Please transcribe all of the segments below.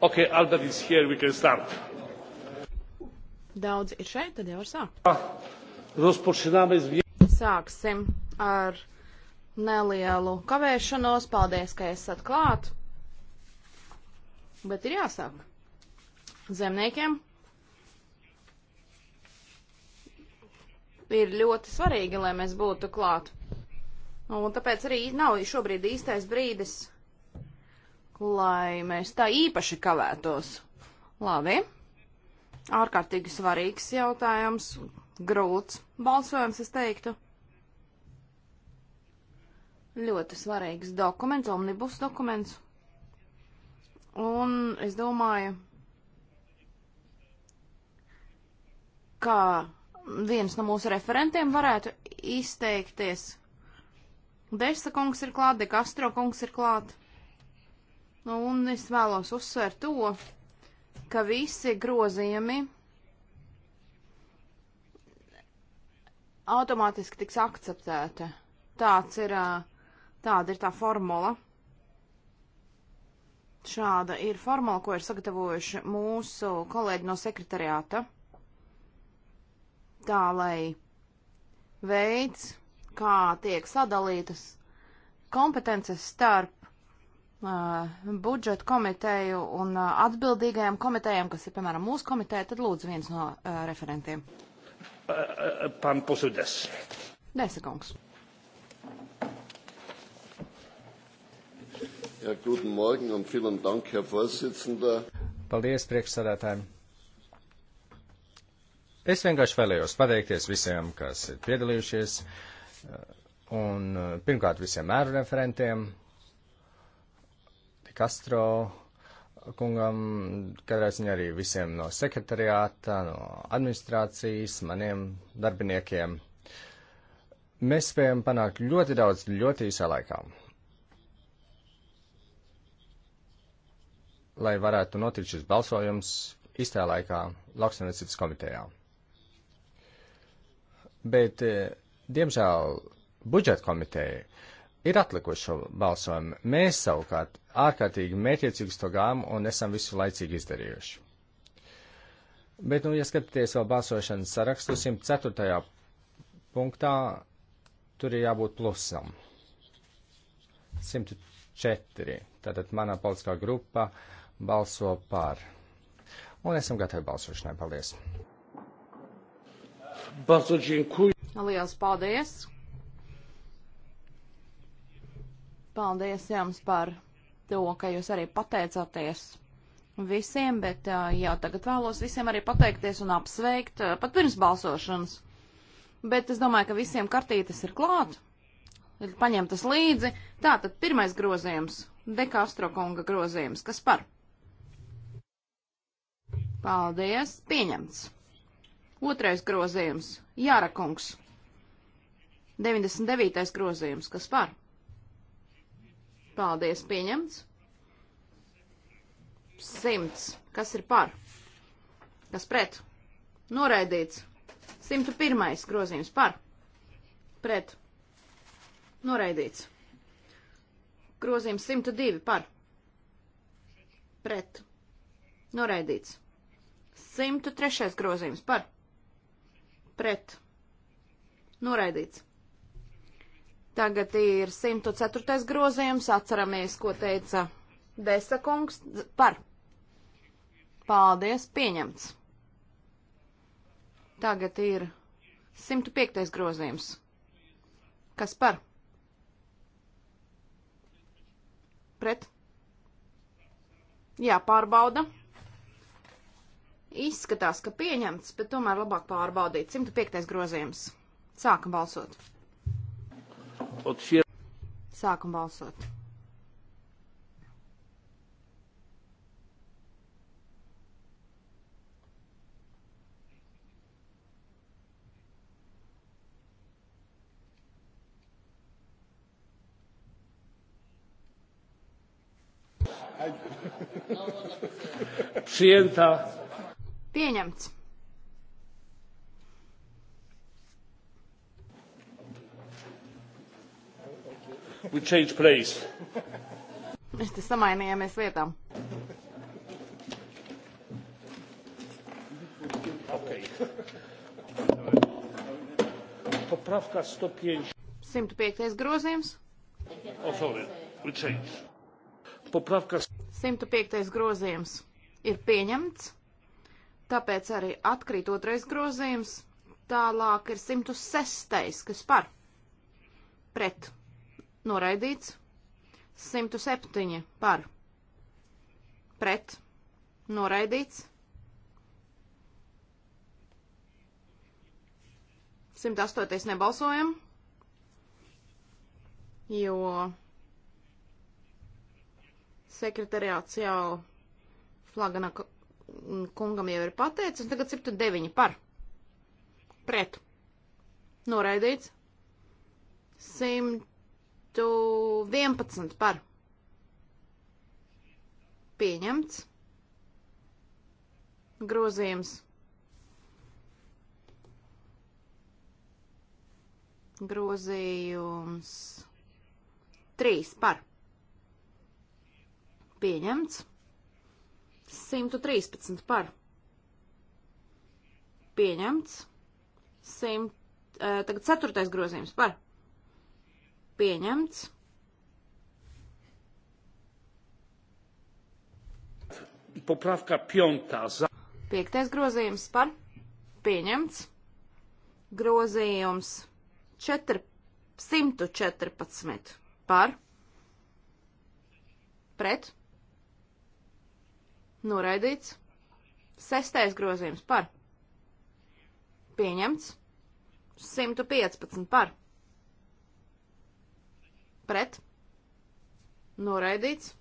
Ok, Albert is here, we can start. Daudz ir šeit, tad jau var sākt. Rozpočināmies. Sāksim ar nelielu kavēšanos. Paldies, ka esat klāt. Bet ir jāsāk. Zemniekiem ir ļoti svarīgi, lai mēs būtu klāt. Un tāpēc arī nav šobrīd īstais brīdis lai mēs tā īpaši kavētos. Labi. Ārkārtīgi svarīgs jautājums. Grūts balsojums, es teiktu. Ļoti svarīgs dokuments, omnibus dokuments. Un es domāju, ka viens no mūsu referentiem varētu izteikties. Desa kungs ir klāt, De Castro kungs ir klāt. Un es vēlos uzsvērt to, ka visi grozījumi automātiski tiks akceptēti. Tāds ir, tāda ir tā formula. Šāda ir formula, ko ir sagatavojuši mūsu kolēģi no sekretariāta. Tā lai veids, kā tiek sadalītas kompetences starp budžetu komiteju un atbildīgajām komitejām, kas ir, piemēram, mūsu komiteja, tad lūdzu viens no uh, referentiem. Pan Pusudes. Desakungs. Ja, guten Morgen un vielen Dank, Herr Vorsitzender. Paldies, priekšsādātājiem. Es vienkārši vēlējos pateikties visiem, kas ir piedalījušies, un pirmkārt visiem mēru referentiem, Kastro kungam, katrā ziņā arī visiem no sekretariāta, no administrācijas, maniem darbiniekiem. Mēs spējam panākt ļoti daudz ļoti īsā laikā. Lai varētu notikt šis balsojums īstā laikā lauksaimniecības komitejā. Bet, eh, diemžēl, budžeta komiteja ir atlikuši šo balsojumu. Mēs savukārt ārkārtīgi mērķiecīgi to gājām un esam visu laicīgi izdarījuši. Bet, nu, ja skatāties vēl balsošanas sarakstu, 104. punktā tur ir jābūt plusam. 104. Tātad manā politiskā grupa balso par. Un esam gatavi balsošanai. Paldies! Lielas paldies! Paldies jums par to, ka jūs arī pateicāties visiem, bet jau tagad vēlos visiem arī pateikties un apsveikt pat pirms balsošanas. Bet es domāju, ka visiem kartītes ir klāt, ir paņemtas līdzi. Tātad pirmais grozījums - Dekastro kunga grozījums. Kas par? Paldies, pieņemts. Otrais grozījums - Jāra kungs. 99. grozījums. Kas par? Paldies, pieņemts. Simts. Kas ir par? Kas pret? Noraidīts. 101. grozījums par. Pret. Noraidīts. Grozījums 102 par. Pret. Noraidīts. 103. grozījums par. Pret. Noraidīts. Tagad ir 104. grozījums, atceramies, ko teica Desa kungs par. Paldies, pieņemts. Tagad ir 105. grozījums. Kas par? Pret? Jā, pārbauda. Izskatās, ka pieņemts, bet tomēr labāk pārbaudīt. 105. grozījums. Sākam balsot. Sākam balsot. Przyjęta. Pieņemts. We changed place. Mēs te samainījāmies vietām. Okay. Poprawka 105. 105. grozījums. Oh, sorry. We changed. Poprawka 105. grozījums ir pieņemts, tāpēc arī atkrīt otrais grozījums. Tālāk ir 106. kas par pret noraidīts. 107 par, pret, noraidīts. 108 nebalsojam, jo sekretariāts jau Flagana kungam jau ir pateicis, un tagad 109 par, pret, noraidīts. 100 111 par. Pieņemts. Grozījums. Grozījums. 3 par. Pieņemts. 113 par. Pieņemts. 100, eh, tagad 4. grozījums par pieņemts. Poprawka piąta. Za... Piektais grozījums par pieņemts. Grozījums 4, 114 par pret noraidīts. Sestais grozījums par pieņemts. 115 par pret pret, noraidīts.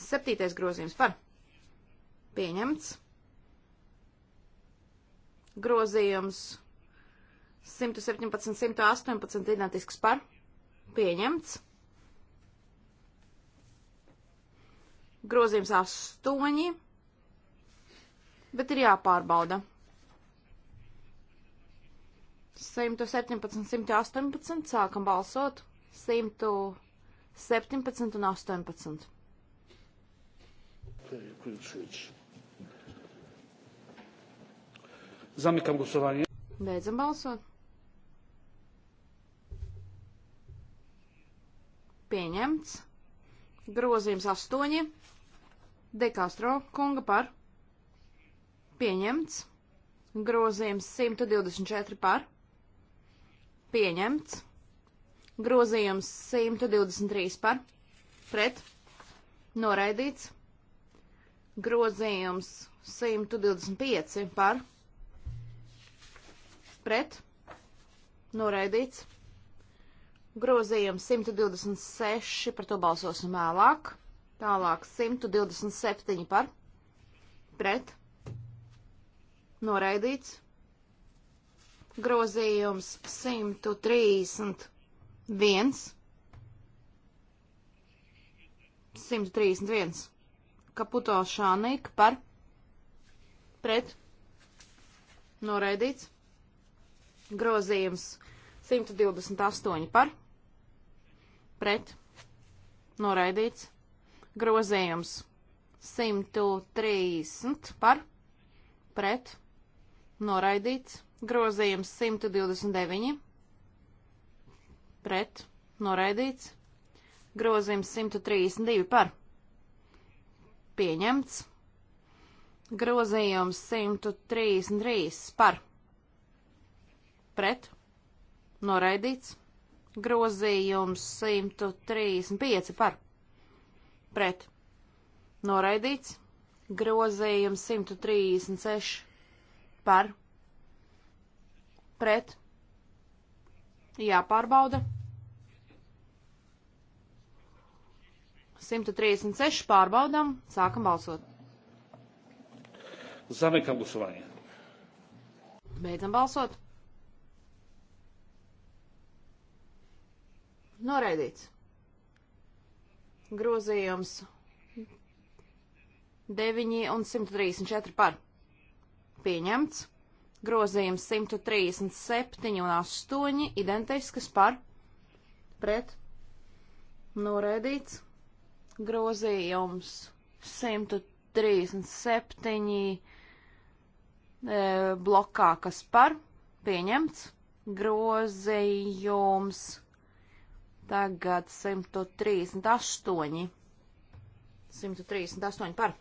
Septītais grozījums par, pieņemts. Grozījums 117, 118 identisks par, pieņemts. Grozījums 8, bet ir jāpārbauda. 117, 118, sākam balsot. 117 un 18. Zamykam głosowanie. Beidzam balsot. Pieņemts. Grozījums 8. Dekastro kunga par. Pieņemts. Grozījums 124 par. Pieņemts. Grozījums 123 par. Pret. Noraidīts. Grozījums 125 par. Pret. Noraidīts. Grozījums 126, par to balsosim vēlāk. Tālāk 127 par. Pret. Noraidīts grozījums 131. 131. Kaputo Šānika par pret noraidīts. Grozījums 128 par pret noraidīts. Grozījums 130 par pret noraidīts Grozījums 129 pret noraidīts. Grozījums 132 par pieņemts. Grozījums 133 par pret noraidīts. Grozījums 135 par pret noraidīts. Grozījums 136 par pret pret jāpārbauda. 136 pārbaudām, sākam balsot. Zamekam gusovanie. Beidzam balsot. Noraidīts. Grozījums 9 un 134 par. Pieņemts. Grozījums 137 un 8 identiskas par pret noraidīts. Grozījums 137 e, blokā, kas par pieņemts. Grozījums tagad 138. 138 par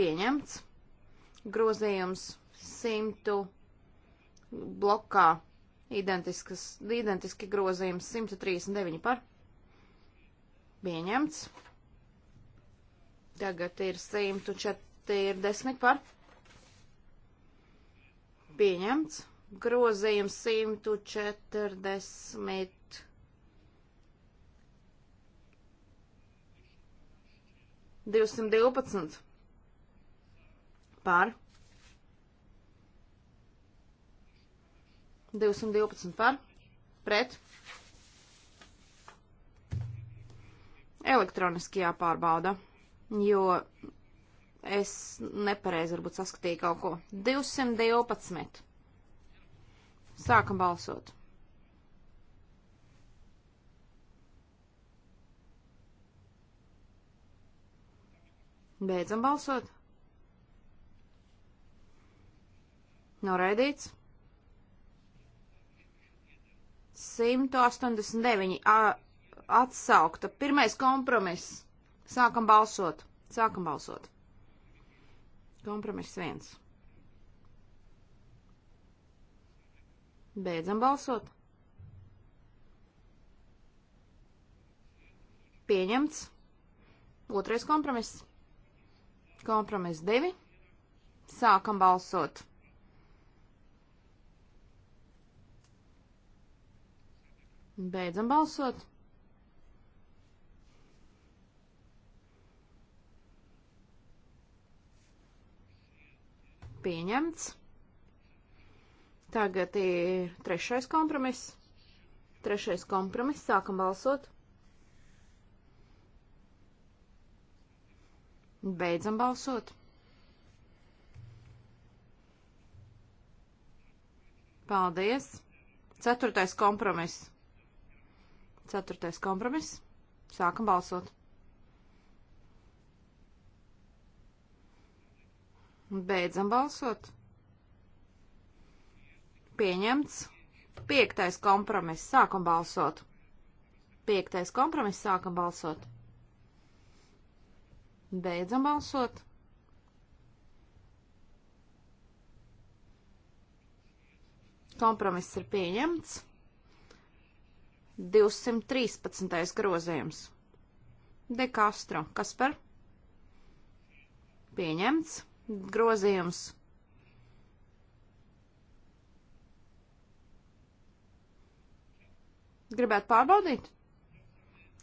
pieņemts. Grozījums 138. 100 blokā identiskas, identiski grozījums 139 par. Pieņemts. Tagad ir 140 par. Pieņemts. Grozījums 140. Divsimt divpadsmit par 212 par, pret. Elektroniski jāpārbauda, jo es nepareizi varbūt saskatīju kaut ko. 212. Sākam balsot. Beidzam balsot. Noraidīts. 189 atsaukta. Pirmais kompromiss. Sākam balsot. Sākam balsot. Kompromiss viens. Beidzam balsot. Pieņemts. Otrais kompromiss. Kompromiss divi. Sākam balsot. Beidzam balsot. Pieņemts. Tagad ir trešais kompromiss. Trešais kompromiss. Sākam balsot. Beidzam balsot. Paldies. Ceturtais kompromiss. Ceturtais kompromiss. Sākam balsot. Beidzam balsot. Pieņemts. Piektais kompromiss. Sākam balsot. Piektais kompromiss. Sākam balsot. Beidzam balsot. Kompromiss ir pieņemts. 213. grozījums. De Castro, kas par? Pieņemts. Grozījums. Gribētu pārbaudīt?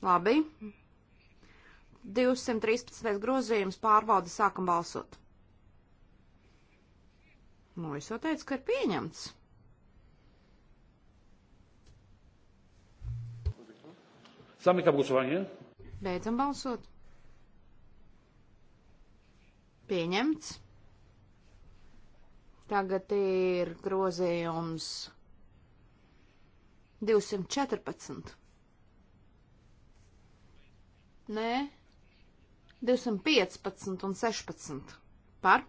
Labi. 213. grozījums pārbaudi sākam balsot. Nu, es jau teicu, ka ir pieņemts. Zamykam głosowanie. Beidzam balsot. Pieņemts. Tagad ir grozījums 214. Nē, 215 un 16. Par,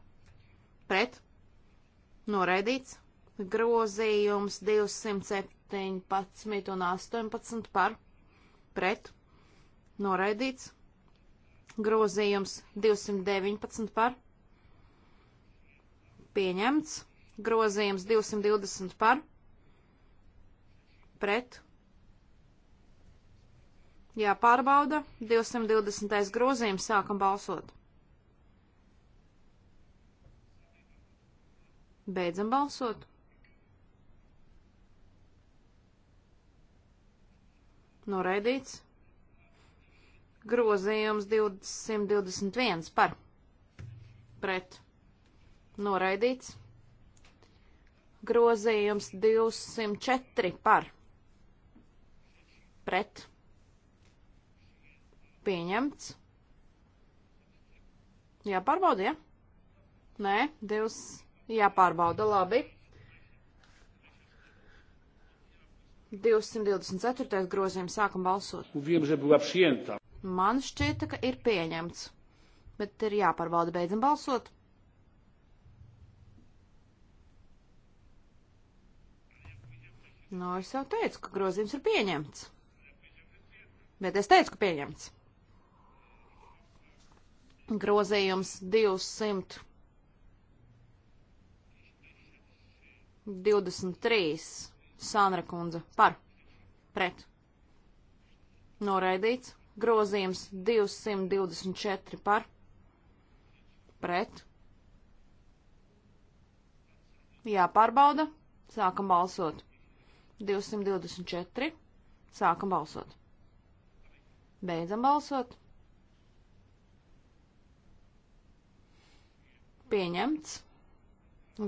pret, noraidīts. Grozījums 217 un 18 par, pret noraidīts. Grozījums 219 par pieņemts. Grozījums 220 par pret. Jāpārbauda. 220. grozījums sākam balsot. Beidzam balsot. Noraidīts. Grozījums 221 par. Pret. Noraidīts. Grozījums 204 par. Pret. Pieņemts. Jāpārbauda, ja? Nē, divas jāpārbauda, labi. 224. grozījums sākam balsot. Viem, Man šķita, ka ir pieņemts, bet ir jāpārbauda beidzam balsot. Nu, es jau teicu, ka grozījums ir pieņemts. Bet es teicu, ka pieņemts. Grozījums 200. 23. Sānra kundze par pret. Noraidīts. Grozījums 224 par pret. Jāpārbauda. Sākam balsot. 224. Sākam balsot. Beidzam balsot. Pieņemts.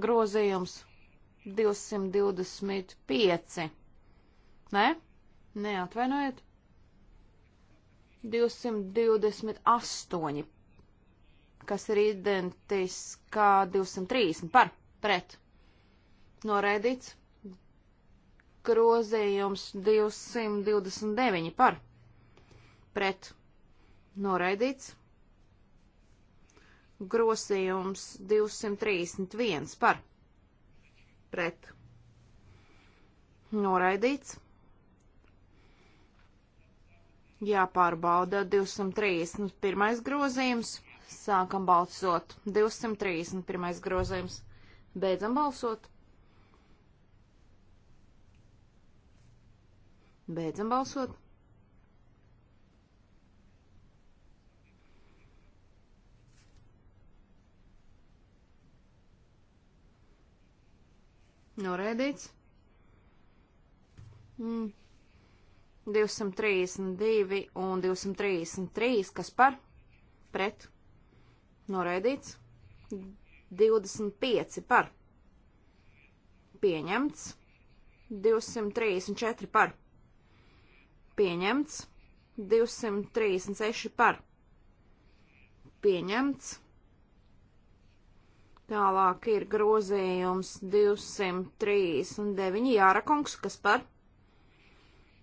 Grozījums 225. Nē? Nē, atvainojiet. 228, kas ir identiskā 230 par pret. Noraidīts. Grozījums 229 par pret. Noraidīts. Grozījums 231 par pret pret noraidīts. Jāpārbauda 231. grozījums. Sākam balsot. 231. grozījums. Beidzam balsot. Beidzam balsot. Noraidīts. Mm. 232 un 233, kas par? Pret. Noraidīts. 25 par. Pieņemts. 234 par. Pieņemts. 236 par. Pieņemts. Tālāk ir grozījums 239 Jārakungs, kas par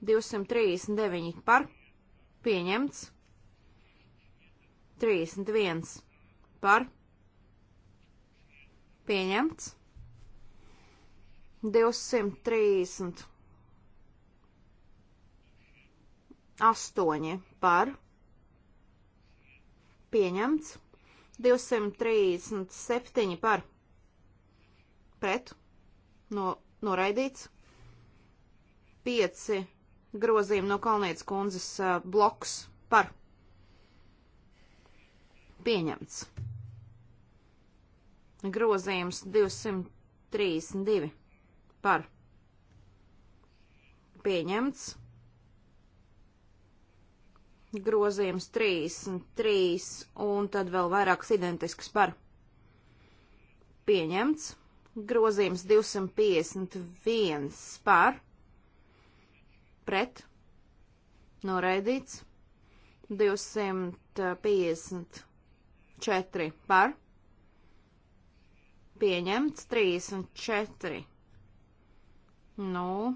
239 par pieņemts 31 par pieņemts 230 8 par pieņemts 237 par pret no, noraidīts. 5 grozījumi no Kalnietes kundzes uh, bloks par pieņemts. Grozījums 232 par pieņemts grozījums 33 un tad vēl vairākas identiskas par pieņemts, grozījums 251 par pret noraidīts, 254 par pieņemts, 34. Nu,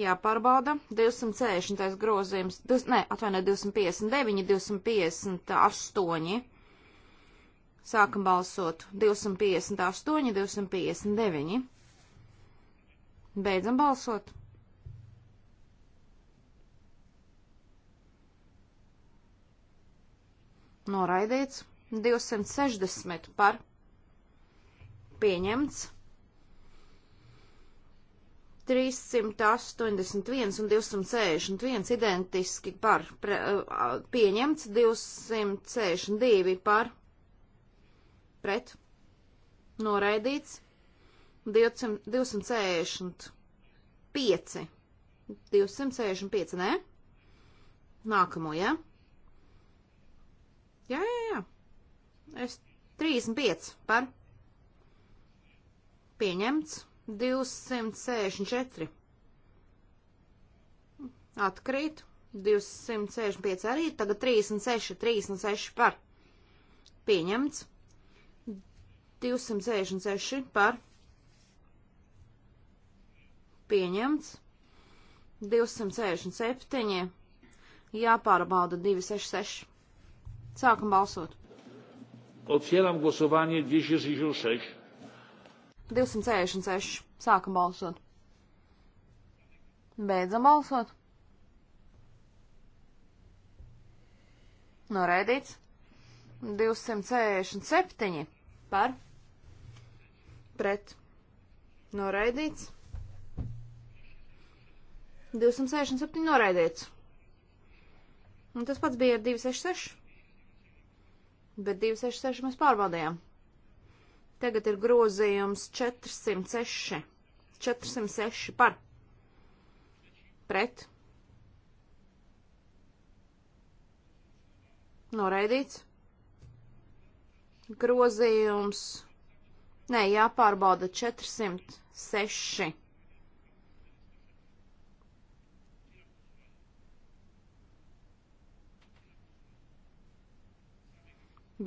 Jāpārbauda 260. grozījums, dus, ne, atvainojiet, 259, 258. Sākam balsot 258, 259. Beidzam balsot. Noraidīts 260 par pieņemts 381 un 261 identiski par pre, pieņemts, 262 par pret noraidīts, 200, 265, 265, nē? Nākamo, jā? Ja? Jā, jā, jā. Es 35 par pieņemts. 264 atkrīt, 265 arī, tagad 36, 36 par pieņemts, 266 par pieņemts, 267 jāpārbauda 266. Sākam balsot. Otwieram głosowanie 266. 266. Sākam balsot. Beidzam balsot. Noraidīts. 267 par pret. Noraidīts. 267 noraidīts. Un tas pats bija ar 266. Bet 266 mēs pārbaudījām. Tagad ir grozījums 406. 406 par. Pret. Noraidīts. Grozījums. Nē, jāpārbauda 406.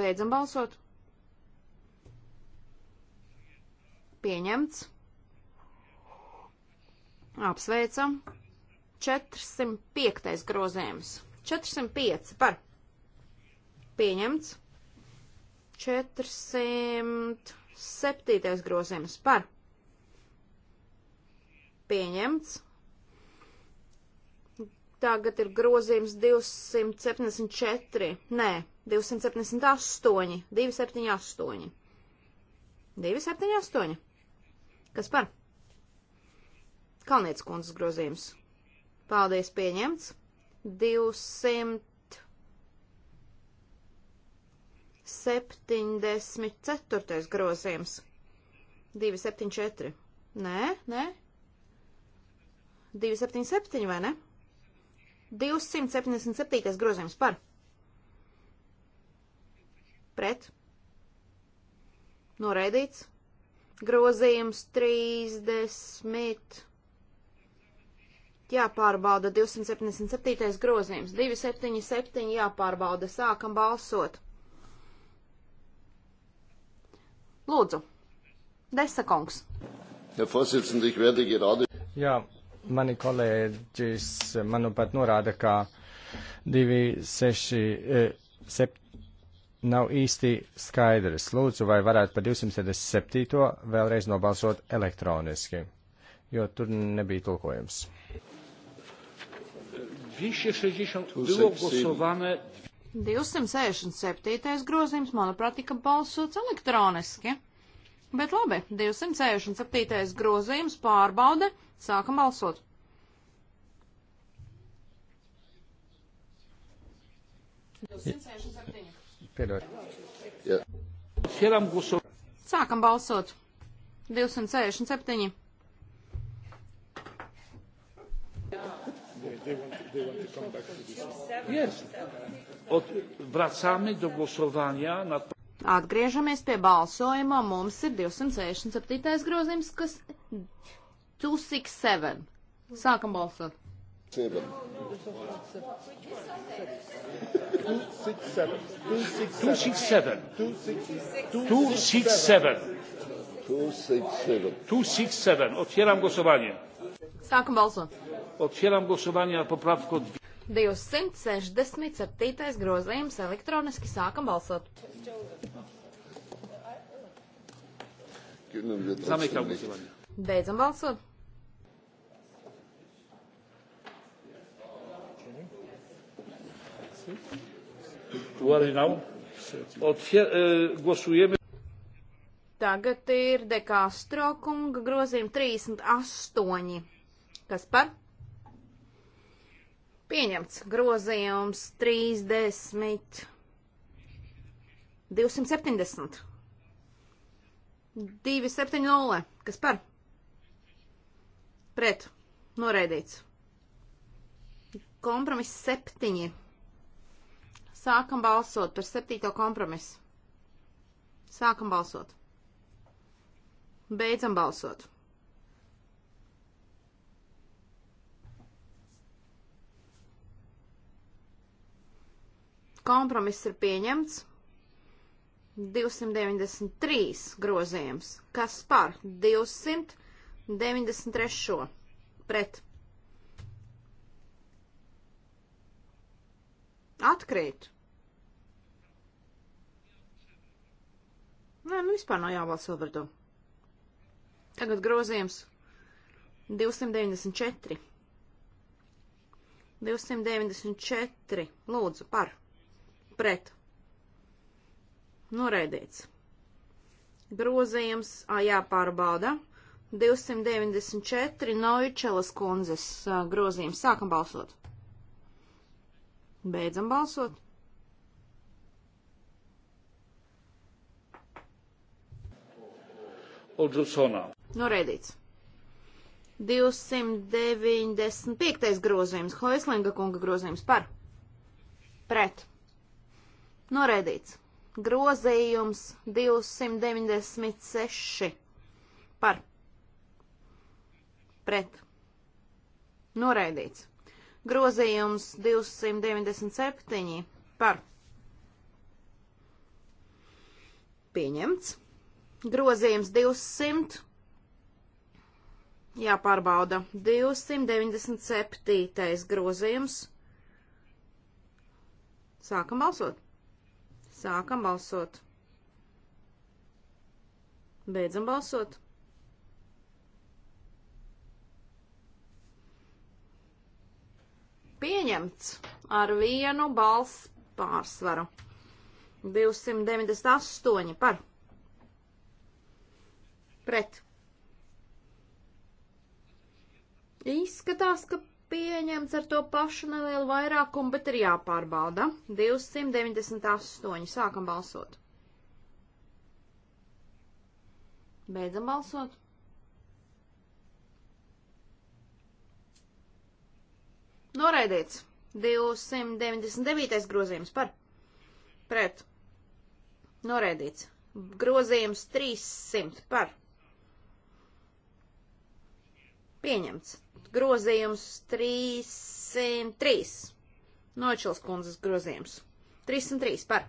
Beidzam balsot. Pieņemts. Apsveicam. 405. grozējums. 405 par. Pieņemts. 407. grozējums par. Pieņemts. Tagad ir grozījums 274. Nē, 278. 278. 278. Kas par? Kalnietis kundzes grozījums. Paldies, pieņemts. 274. grozījums. 274. Nē, nē. 277 vai ne? 277. grozījums par. Pret. Noraidīts grozījums 30. Jāpārbauda 277. grozījums. 277 jāpārbauda. Sākam balsot. Lūdzu, Desa kungs. Jā, mani kolēģis manuprāt norāda, ka 267 nav īsti skaidrs. Lūdzu, vai varētu par 277. vēlreiz nobalsot elektroniski, jo tur nebija tulkojums. 267. grozījums, manuprāt, tika balsots elektroniski. Bet labi, 267. grozījums pārbaude, sākam balsot. Jā. Piedod. Jā. Sākam balsot. 267. Atgriežamies pie balsojuma. Mums ir 267. grozījums, kas 267. Sākam balsot. Seven. Two six seven. Two six seven. Two six seven. Two six seven. Two six seven. Otwieram głosowanie. Sākam balsot. Otwieram głosowanie ar poprawku 267. grozījums elektroniski sākam balsot. Zamykam głosowanie. Beidzam balsot. E, głosujemy. Tagad ir dekāstro kunga grozījuma 38. Kas par? Pieņemts grozījums 30. 270. 270. Kas par? Pret. Noraidīts. Kompromiss 7. Sākam balsot par septīto kompromisu. Sākam balsot. Beidzam balsot. Kompromiss ir pieņemts. 293 grozījums, kas par 293 pret. Atkrīt. Nē, nu vispār nav jābalso par to. Tagad grozījums 294. 294. Lūdzu, par. Pret. Noraidīts. Grozījums jāpārbauda. 294 Noičelas kundzes grozījums. Sākam balsot. Beidzam balsot. Odrusonā. Noreidīts. 295. grozījums, Hoislinga kunga grozījums par. Pret. Noreidīts. Grozījums 296. Par. Pret. Noreidīts. Grozījums 297. Par. Pieņemts. Grozījums 200. Jāpārbauda. 297. grozījums. Sākam balsot. Sākam balsot. Beidzam balsot. Pieņemts ar vienu balss pārsvaru. 298 par pret. Izskatās, ka pieņemts ar to pašu nelielu vairākumu, bet ir jāpārbauda. 298. Sākam balsot. Beidzam balsot. Noraidīts. 299. grozījums par. Pret. Noraidīts. Grozījums 300 par. Pieņemts. Grozījums 303. Nočils kundzes grozījums. 303 par.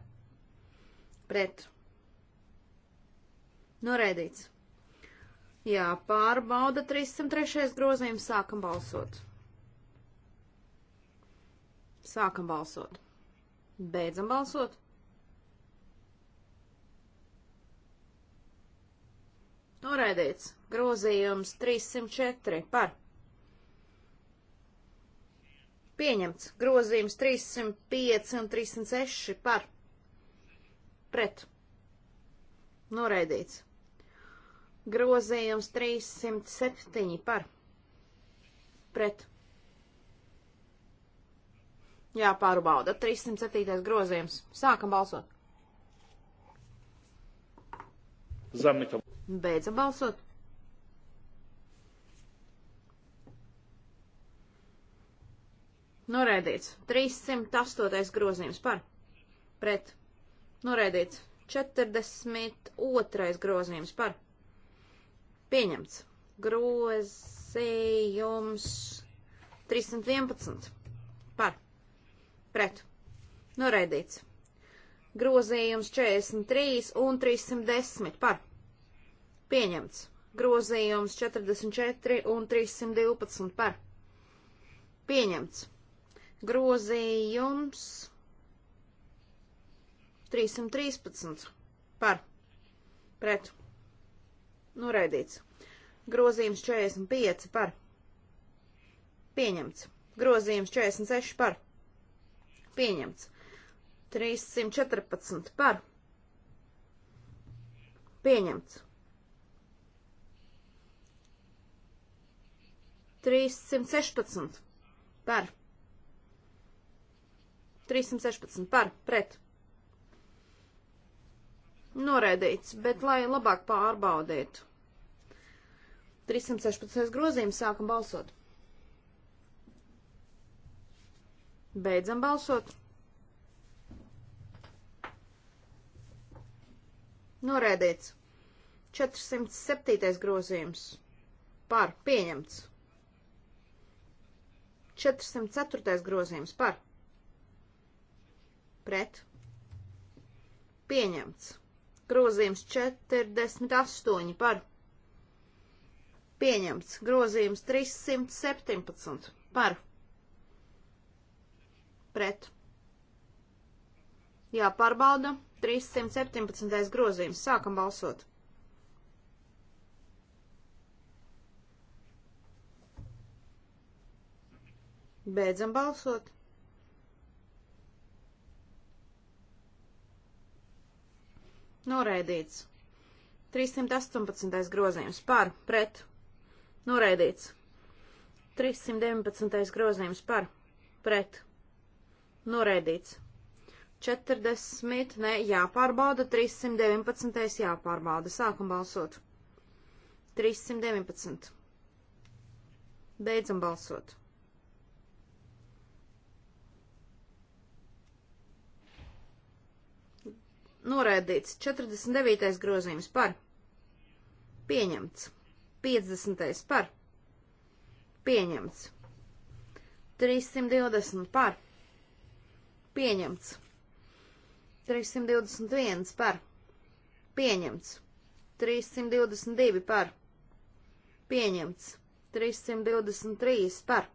Pret. Noreidīts. Jā, pārbauda 303. grozījums. Sākam balsot. Sākam balsot. Beidzam balsot. Noraidīts grozījums 304 par. Pieņemts grozījums 305 un 306 par. Pret. Noraidīts. Grozījums 307 par. Pret. Jāpārbauda 307. grozījums. Sākam balsot. Zamikam. Beidzam balsot. Noraidīts. 308. grozījums par. Pret. Noraidīts. 42. grozījums par. Pieņemts. Grozījums 311. Par. Pret. Noraidīts. Grozījums 43 un 310 par. Pieņemts. Grozījums 44 un 312 par. Pieņemts Grozījums 313 par pret noraidīts. Grozījums 45 par pieņemts. Grozījums 46 par pieņemts. 314 par pieņemts. 316 par pieņemts. 316 par pret. Noraidīts, bet lai labāk pārbaudītu. 316 grozījums sākam balsot. Beidzam balsot. Noraidīts. 407. grozījums. Par. Pieņemts. 404. grozījums. Par pret pieņemts. Grozījums 48 par pieņemts. Grozījums 317 par pret. Jāpārbauda 317. grozījums. Sākam balsot. Beidzam balsot. Noraidīts. 318. grozījums par, pret, noraidīts. 319. grozījums par, pret, noraidīts. 40, ne, jāpārbauda, 319. jāpārbauda. Sākam balsot. 319. Beidzam balsot. Noraidīts 49. grozījums par. Pieņemts. 50. par. Pieņemts. 320 par. Pieņemts. 321 par. Pieņemts. 322 par. Pieņemts. 323 par.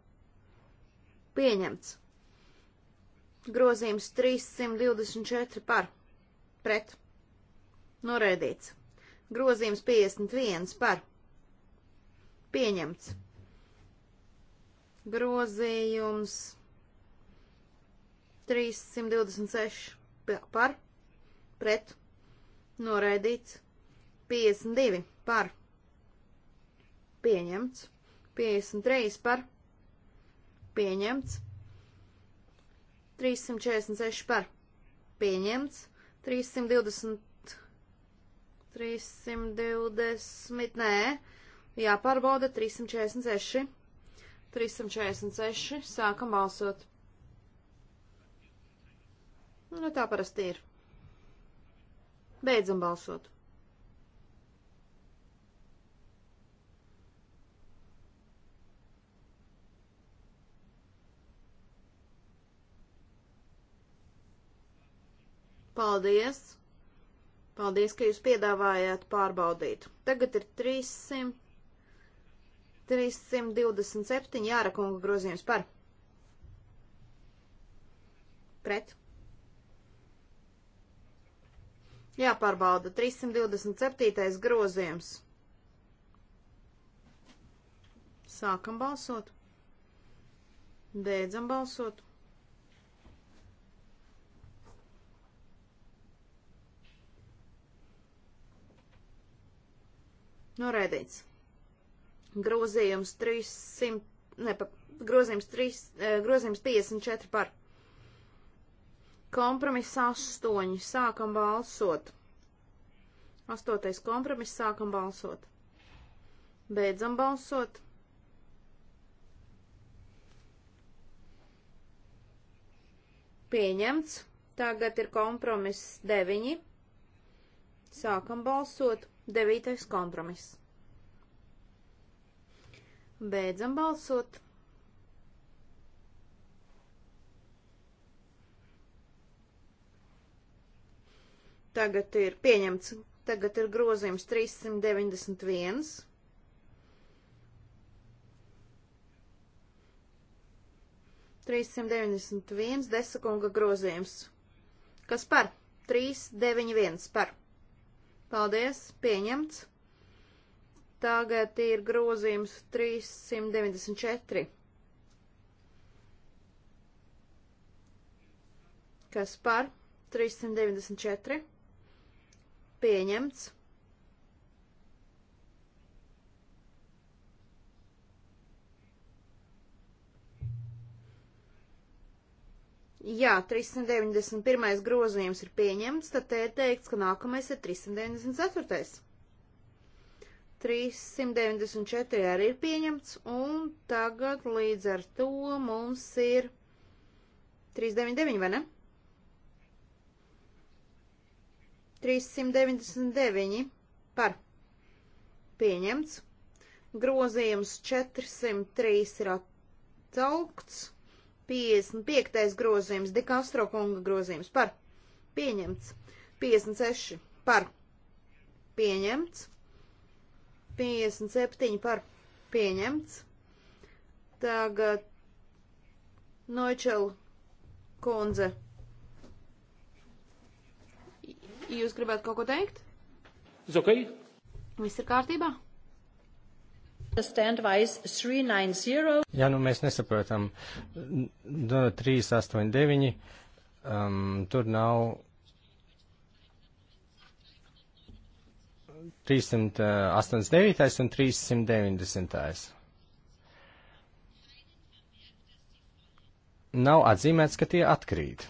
Pieņemts. Grozījums 324 par pret noraidīts. Grozījums 51 par pieņemts. Grozījums 326 par pret noraidīts. 52 par pieņemts. 53 par pieņemts. 346 par pieņemts. 320, 320, nē, jāpārbauda 346, 346, sākam balsot. Nu, tā parasti ir. Beidzam balsot. Paldies! Paldies, ka jūs piedāvājāt pārbaudīt. Tagad ir 300, 327 jāra kunga grozījums par. Pret. Jāpārbauda 327. grozījums. Sākam balsot. Beidzam balsot. Noraidīts. Grozījums 300, ne, pa, grozījums, 3, e, grozījums 54 par. Kompromiss 8. Sākam balsot. Astotais kompromiss. Sākam balsot. Beidzam balsot. Pieņemts. Tagad ir kompromiss 9. Sākam balsot. Devītais kompromiss. Beidzam balsot. Tagad ir pieņemts, tagad ir grozījums 391. Trīssimt deviņdesmit viens desakunga grozījums. Kas par? Trīs deviņi viens par. Paldies, pieņemts. Tagad ir grozījums 394. Kas par 394? Pieņemts. Jā, 391. grozījums ir pieņemts, tad te ir teikts, ka nākamais ir 394. 394 arī ir pieņemts, un tagad līdz ar to mums ir 399, vai ne? 399 par pieņemts, grozījums 403 ir atsaukts. 55. grozījums, Dikastro kunga grozījums par pieņemts. 56 par pieņemts. 57 par pieņemts. Tagad Noičela kundze. Jūs gribētu kaut ko teikt? Zokai. Okay. Viss ir kārtībā? Ja nu mēs nesaprotam, 389, um, tur nav 389 un 390. Nav atzīmēts, ka tie atkrīt.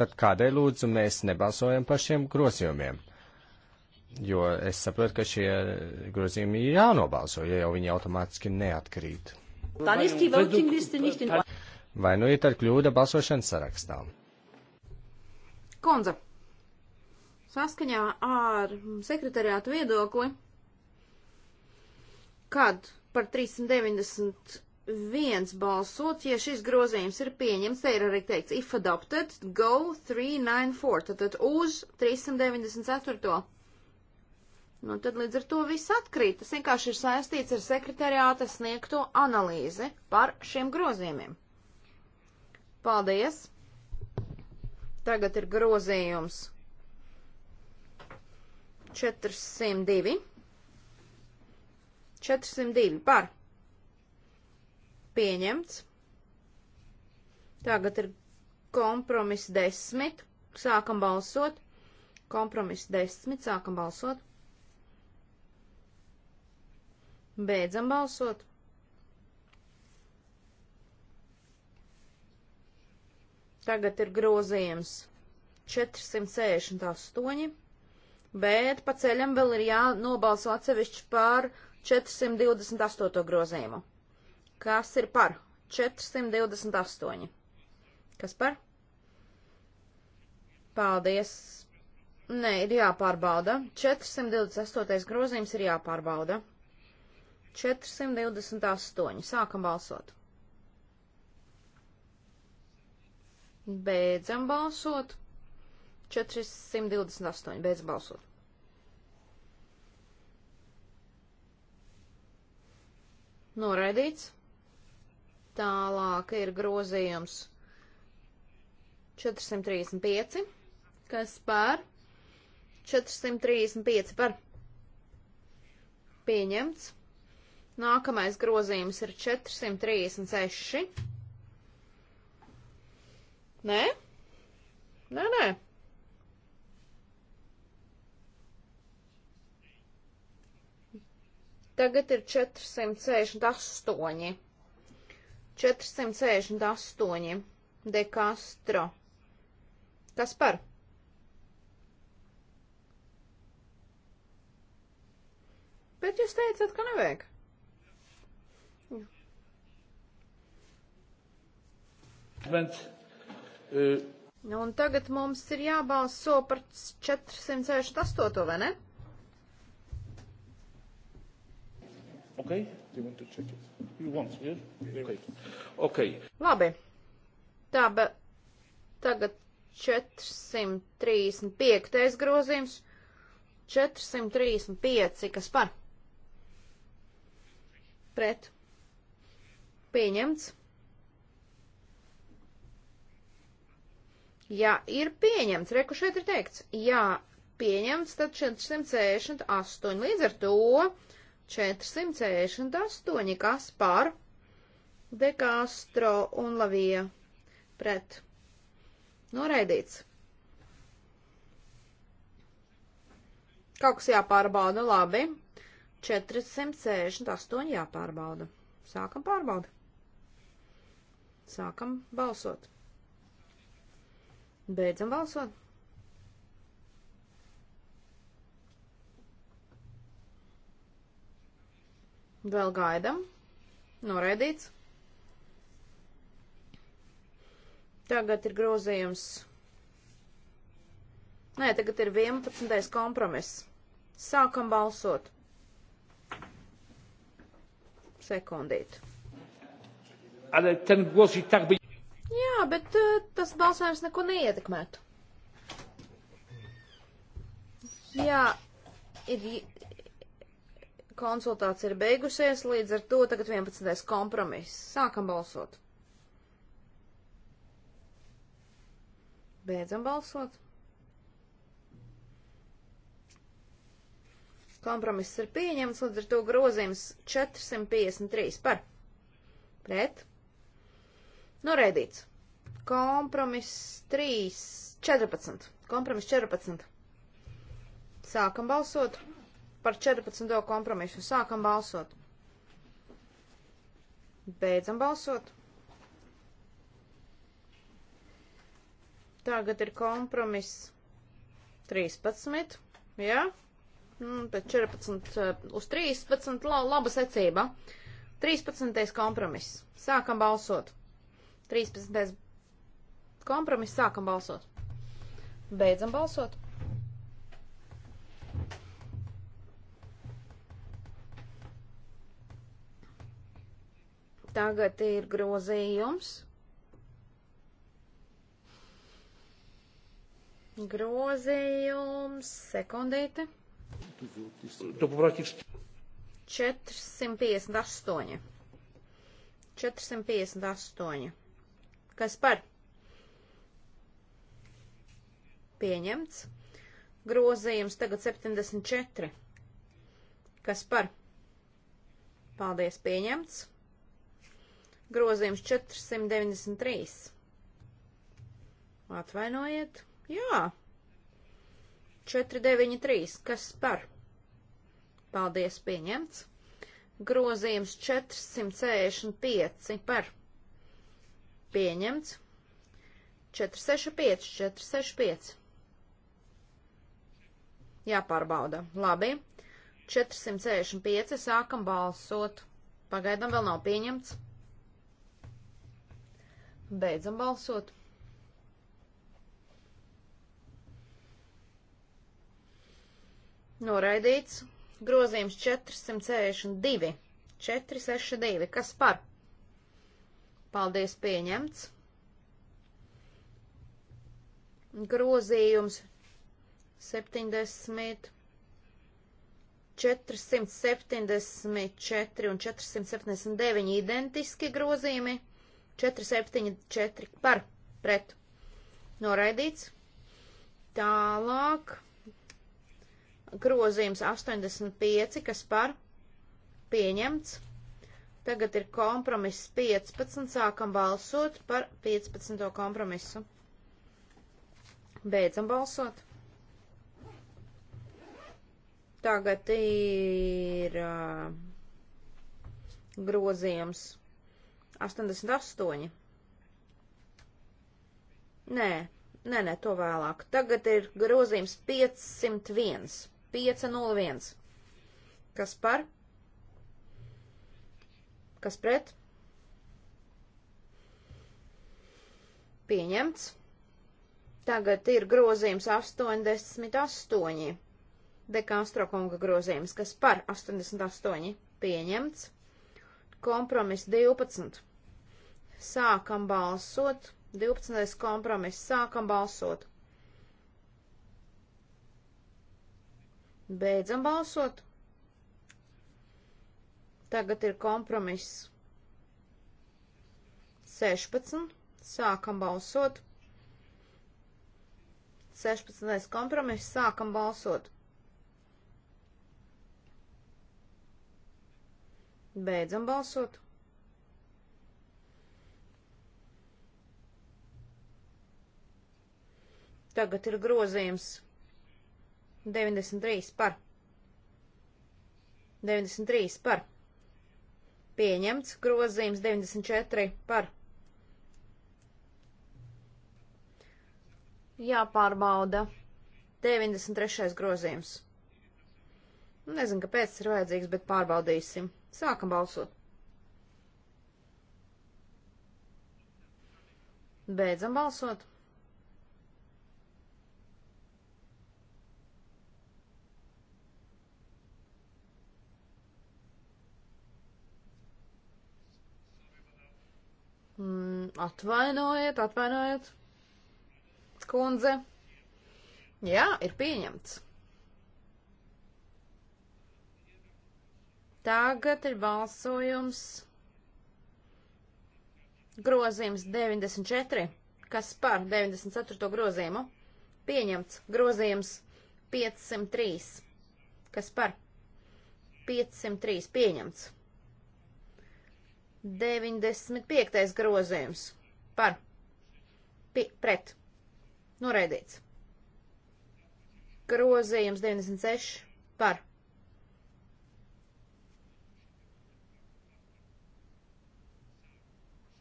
Tad kādēļ lūdzu mēs nebalsojam par šiem grozījumiem? jo es saprotu, ka šie grozījumi ir jānobalso, ja jau viņi automātiski neatkrīt. Vai nu ir tad kļūda balsošanas sarakstā? Konza, saskaņā ar sekretariātu viedokli, kad par 390 viens balsot, ja šis grozījums ir pieņemts, te ir arī teikts, if adopted, go 394, tātad uz 394. Nu, tad līdz ar to viss atkrīt. Tas vienkārši ir saistīts ar sekretariāta sniegto analīzi par šiem grozījumiem. Paldies! Tagad ir grozījums 402. 402 par. Pieņemts. Tagad ir kompromiss 10. Sākam balsot. Kompromiss 10. Sākam balsot. Beidzam balsot. Tagad ir grozījums 468, bet pa ceļam vēl ir jānobalso atsevišķi par 428 grozījumu. Kas ir par 428? Kas par? Paldies. Nē, ir jāpārbauda. 428 grozījums ir jāpārbauda. 428. Sākam balsot. Beidzam balsot. 428. Beidzam balsot. Noraidīts. Tālāk ir grozījums 435, kas par 435 par pieņemts. Nākamais grozījums ir 436. Nē? Nē, nē. Tagad ir 468. 468. De Castro. Kas par? Bet jūs teicat, ka nevajag. Bet, e, uh... Nu, un tagad mums ir jābalso par 468, vai ne? Okay. You want to check it? You want, yeah? Okay. okay. Labi. Tā, bet tagad 435. grozījums, 435, kas par? Pret. Pieņemts. Ja ir pieņemts, reku šeit ir teikts, ja pieņemts, tad 468 līdz ar to 468, kas par De Castro un Lavija pret. Noraidīts. Kaut kas jāpārbauda, labi. 468 jāpārbauda. Sākam pārbaudīt. Sākam balsot. Beidzam balsot. Vēl gaidam. Noraidīts. Tagad ir grozījums. Nē, tagad ir 11. kompromiss. Sākam balsot. Sekundīti ale ten głos i tak by. Jā, bet eh, tas balsojums neko neietekmētu. Jā, ir konsultācija ir beigusies, līdz ar to tagad 11. kompromiss. Sākam balsot. Beidzam balsot. Kompromiss ir pieņemts, līdz ar to grozījums 453 par. Pret. Noraidīts. Kompromiss 3, 14. Kompromiss 14. Sākam balsot par 14. kompromisu. Sākam balsot. Beidzam balsot. Tagad ir kompromiss 13, jā, un pēc 14 uz 13 laba secība. 13. kompromiss. Sākam balsot. 13 bez kompromiss. Sākam balsot. Beidzam balsot. Tagad ir grozījums. Grozījums, sekundīte. Tu praktiski 458. 458. Kas par? Pieņemts. Grozījums tagad 74. Kas par? Paldies, pieņemts. Grozījums 493. Atvainojiet. Jā. 493. Kas par? Paldies, pieņemts. Grozījums 465 par Pieņemts. 465, 465. Jāpārbauda. Labi. 465. Sākam balsot. Pagaidām vēl nav pieņemts. Beidzam balsot. Noraidīts. Grozījums 462. 462. Kas par? Paldies, pieņemts. Grozījums 70, 474 un 479 identiski grozījumi, 474 par pret noraidīts. Tālāk grozījums 85, kas par pieņemts. Tagad ir kompromiss 15. Sākam balsot par 15. kompromisu. Beidzam balsot. Tagad ir uh, grozījums 88. Nē, nē, nē, to vēlāk. Tagad ir grozījums 501, 501. Kas par? Kas pret? Pieņemts. Tagad ir grozījums 88. Dekāstro kunga grozījums, kas par 88 pieņemts. Kompromiss 12. Sākam balsot. 12. kompromiss. Sākam balsot. Beidzam balsot. Tagad ir kompromiss 16. Sākam balsot. 16. kompromiss. Sākam balsot. Beidzam balsot. Tagad ir grozījums 93 par. 93 par. Pieņemts grozījums 94 par. Jāpārbauda 93. grozījums. Nezinu, kāpēc tas ir vajadzīgs, bet pārbaudīsim. Sākam balsot. Beidzam balsot. Mm, atvainojiet, atvainojiet, kundze. Jā, ir pieņemts. Tagad ir balsojums. Grozījums 94. Kas par 94. grozījumu? Pieņemts. Grozījums 503. Kas par 503? Pieņemts. 95. grozījums par pi, pret noraidīts. Grozījums 96 par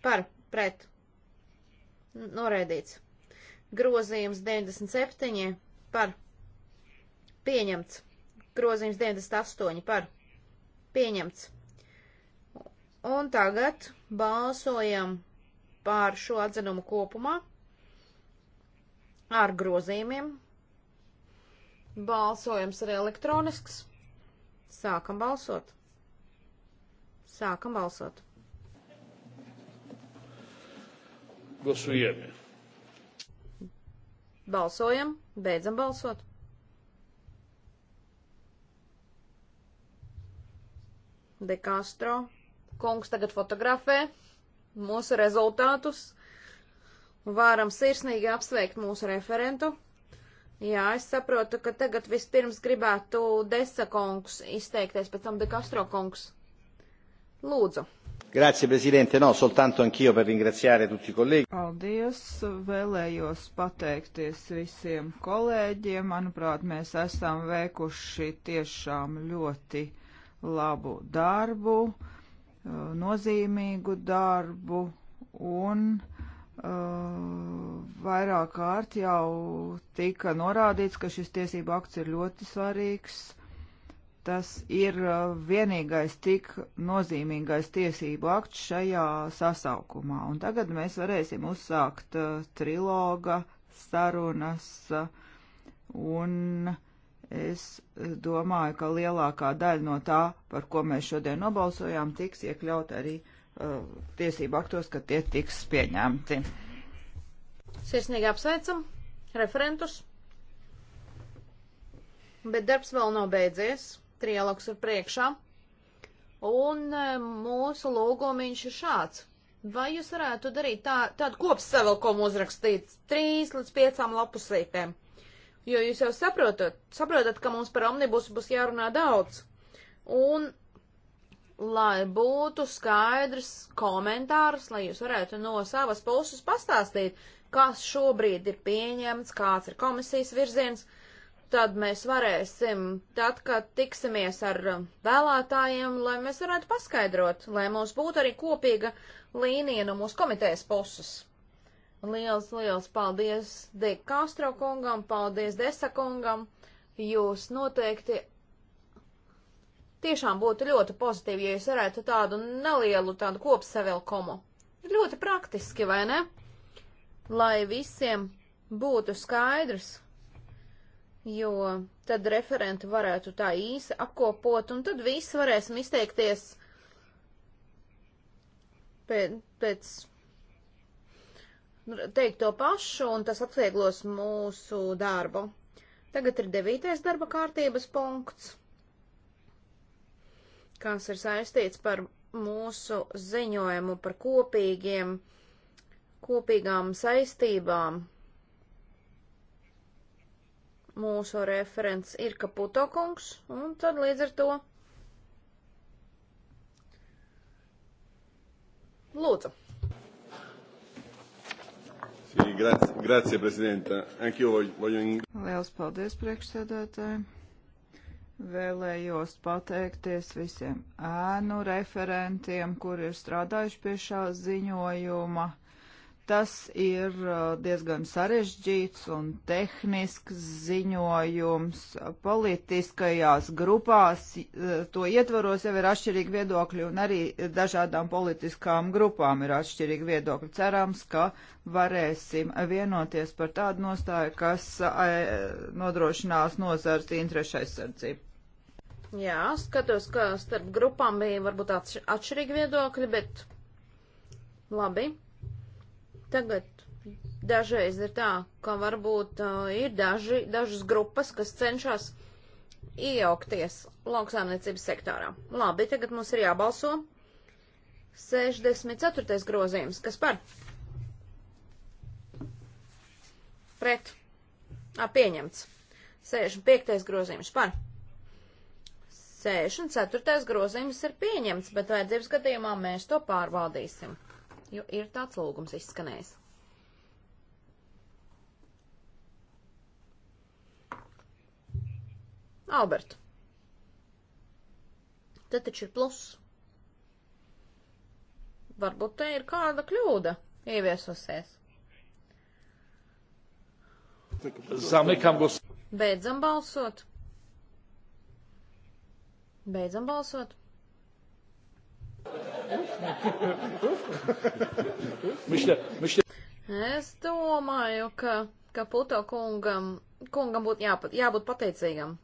par pret noraidīts. Grozījums 97 par pieņemts. Grozījums 98 par pieņemts. Un tagad balsojam pār šo atzinumu kopumā ar grozījumiem. Balsojums ir elektronisks. Sākam balsot. Sākam balsot. Głosujemy. Balsojam, beidzam balsot. De Castro kungs tagad fotografē mūsu rezultātus. Varam sirsnīgi apsveikt mūsu referentu. Jā, es saprotu, ka tagad vispirms gribētu Desa kungs izteikties, pēc tam De Castro kungs. Lūdzu. Grazie, Presidente. No, soltanto anch'io per ringraziare tutti i colleghi. Paldies. Vēlējos pateikties visiem kolēģiem. Manuprāt, mēs esam veikuši tiešām ļoti labu darbu. Uh, Uh, nozīmīgu darbu un uh, vairāk kārt jau tika norādīts, ka šis tiesību akts ir ļoti svarīgs. Tas ir uh, vienīgais tik nozīmīgais tiesību akts šajā sasaukumā. Un tagad mēs varēsim uzsākt triloga sarunas un uh, Es domāju, ka lielākā daļa no tā, par ko mēs šodien nobalsojām, tiks iekļaut arī uh, tiesību aktos, ka tie tiks pieņemti. Sirsnīgi apsveicam referentus, bet darbs vēl nav beidzies, trialogs ir priekšā, un e, mūsu lūgumiņš ir šāds. Vai jūs varētu darīt tā, tādu kopsavilkumu uzrakstīt trīs līdz piecām lapusītēm? Jo jūs jau saprotat, saprotat, ka mums par omnibusu būs jārunā daudz. Un, lai būtu skaidrs komentārs, lai jūs varētu no savas puses pastāstīt, kas šobrīd ir pieņemts, kāds ir komisijas virziens, tad mēs varēsim, tad, kad tiksimies ar vēlētājiem, lai mēs varētu paskaidrot, lai mums būtu arī kopīga līnija no mūsu komitejas puses. Un liels, liels paldies De Castro kungam, paldies Desa kungam. Jūs noteikti tiešām būtu ļoti pozitīvi, ja jūs varētu tādu nelielu tādu kopsavilkumu. Ļoti praktiski, vai ne? Lai visiem būtu skaidrs, jo tad referenti varētu tā īsi apkopot, un tad visi varēsim izteikties pēc, pēc Nu, teikt to pašu, un tas atvieglos mūsu darbu. Tagad ir devītais darba kārtības punkts, kas ir saistīts par mūsu ziņojumu par kopīgiem, kopīgām saistībām. Mūsu referents ir Kaputo kungs, un tad līdz ar to lūdzu. Sī, grazie, grazie prezidenta. Anch'io voglio... Liels paldies, priekšsēdētāji. Vēlējos pateikties visiem ēnu referentiem, kuri ir strādājuši pie šā ziņojuma. Tas ir uh, diezgan sarežģīts un tehnisks ziņojums. Politiskajās grupās uh, to ietvaros jau ir atšķirīgi viedokļi un arī dažādām politiskām grupām ir atšķirīgi viedokļi. Cerams, ka varēsim vienoties par tādu nostāju, kas uh, nodrošinās nozars interešu aizsardzību. Jā, skatos, ka starp grupām bija varbūt atšķirīgi viedokļi, bet labi. Tagad dažreiz ir tā, ka varbūt uh, ir daži, dažas grupas, kas cenšas iejaukties lauksaimniecības sektorā. Labi, tagad mums ir jābalso. 64. grozījums. Kas par? Pret. Ā, pieņemts. 65. grozījums par. 64. grozījums ir pieņemts, bet vajadzības gadījumā mēs to pārvaldīsim jo ir tāds lūgums izskanējis. Albert, te taču ir pluss. Varbūt te ir kāda kļūda ieviesusies. Zamykam głos. Beidzam balsot. Beidzam balsot es domāju, ka, ka Puto kungam, kungam būtu jāpat, jābūt pateicīgam.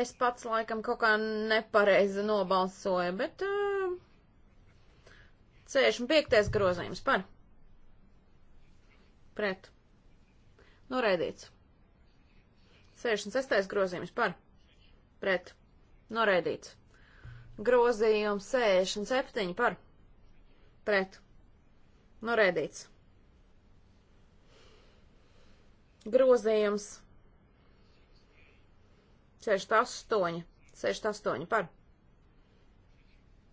Es pats laikam kaut kā nepareizi nobalsoju, bet uh, 65. grozījums par. Pret. Noraidīts. 66. grozījums par pret noraidīts. Grozījums 67 par pret noraidīts. Grozījums 68, 68 par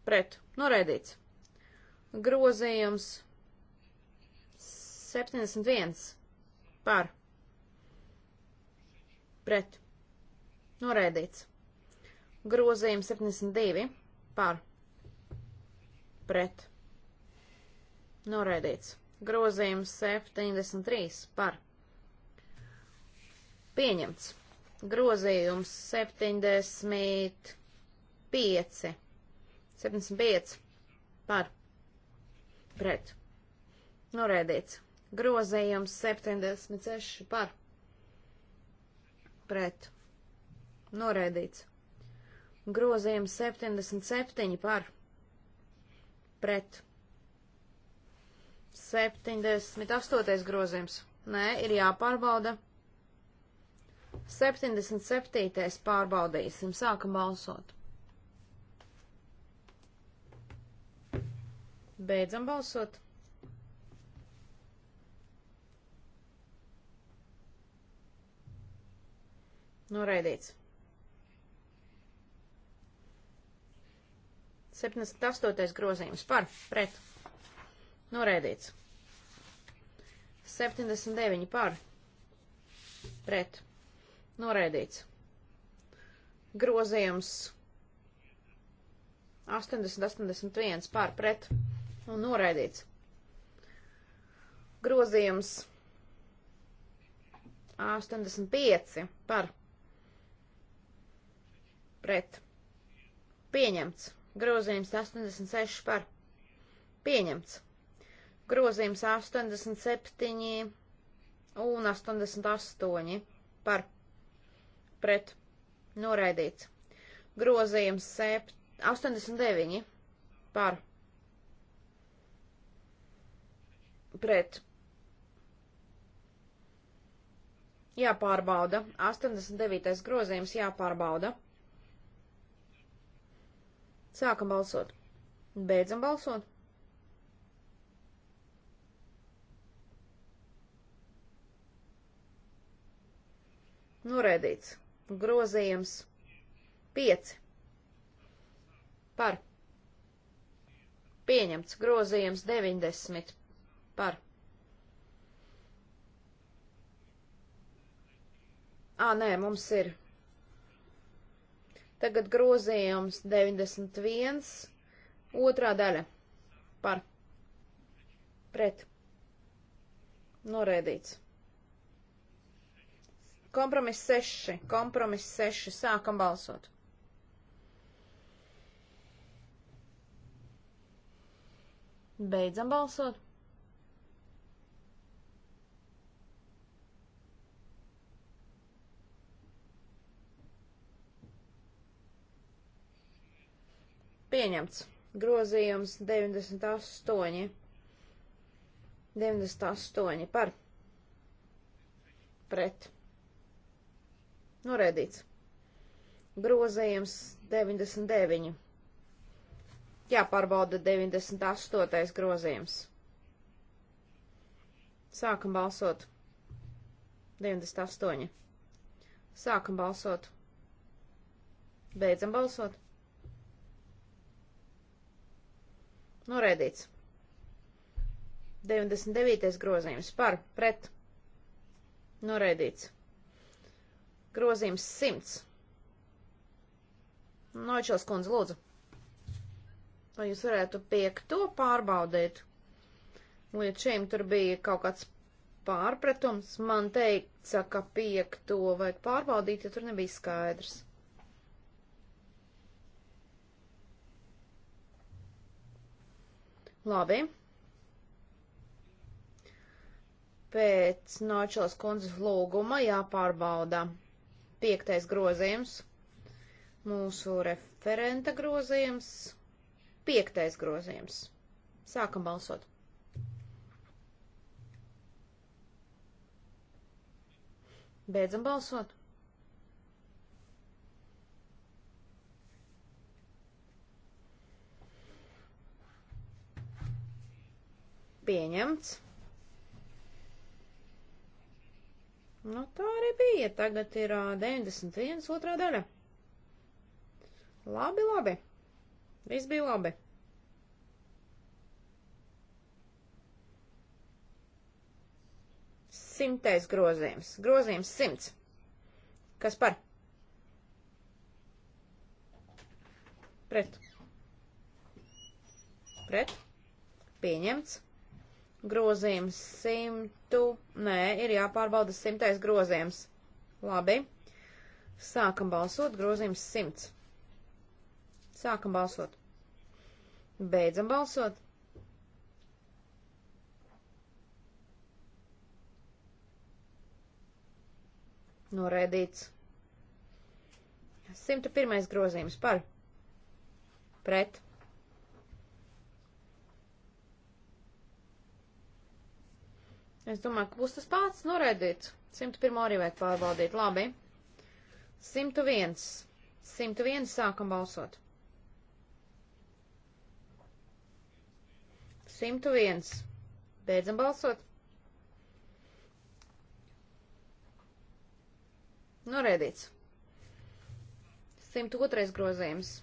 pret noraidīts. Grozījums 71 par pret pret noraidīts. Grozījums 72 par pret noraidīts. Grozījums 73 par pieņemts. Grozījums 75 75 par pret noraidīts. Grozījums 76 par pret pret, noraidīts. Grozījums 77 par, pret, 78. grozījums, nē, ir jāpārbauda. 77. pārbaudīsim, sākam balsot. Beidzam balsot. Noraidīts. 78. grozījums par, pret, noraidīts. 79 par, pret, noraidīts. Grozījums 80, 81 par, pret, un noraidīts. Grozījums 85 par, pret pret. Pieņemts. Grozījums 86 par. Pieņemts. Grozījums 87 un 88 par. Pret. Noraidīts. Grozījums 7, 89 par. Pret. Jāpārbauda. 89. grozījums jāpārbauda. Sākam balsot. Beidzam balsot. Noraidīts. Grozījums 5. Par. Pieņemts grozījums 90. Par. Ā, nē, mums ir Tagad grozījums 91, otrā daļa par pret norēdīts. Kompromiss 6, kompromiss 6, sākam balsot. Beidzam balsot. Pieņemts. Grozījums 98. 98 par pret. Noraidīts. Grozījums 99. Jāpārbauda 98. grozījums. Sākam balsot. 98. Sākam balsot. Beidzam balsot. Noraidīts. 99. grozījums par, pret, noraidīts. Grozījums 100. Noičels kundze, lūdzu. Vai jūs varētu piekto pārbaudīt? Līdz šim tur bija kaut kāds pārpratums. Man teica, ka piekto vajag pārbaudīt, ja tur nebija skaidrs. Labi. Pēc Nočels kundzes lūguma jāpārbauda piektais grozījums, mūsu referenta grozījums, piektais grozījums. Sākam balsot. Beidzam balsot. Pieņemts. Nu, tā arī bija. Tagad ir uh, 91. otrā daļa. Labi, labi. Viss bija labi. Simtais grozījums. Grozījums simts. Kas par? Pret. Pret. Pieņemts grozījums simtu, nē, ir jāpārbauda simtais grozījums. Labi. Sākam balsot, grozījums simts. Sākam balsot. Beidzam balsot. Noraidīts. 101. grozījums par pret Es domāju, ka būs tas pats noraidīts. Nu, 101 arī vajag pārbaudīt. Labi. 101. 101 sākam balsot. 101. Beidzam balsot. Noraidīts. Nu, 102. grozījums.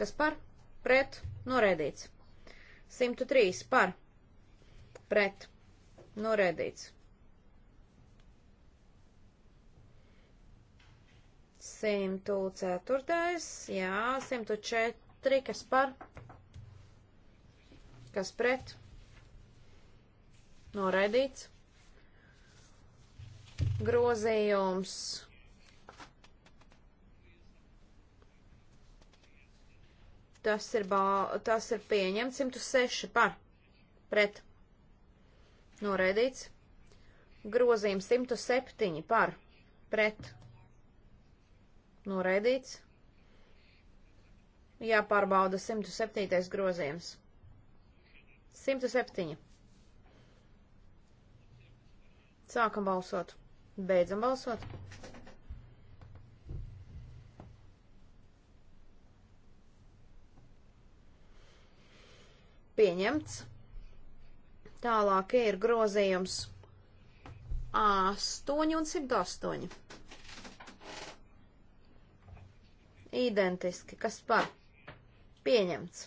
Kas par? Pret. Noraidīts. Nu, 103. Par. Pret Noraidīts. 104. Jā, 104. Kas par? Kas pret? Noraidīts. Grozījums. Tas ir, bā, tas ir pieņemts 106 par pret. Noraidīts. Grozījums 107 par pret. Noraidīts. Jāpārbauda 107. grozījums. 107. Sākam balsot. Beidzam balsot. Pieņemts. Tālāk ir grozījums 8 un 108. Identiski, kas par? Pieņemts.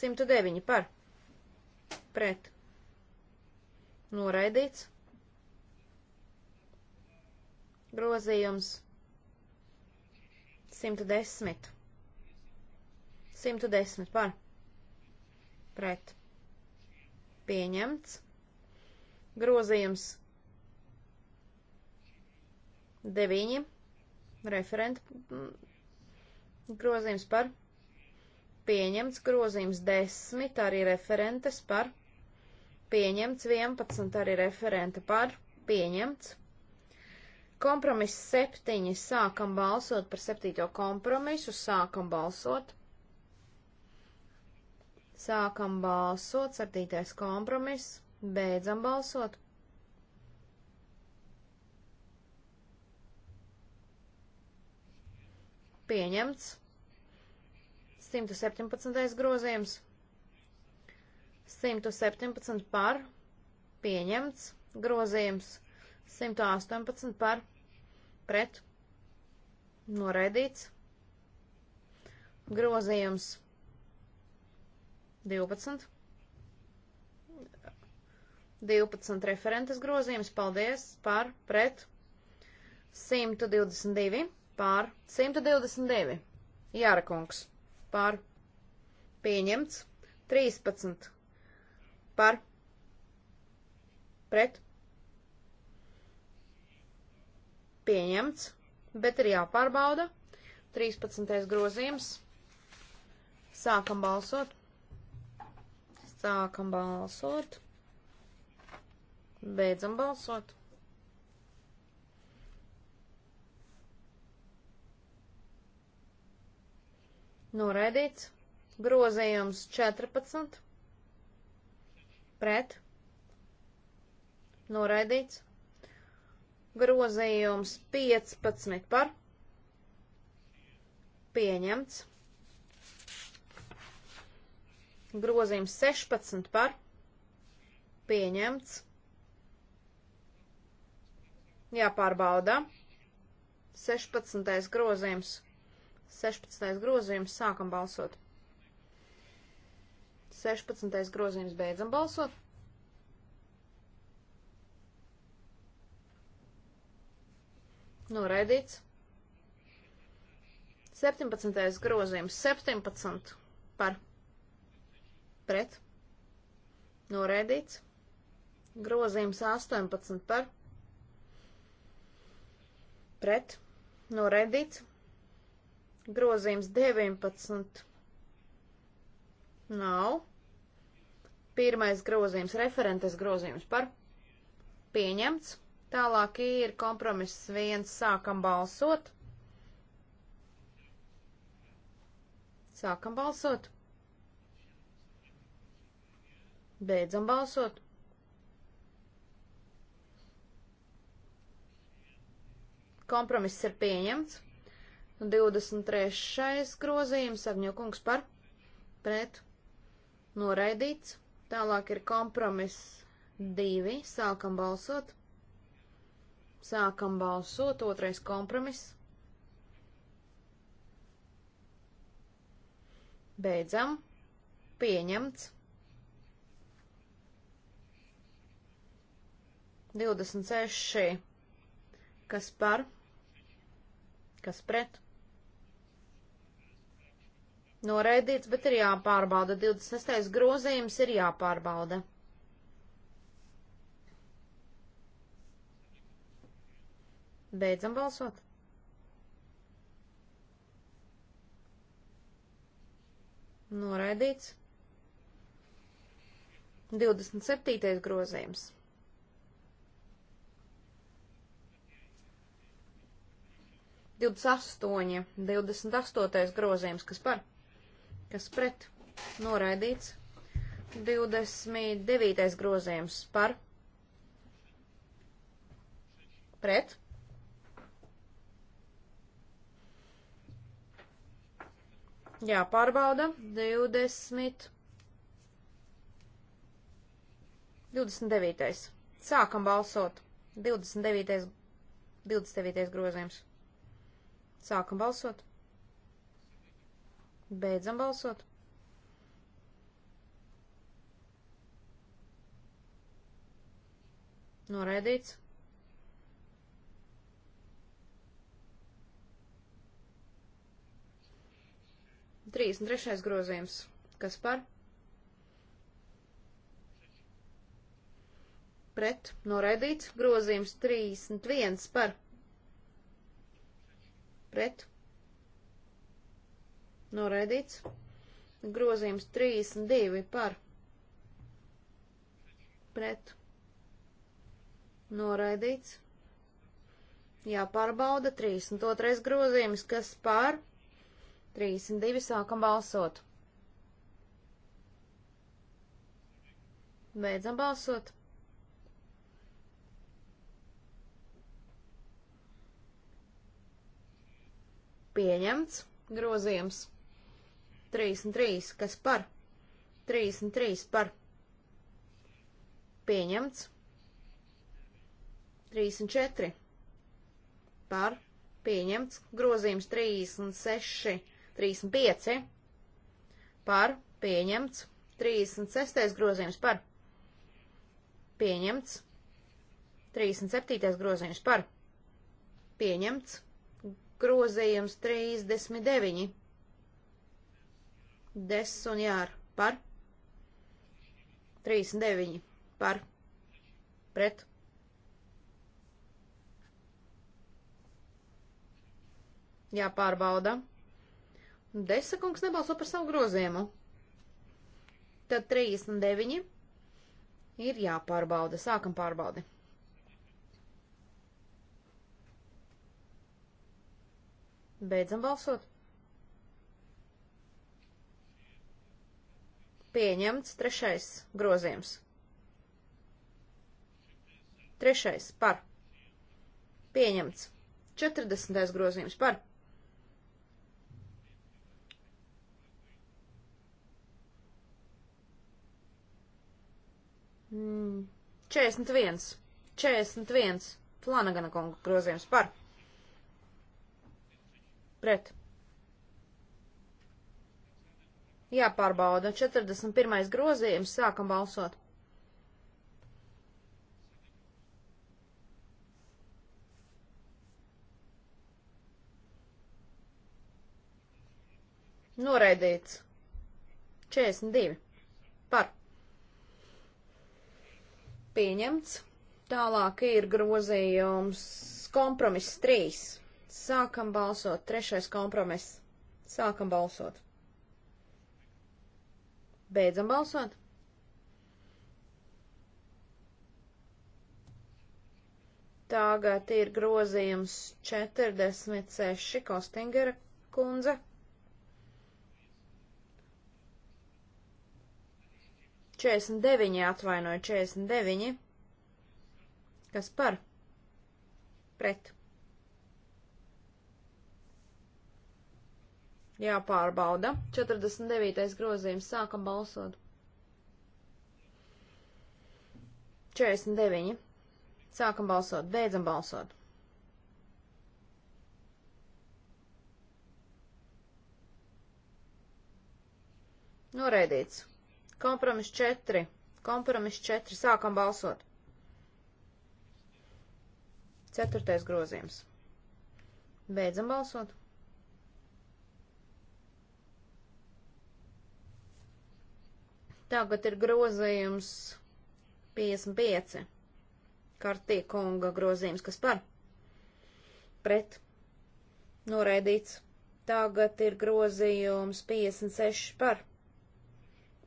109 par. Pret. Noraidīts. Grozījums 110. 110 par. Pret pieņemts. Grozījums 9, referenta mm, grozījums par pieņemts, grozījums 10, arī referentes par pieņemts, 11, arī referenta par pieņemts. Kompromiss 7, sākam balsot par 7. kompromisu, sākam balsot. Sākam balsot, septītais kompromiss, beidzam balsot. Pieņemts. 117. grozījums. 117 par. Pieņemts. Grozījums. 118 par. Pret. Noraidīts. Grozījums 12. 12 referentes grozījums, paldies, par, pret, 122, par, 122, Jārakungs, par, pieņemts, 13, par, pret, pieņemts, bet ir jāpārbauda, 13. grozījums, sākam balsot. Sākam balsot. Beidzam balsot. Noraidīts. Grozījums 14. Pret. Noraidīts. Grozījums 15 par. Pieņemts. Grozījums 16 par pieņemts. Jāpārbauda. 16. grozījums. 16. grozījums sākam balsot. 16. grozījums beidzam balsot. Noraidīts. 17. grozījums 17 par pret, noraidīts, grozījums 18 par, pret, noraidīts, grozījums 19 nav, pirmais grozījums, referentes grozījums par, pieņemts, tālāk ir kompromiss viens, sākam balsot, sākam balsot, Beidzam balsot. Kompromiss ir pieņemts. 23. grozījums Agņokungs par pret noraidīts. Tālāk ir kompromiss 2. Sākam balsot. Sākam balsot. Otrais kompromiss. Beidzam. Pieņemts. 26. Kas par? Kas pret? Noraidīts, bet ir jāpārbauda. 26. grozījums ir jāpārbauda. Beidzam balsot. Noraidīts. 27. grozījums. 28, 28. grozījums, kas par, kas pret, noraidīts. 29. grozījums par, pret. Jā, pārbauda 20. 29. Sākam balsot. 29. 29. grozījums. Sākam balsot. Beidzam balsot. Noraidīts. Trīsdesmit trešais grozījums. Kas par? Pret. Noraidīts. Grozījums trīsdesmit viens par pret noraidīts. Grozījums 32 par pret noraidīts. Jāpārbauda 32. grozījums, kas par 32 sākam balsot. Beidzam balsot. pieņemts, grozījums 33, kas par, 33 par, pieņemts, 34 par, pieņemts, grozījums 36, 35 par, pieņemts, 36 grozījums par, pieņemts, 37 grozījums par, pieņemts, grozījums 39. Des un jār par 39 par pret. Jāpārbauda. Desakungs nebalso par savu grozījumu. Tad 39 ir jāpārbauda. Sākam pārbaudi. Beidzam balsot. Pieņemts trešais grozījums. Trešais par. Pieņemts. 40. grozījums par. Mm. 41. 41. Flanagana kungu grozījums par. Pret. Jāpārbauda. 41. grozījums. Sākam balsot. Noraidīts. 42. Par. Pieņemts. Tālāk ir grozījums kompromiss 3. Sākam balsot. Trešais kompromiss. Sākam balsot. Beidzam balsot. Tagad ir grozījums 46 Kostingera kundze. Četrdesmit deviņi atvainoja četrdesmit deviņi. Kas par? Pret. Jāpārbauda. 49. grozījums. Sākam balsot. 49. Sākam balsot. Beidzam balsot. Noraidīts. Kompromis 4. Kompromis 4. Sākam balsot. Ceturtais grozījums. Beidzam balsot. Tagad ir grozījums 55. Kartī kunga grozījums, kas par? Pret. Noraidīts. Tagad ir grozījums 56 par.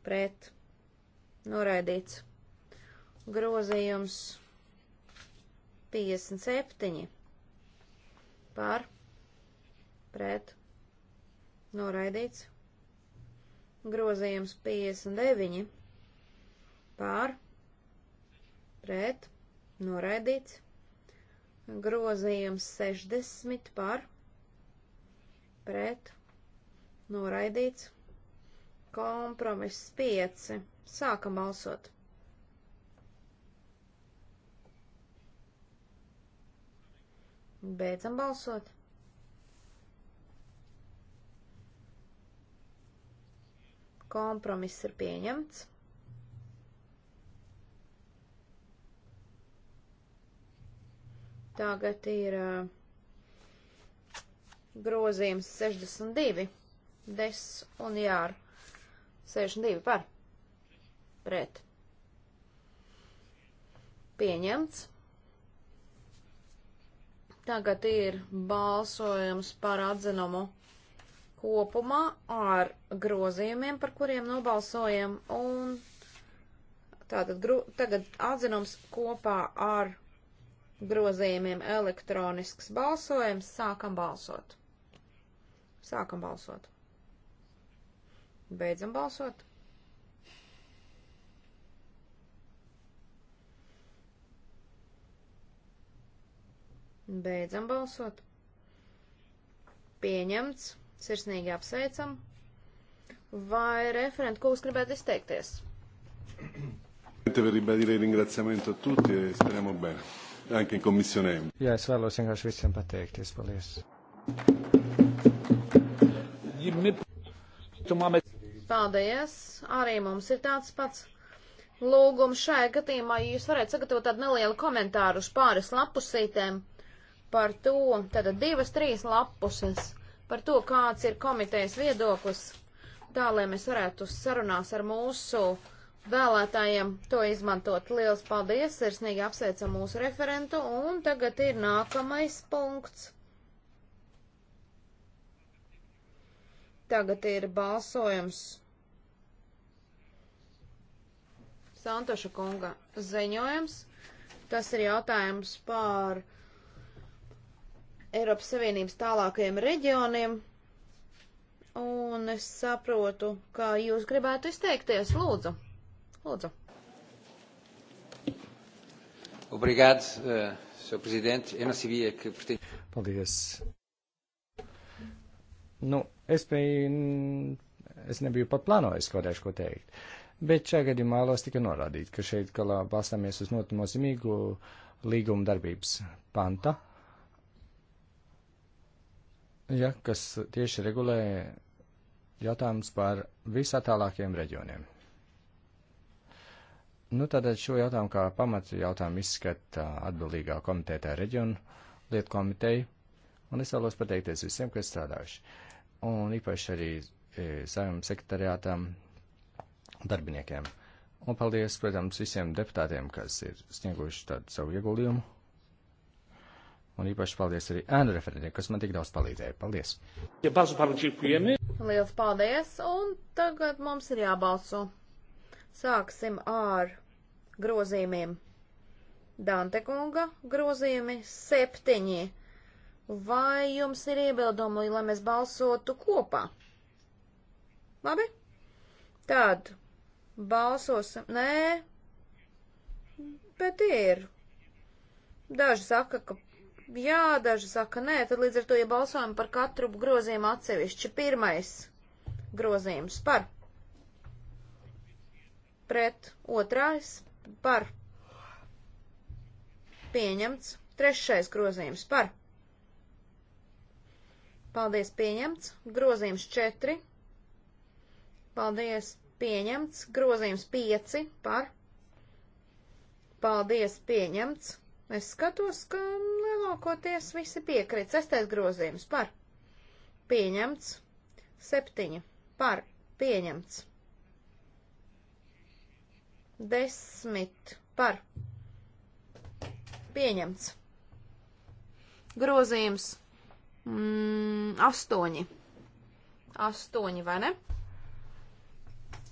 Pret. Noraidīts. Grozījums 57 par. Pret. Noraidīts grozījums 59 pār, pret, noraidīts, grozījums 60 pār, pret, noraidīts, kompromiss 5, sākam balsot. Beidzam balsot. Kompromiss ir pieņemts. Tagad ir uh, grozījums 62. Des un jār. 62 par. Pret. Pieņemts. Tagad ir balsojums par atzinumu kopumā ar grozījumiem, par kuriem nobalsojam, un tātad gru, tagad atzinums kopā ar grozījumiem elektronisks balsojums, sākam balsot. Sākam balsot. Beidzam balsot. Beidzam balsot. Pieņemts. Sirsnīgi apsveicam. Vai referenta kungs gribētu izteikties? E Jā, es vēlos vienkārši visiem pateikties. Paldies. Paldies. Arī mums ir tāds pats lūgums šajā gadījumā. Jūs varētu sagatavot tādu nelielu komentāru uz pāris lapusītēm par to. Tātad divas, trīs lapuses par to, kāds ir komitejas viedoklis, tā lai mēs varētu sarunās ar mūsu vēlētājiem to izmantot. Liels paldies, sirsnīgi apsveicam mūsu referentu, un tagad ir nākamais punkts. Tagad ir balsojums Santoša kunga ziņojums. Tas ir jautājums par Eiropas Savienības tālākajiem reģioniem. Un es saprotu, ka jūs gribētu izteikties. Lūdzu. Lūdzu. Obrigado, uh, eh, Sr. Presidente. Eu não sabia que pertencia. Paldies. Nu, es, biju, es nebiju pat plānojis kādreiz ko teikt, bet šajā gadījumā vēlos tikai norādīt, ka šeit galā balstāmies uz notimozimīgu līguma darbības panta, ja, kas tieši regulē jautājums par visatālākiem reģioniem. Nu, tātad šo jautājumu kā pamatu jautājumu izskata atbildīgā komitētā reģionu lietu komiteja, un es vēlos pateikties visiem, kas strādājuši, un īpaši arī e, savam sekretariātam darbiniekiem. Un paldies, protams, visiem deputātiem, kas ir snieguši tādu savu ieguldījumu. Un īpaši paldies arī ēnu referentiem, kas man tik daudz palīdzēja. Paldies! Lielas paldies! Un tagad mums ir jābalso. Sāksim ar grozījumiem. Dante kunga grozījumi septiņi. Vai jums ir iebildumi, lai mēs balsotu kopā? Labi? Tad balsosim. Nē, bet ir. Daži saka, ka Jā, daži saka nē, tad līdz ar to, ja balsojam par katru grozījumu atsevišķi, pirmais grozījums par, pret, otrais par, pieņemts, trešais grozījums par. Paldies, pieņemts, grozījums 4. Paldies, pieņemts, grozījums 5 par. Paldies, pieņemts, Es skatos, ka lielākoties visi piekrīt. Sestais grozījums par pieņemts. Septiņi par pieņemts. Desmit par pieņemts. Grozījums mm, astoņi. Astoņi, vai ne?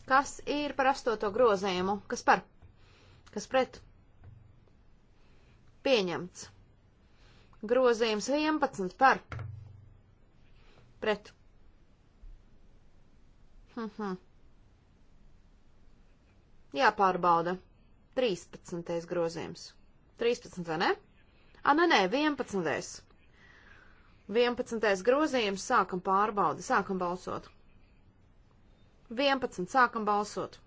Kas ir par astoto grozījumu? Kas par? Kas pret? Pieņemts. Grozījums 11 par. Pret. Hm, hm. Jāpārbauda. 13. grozījums. 13, vai ne? A, nē, nē, 11. 11. grozījums, sākam pārbaudi, sākam balsot. 11. sākam balsot.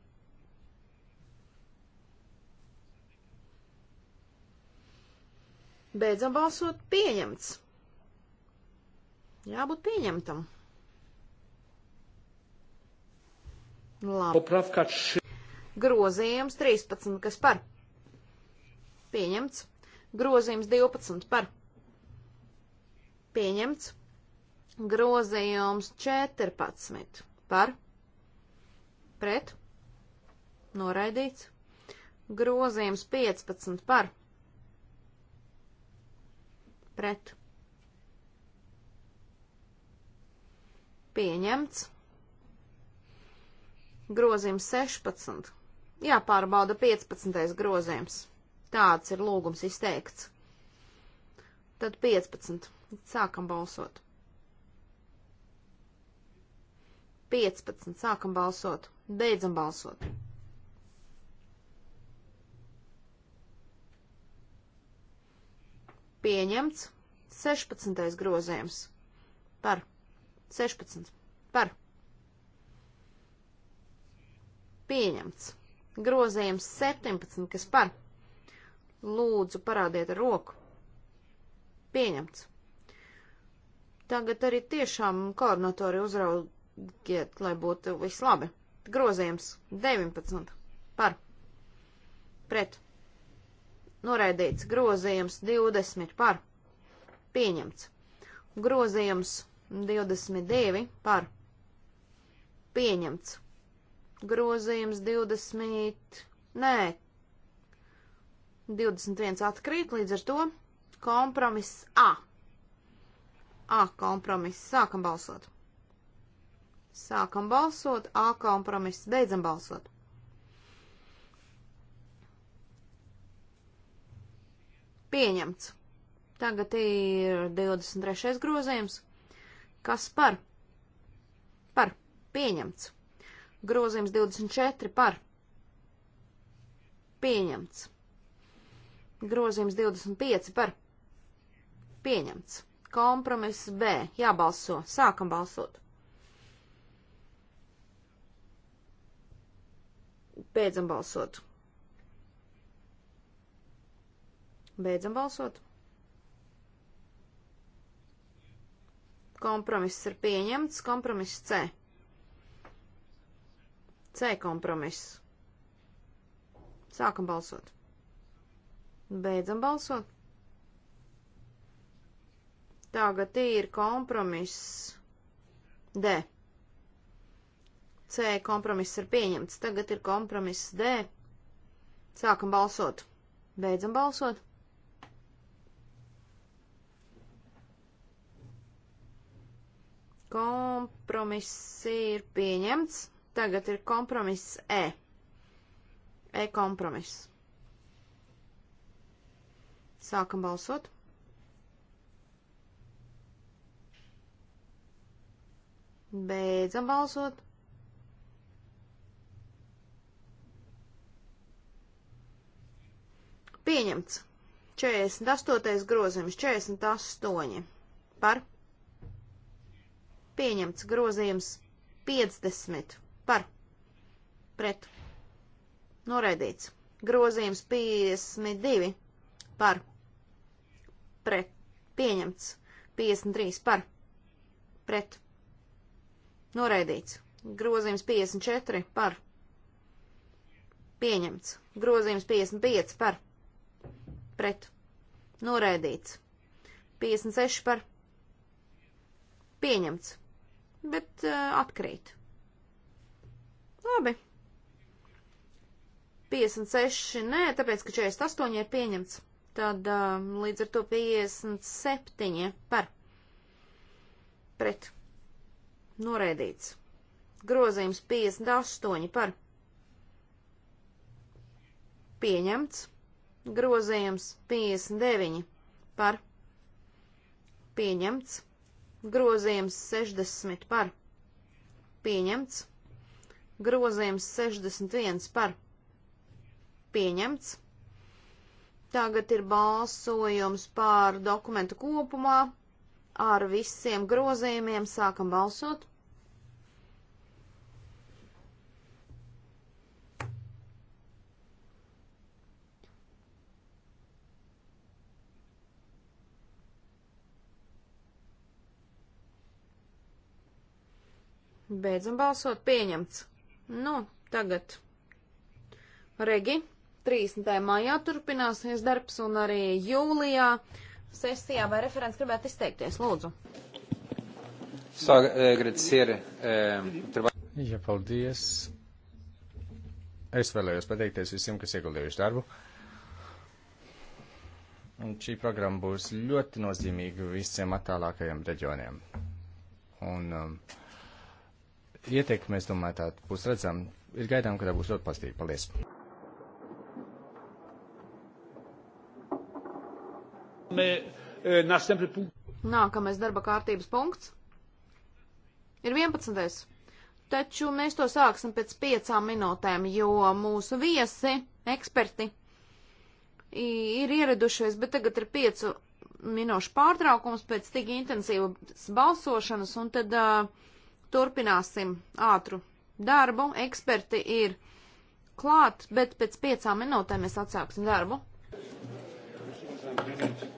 Beidzam balsot pieņemts. Jābūt pieņemtam. Labi. Popravka šī. Grozījums 13, kas par? Pieņemts. Grozījums 12 par? Pieņemts. Grozījums 14 par? Pret? Noraidīts. Grozījums 15 par? pret pieņemts. Grozījums 16. Jāpārbauda 15. grozījums. Tāds ir lūgums izteikts. Tad 15. Sākam balsot. 15. Sākam balsot. Beidzam balsot. Pieņemts 16. grozējums. Par. 16. Par. Pieņemts. Grozējums 17, kas par. Lūdzu, parādiet ar roku. Pieņemts. Tagad arī tiešām koordinatori uzraugiet, lai būtu viss labi. Grozējums 19. Par. Pret. Noraidīts grozījums 20 par. Pieņemts. Grozījums 22 par. Pieņemts. Grozījums 20. Nē. 21 atkrīt, līdz ar to kompromiss A. A kompromiss. Sākam balsot. Sākam balsot. A kompromiss. Beidzam balsot. Pieņemts. Tagad ir 23. grozījums. Kas par? Par. Pieņemts. Grozījums 24 par. Pieņemts. Grozījums 25 par. Pieņemts. Kompromiss B. Jābalso. Sākam balsot. Beidzam balsot. Beidzam balsot. Kompromiss ir pieņemts. Kompromiss C. C kompromiss. Sākam balsot. Beidzam balsot. Tagad ir kompromiss D. C kompromiss ir pieņemts. Tagad ir kompromiss D. Sākam balsot. Beidzam balsot. Kompromiss ir pieņemts. Tagad ir kompromiss E. E kompromiss. Sākam balsot. Beidzam balsot. Pieņemts. 48. grozījums 48 par pieņemts grozījums 50 par pret noraidīts. Grozījums 52 par pret pieņemts 53 par pret noraidīts. Grozījums 54 par pieņemts. Grozījums 55 par pret noraidīts. 56 par pieņemts bet uh, atkrīt. Labi. 56 nē, tāpēc, ka 48 ir pieņemts. Tad uh, līdz ar to 57 par pret noraidīts. Grozījums 58 par pieņemts. Grozījums 59 par pieņemts Grozījums 60 par. Pieņemts. Grozījums 61 par. Pieņemts. Tagad ir balsojums par dokumentu kopumā. Ar visiem grozījumiem sākam balsot. Beidzam balsot. Pieņemts. Nu, tagad. Regi. 30. maijā turpināsies darbs un arī jūlijā sesijā vai referents gribētu izteikties. Lūdzu. Jā, eh, eh, paldies. Es vēlējos pateikties visiem, kas ieguldījuši darbu. Un šī programma būs ļoti nozīmīga visiem attālākajiem reģioniem. Un, um, ieteikumi, mēs domāju, tā būs redzam. Ir gaidām, ka tā būs ļoti pozitīva. Paldies! Nākamais eh, darba kārtības punkts ir 11. Taču mēs to sāksim pēc piecām minūtēm, jo mūsu viesi, eksperti, ir ieradušies, bet tagad ir piecu minūšu pārtraukums pēc tik intensīvas balsošanas, un tad uh, Turpināsim ātru darbu. Eksperti ir klāt, bet pēc piecām minūtēm mēs atsāksim darbu. Thank you.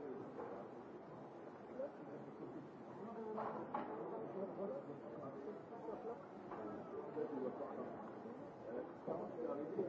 Yeah. Thank you.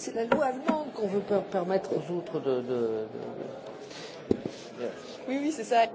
C'est la loi allemande qu'on veut permettre aux autres de. de, de... Oui, oui, c'est ça.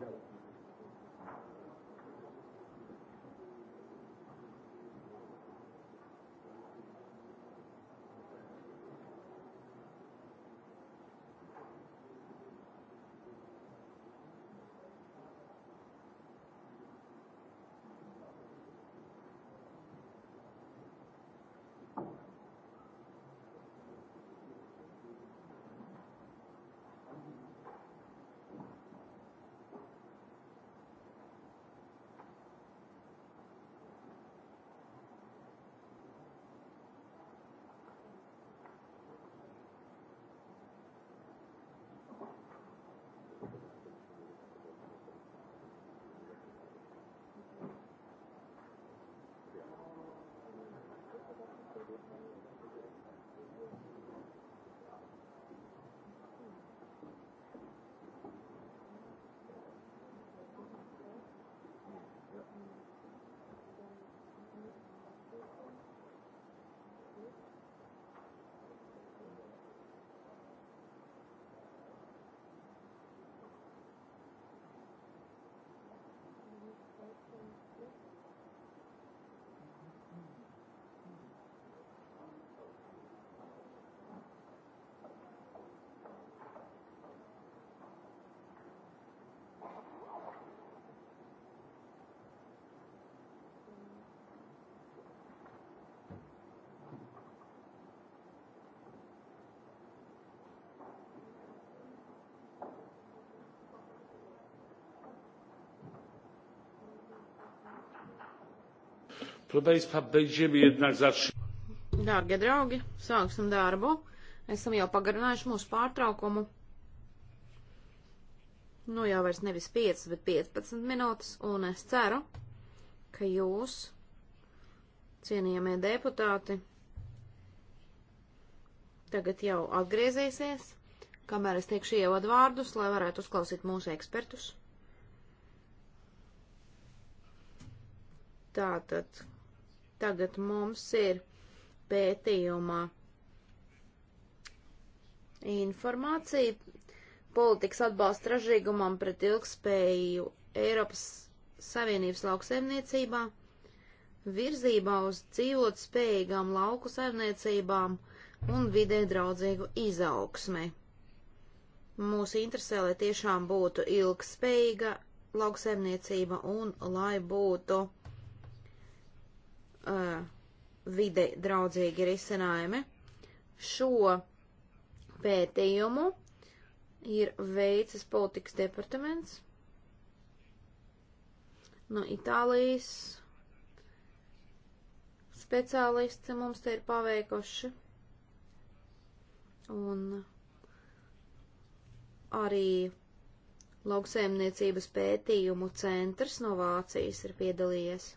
Yellow. Proszę Państwa, będziemy jednak zatrzymać. Dārgie draugi, sāksim darbu. Esam jau pagarinājuši mūsu pārtraukumu. Nu, jau vairs nevis 5, bet 15 minūtes, un es ceru, ka jūs, cienījamie deputāti, tagad jau atgriezīsies, kamēr es teikšu ievadu vārdus, lai varētu uzklausīt mūsu ekspertus. Tātad Tagad mums ir pētījumā informācija politikas atbalsta ražīgumam pret ilgspēju Eiropas Savienības lauksaimniecībā, virzībā uz dzīvot spējīgām lauku saimniecībām un vidē draudzīgu izaugsmi. Mūs interesē, lai tiešām būtu ilgspējīga lauksaimniecība un lai būtu uh, uh, vide draudzīgi risinājumi. Šo pētījumu ir veicis politikas departaments no Itālijas. Speciālisti mums te ir paveikuši. Un arī lauksaimniecības pētījumu centrs no Vācijas ir piedalījies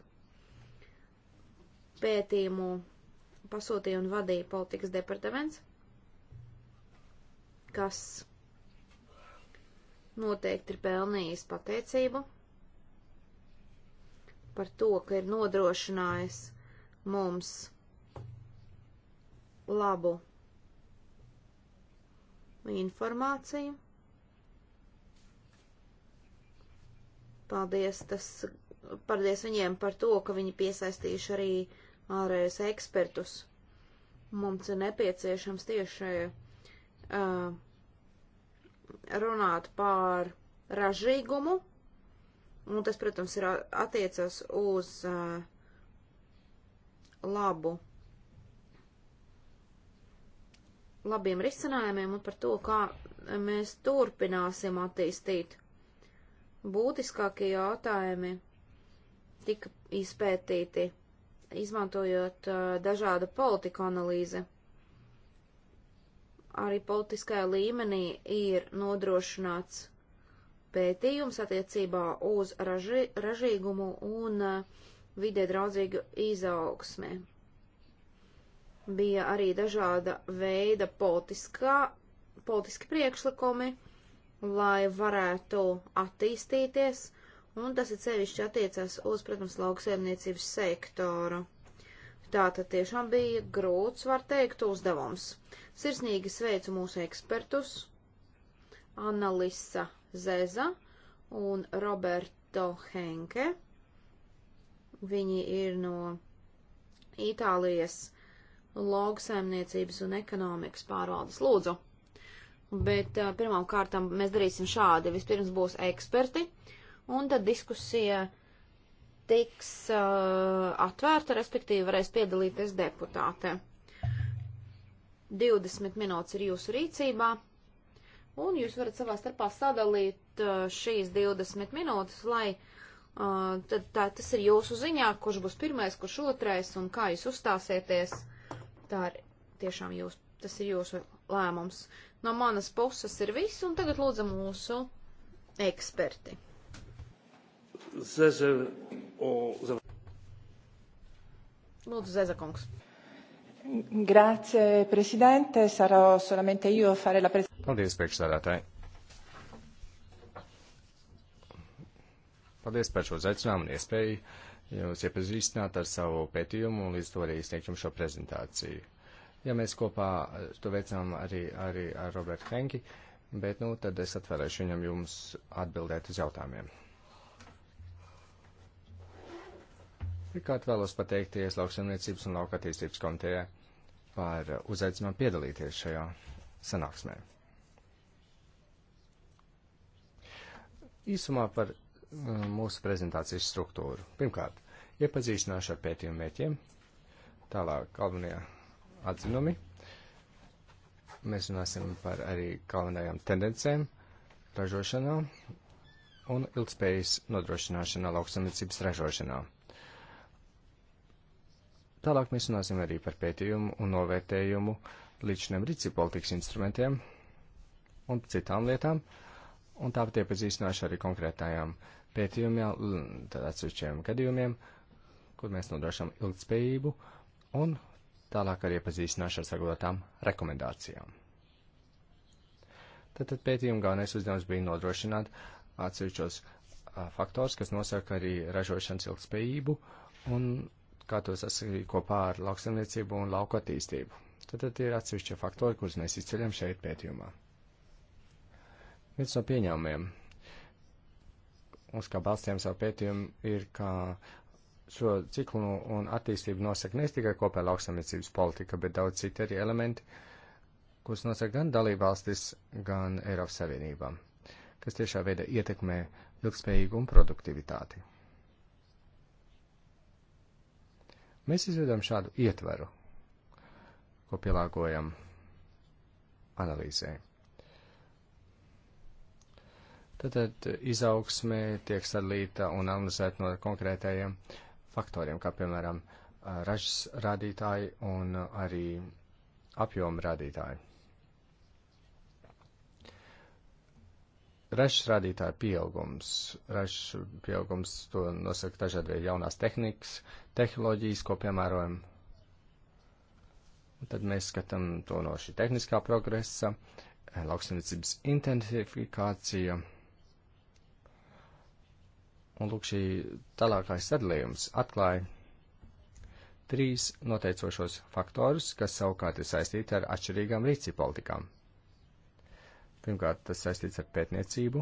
pētījumu pasūtīja un vadīja politikas departaments, kas noteikti ir pelnījis pateicību par to, ka ir nodrošinājis mums labu informāciju. Paldies, tas, paldies viņiem par to, ka viņi piesaistījuši arī uh, ārējus ekspertus. Mums ir nepieciešams tieši uh, runāt pār ražīgumu, un tas, protams, ir attiecas uz uh, labu, labiem risinājumiem un par to, kā mēs turpināsim attīstīt būtiskākie jautājumi tika izpētīti izmantojot uh, dažādu politiku analīzi. Arī politiskajā līmenī ir nodrošināts pētījums attiecībā uz raži, ražīgumu un uh, vidē draudzīgu izaugsmē. Bija arī dažāda veida politiskā, politiski priekšlikumi, lai varētu attīstīties – un tas ir sevišķi attiecās uz, protams, lauksaimniecības sektoru. Tā tad tiešām bija grūts, var teikt, uzdevums. Sirsnīgi sveicu mūsu ekspertus Annalisa Zeza un Roberto Henke. Viņi ir no Itālijas lauksaimniecības un ekonomikas pārvaldes lūdzu. Bet pirmām kārtām mēs darīsim šādi. Vispirms būs eksperti, uh, un tad diskusija tiks uh, atvērta, respektīvi varēs piedalīties deputāte. 20 minūtes ir jūsu rīcībā, un jūs varat savā starpā sadalīt uh, šīs 20 minūtes, lai uh, tad tā, tas ir jūsu ziņā, kurš būs pirmais, kurš otrais, un kā jūs uzstāsieties. Tā ir tiešām jūs, tas ir jūsu lēmums. No manas puses ir viss, un tagad lūdzu mūsu eksperti. Zeze, o... Lūdzu, Zeza kungs. Grācie, prezidente, sarò solamente io fare la presenza. Paldies, priekšsēdētāji. Paldies par šo zaicinājumu un iespēju jūs iepazīstināt ar savu pētījumu un līdz to arī sniegt jums šo prezentāciju. Ja mēs kopā to veicām arī, arī ar Robertu Henki, bet nu tad es atvēlēšu viņam jums atbildēt uz jautājumiem. Pirmkārt vēlos pateikties lauksaimniecības un lauka attīstības komitejai par uzaicinājumu piedalīties šajā sanāksmē. Īsumā par uh, mūsu prezentācijas struktūru. Pirmkārt, iepazīstināšu ar pētījumu mērķiem, tālāk galvenie atzinumi. Mēs runāsim par arī galvenajām tendencēm ražošanā un ilgspējas nodrošināšanā lauksamniecības ražošanā. Tālāk mēs runāsim arī par pētījumu un novērtējumu līdzšiem rīcību politikas instrumentiem un citām lietām, un tāpat iepazīstināšu arī konkrētajām pētījumiem, tad atsevišķiem gadījumiem, kur mēs nodrošam ilgtspējību, un tālāk arī iepazīstināšu ar sagatavotām rekomendācijām. Tātad pētījuma galvenais uzdevums bija nodrošināt atsevišķos faktors, kas nosaka arī ražošanas ilgspējību un kā to sasarīt kopā ar lauksaimniecību un lauku attīstību. Tad, tad ir atsevišķi faktori, kurus mēs izceļam šeit pētījumā. Viens no pieņēmumiem, uz kā balstījām savu pētījumu, ir, ka šo ciklu un attīstību nosaka ne tikai kopē lauksaimniecības politika, bet daudz citi arī elementi, kurus nosaka gan dalībvalstis, gan Eiropas Savienībām, kas tiešā veidā ietekmē ilgspējīgu un produktivitāti. Mēs izveidojam šādu ietveru, ko pielāgojam analīzē. Tātad izaugsme tiek sadalīta un analizēta no konkrētajiem faktoriem, kā piemēram ražas rādītāji un arī apjoma rādītāji. Ražas rādītāja pieaugums. Ražas pieaugums to nosaka dažādi veidi jaunās tehnikas, tehnoloģijas, ko piemērojam. Un tad mēs skatām to no šī tehniskā progresa, lauksaimniecības intensifikācija. Un lūk, šī tālākais sadalījums atklāja trīs noteicošos faktorus, kas savukārt ir saistīti ar atšķirīgām rīcību politikām. Pirmkārt, tas saistīts ar pētniecību,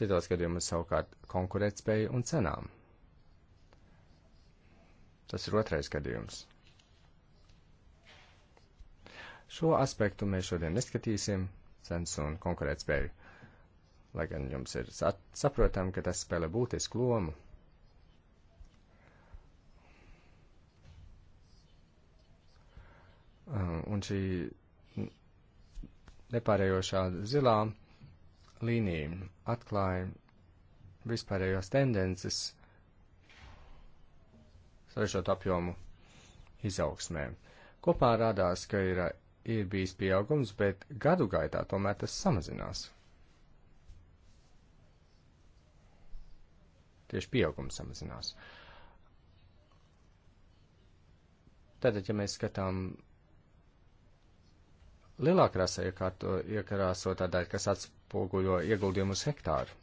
citos gadījumos savukārt konkurētspēju un cenām. Tas ir otrais gadījums. Šo aspektu mēs šodien neskatīsim, cenas un konkurētspēju, lai gan jums ir saprotam, ka tas spēlē būtisku lomu. Um, un šī nepārējošā zilā līnija atklāja vispārējās tendences sarežģot apjomu izaugsmē. Kopā rādās, ka ir, ir bijis pieaugums, bet gadu gaitā tomēr tas samazinās. Tieši pieaugums samazinās. Tātad, ja mēs skatām Lielākrāsē iekrāsotā daļa, kas atspoguļo ieguldījumu uz hektāru.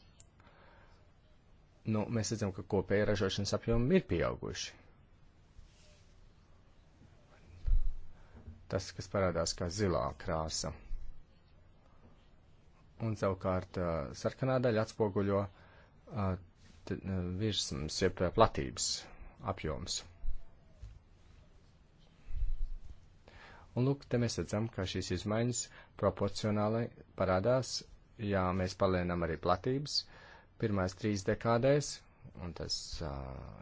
Nu, mēs redzam, ka kopēja ražošanas apjomi ir pieauguši. Tas, kas parādās kā zilā krāsa. Un savukārt sarkanā daļa atspoguļo uh, virsmas, jeb platības apjoms. Un, lūk, te mēs redzam, ka šīs izmaiņas proporcionāli parādās, ja mēs palēnam arī platības, pirmais trīs dekādēs, un tas uh,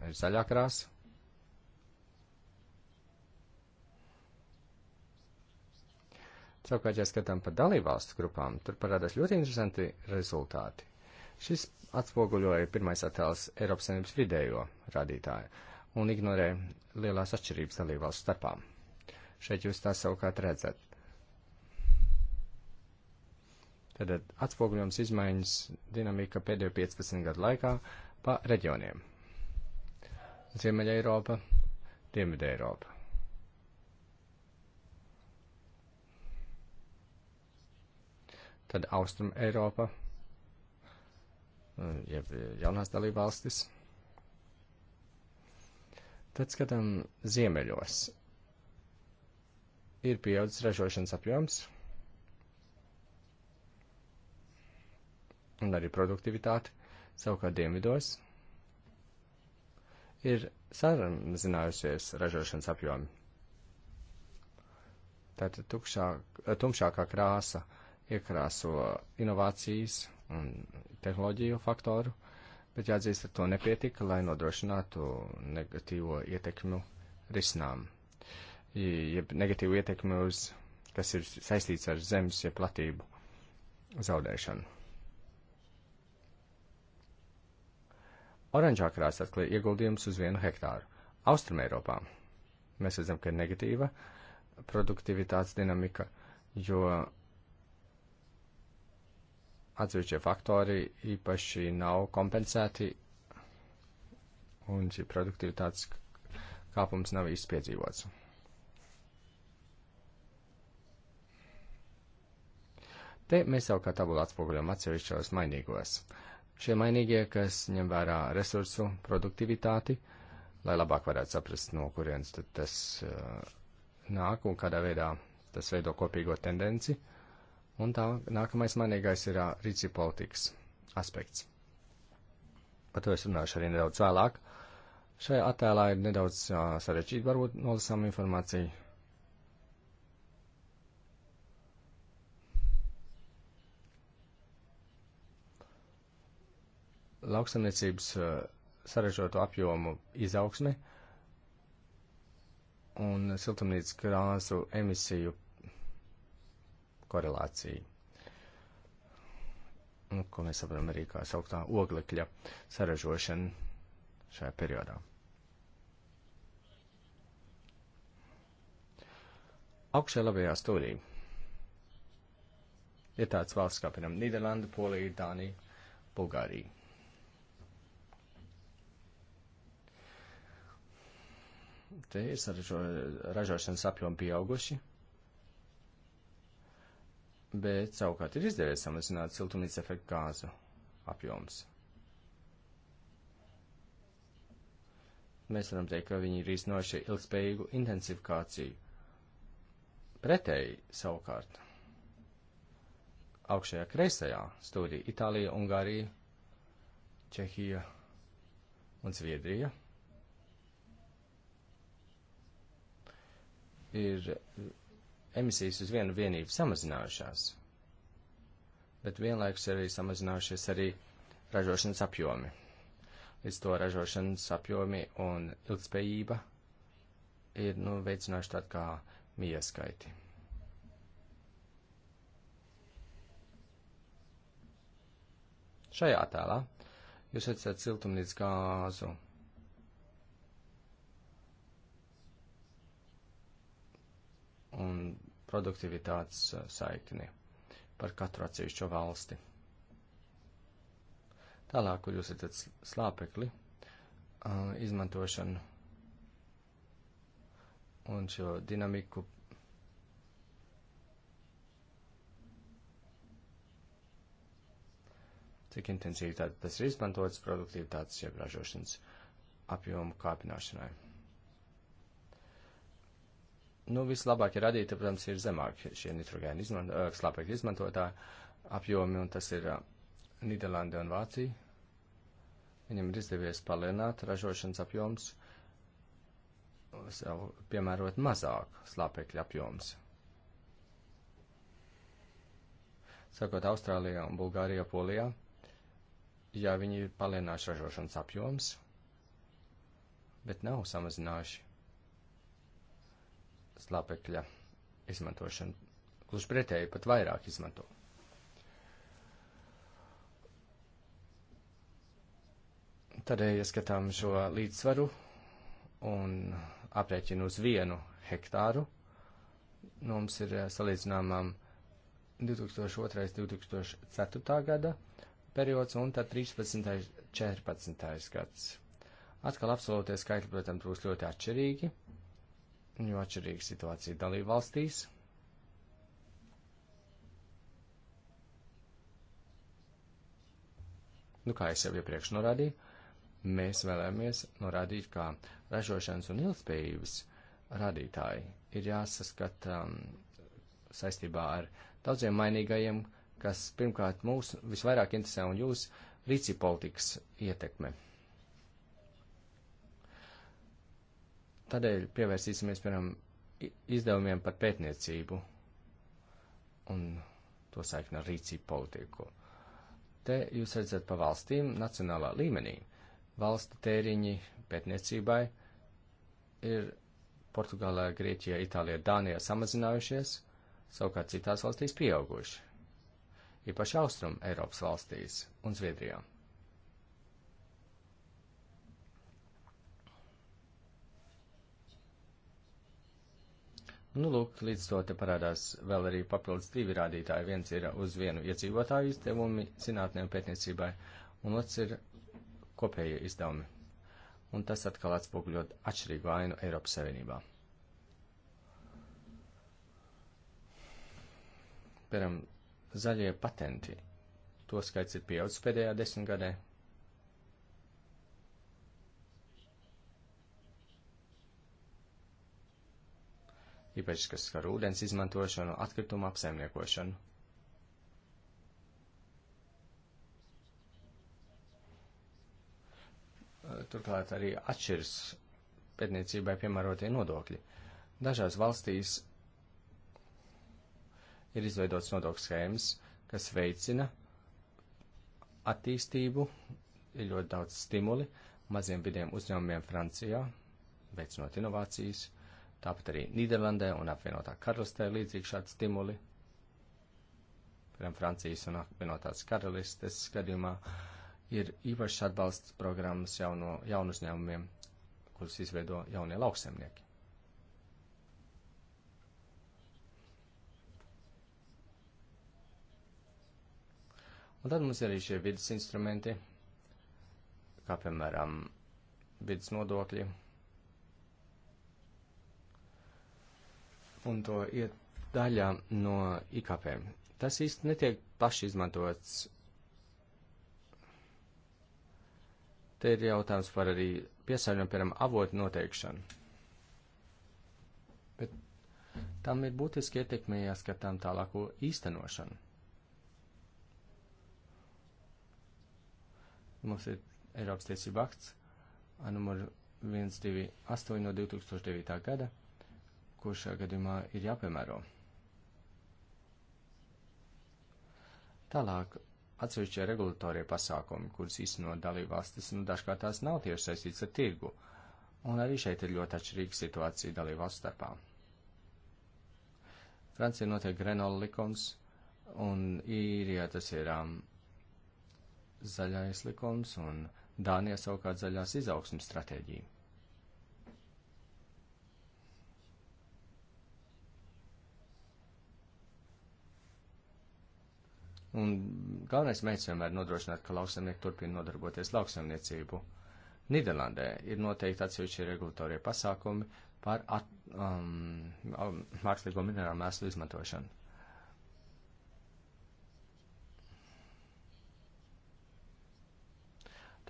ir zaļā krāsa. Savukārt, ja skatām par dalībvalstu grupām, tur parādās ļoti interesanti rezultāti. Šis atspoguļoja pirmais attēls Eiropas Savienības vidējo rādītāju un ignorē lielās atšķirības dalībvalstu starpām. Šeit jūs tās savukārt redzat. Tad atspoguļojums izmaiņas dinamika pēdējo 15 gadu laikā pa reģioniem. Ziemeļa Eiropa, Dienvidē Eiropa. Tad Austrum Eiropa, jeb jaunās dalībvalstis. Tad skatām ziemeļos ir pieaudzis ražošanas apjoms un arī produktivitāte. Savukārt dienvidos ir samazinājusies ražošanas apjomi. Tātad tukšā, tumšākā krāsa iekrāso inovācijas un tehnoloģiju faktoru, bet jāatzīst, ar to nepietika, lai nodrošinātu negatīvo ietekmu risinājumu jeb negatīvu ietekmi uz, kas ir saistīts ar zemes, jeb platību zaudēšanu. Oranžā krāsa atklāja ieguldījumus uz vienu hektāru. Austrum Eiropā mēs redzam, ka ir negatīva produktivitātes dinamika, jo atsevišķie faktori īpaši nav kompensēti un šī produktivitātes kāpums nav īsti piedzīvots. Te mēs jau kā tabula atspoguļam atsevišķos mainīgos. Šie mainīgie, kas ņem vērā resursu produktivitāti, lai labāk varētu saprast, no kurienes tad tas uh, nāk un kādā veidā tas veido kopīgo tendenci. Un tā nākamais mainīgais ir uh, rīcība politikas aspekts. Par to es runāšu arī nedaudz vēlāk. Šajā attēlā ir nedaudz uh, sarežģīta varbūt nolasām informācija, lauksaimniecības eh, sarežģīto apjomu izaugsme un siltumnīcas krāsu emisiju korelācija. Nu, ko mēs saprotam arī kā sauktā oglekļa saražošana šajā periodā. Augšējā labajā stūrī ir tāds valsts kā, piemēram, Nīderlanda, Polija, Dānija, Bulgārija. Te ir saražo, ražošanas apjomi pieauguši, bet savukārt ir izdevies samazināt siltumnīca efektu gāzu apjoms. Mēs varam teikt, ka viņi ir iznoši ilgspējīgu intensifikāciju. Pretēji savukārt augšējā kreisajā stūrī Itālija, Ungārija, Čehija un Zviedrija ir emisijas uz vienu vienību samazinājušās, bet vienlaikus arī samazinājušies arī ražošanas apjomi. Līdz to ražošanas apjomi un ilgspējība ir nu, veicinājuši tādu kā mieskaiti. Šajā attēlā jūs redzat siltumnīcas gāzu un produktivitātes eh, saikni par katru atsevišķo valsti. Tālāk, kur jūs redzat slāpekli, eh, izmantošanu un šo dinamiku. Cik intensīvi tas ir izmantots produktivitātes jeb ražošanas apjomu kāpināšanai. Nu, vislabākie radītāji, protams, ir zemāk šie nitrogēna izman, uh, slāpekļa izmantotāji apjomi, un tas ir uh, Nīderlanda un Vācija. Viņam ir izdevies palielināt ražošanas apjoms, sev piemērot mazāk slāpekļa apjoms. Sakot, Austrālijā un Bulgārijā, Polijā, ja viņi ir palielinājuši ražošanas apjoms, bet nav samazinājuši slāpekļa izmantošanu. Gluži pretēji, pat vairāk izmanto. Tādēļ, ja skatām šo līdzsvaru un aprēķinu uz vienu hektāru, nu, mums ir eh, salīdzināmām 2002. 2004. gada periods un tad 13. 14. gads. Atkal absolūtie skaitļi, protams, būs ļoti atšķirīgi jo atšķirīga situācija dalību valstīs. Nu, kā es jau iepriekš norādīju, mēs vēlamies norādīt, ka ražošanas un ilgspējības radītāji ir jāsaskata um, saistībā ar daudziem mainīgajiem, kas pirmkārt mūs visvairāk interesē un jūs rīci politikas ietekme. Tādēļ pievērsīsimies, piemēram, izdevumiem par pētniecību un to saikni ar rīcību politiku. Te jūs redzat pa valstīm nacionālā līmenī. Valstu tēriņi pētniecībai ir Portugālē, Grieķijā, Itālijā, Dānijā samazinājušies, savukārt citās valstīs pieauguši. Īpaši Austrum Eiropas valstīs un Zviedrijā. Nu, lūk, līdz to te parādās vēl arī papildus divi rādītāji. Viens ir uz vienu iedzīvotāju izdevumi zinātnē un pētniecībai, un otrs ir kopējie izdevumi. Un tas atkal atspoguļot atšķirīgu ainu Eiropas Savienībā. Piemēram, zaļie patenti. To skaits ir pieaudzis pēdējā desmitgadē. īpaši, kas skar ūdens izmantošanu, atkritumu apsaimniekošanu. Turklāt arī atšķiras pētniecībai piemērotie nodokļi. Dažās valstīs ir izveidots nodokļu schēmas, kas veicina attīstību, ir ļoti daudz stimuli maziem vidiem uzņēmumiem Francijā, veicinot inovācijas. Tāpat arī Nīderlandē un apvienotā karalistē ir līdzīgi šādi stimuli. Piemēram, Francijas un apvienotās karalistes skatījumā ir īpašs atbalsts programmas jauno, jaunu uzņēmumiem, kurus izveido jaunie lauksemnieki. Un tad mums ir arī šie vidas instrumenti, kā piemēram vidas nodokļi, un to iet daļā no IKP. Tas īsti netiek plaši izmantots. Te ir jautājums par arī piesārņojumu, piemēram, avotu noteikšanu. Bet tam ir būtiski ietekmē jāskatām tālāko īstenošanu. Mums ir Eiropas tiesība akts ar numuru 128 no 2009. gada kurš šajā gadījumā ir jāpiemēro. Tālāk, atsevišķie regulatorie pasākumi, kurus īstenot dalībvalstis, nu dažkārt tās nav tieši saistīts ar tirgu, un arī šeit ir ļoti atšķirīga situācija dalībvalstu starpā. Francija notiek Grenola likums, un īrijā tas ir um, zaļais likums, un Dānija savukārt zaļās izaugsmas stratēģija. Un galvenais mērķis vienmēr nodrošināt, ka lauksaimnieki turpina nodarboties lauksaimniecību. Nīderlandē ir noteikti atsevišķi regulatorie pasākumi par at, um, um, mākslīgo minerālu mēslu izmantošanu.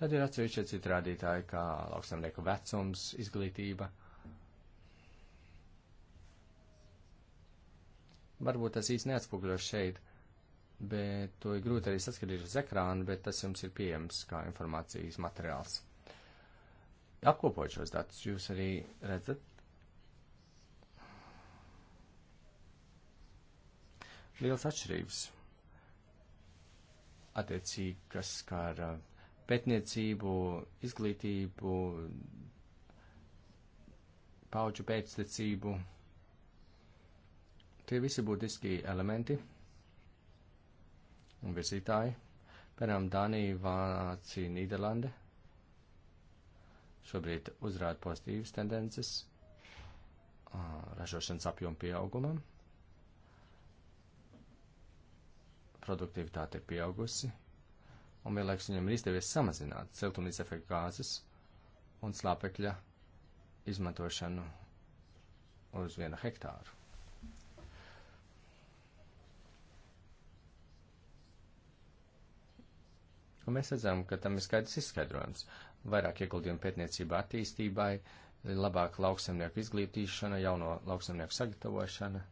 Tad ir atsevišķi citi rādītāji, kā lauksaimnieku vecums, izglītība. Varbūt tas īsti neatspoguļo šeit, bet to ir grūti arī saskatīt uz ekrāna, bet tas jums ir pieejams kā informācijas materiāls. Apkopot šos datus, jūs arī redzat. Liels atšķirības attiecīgi, kas skar uh, pētniecību, izglītību, pauģu pēctecību. Tie visi būtiski elementi, un virzītāji, piemēram, Dānija, Vācija, Nīderlande. Šobrīd uzrāda pozitīvas tendences ražošanas apjomu pieaugumam. Produktivitāte ir pieaugusi, un vienlaikus viņam ir izdevies samazināt siltumnīca efekta gāzes un slāpekļa izmantošanu uz vienu hektāru. Un mēs redzam, ka tam ir skaidrs izskaidrojums. Vairāk ieguldījumu pētniecība attīstībai, labāk lauksemnieku izglītīšana, jauno lauksemnieku sagatavošana.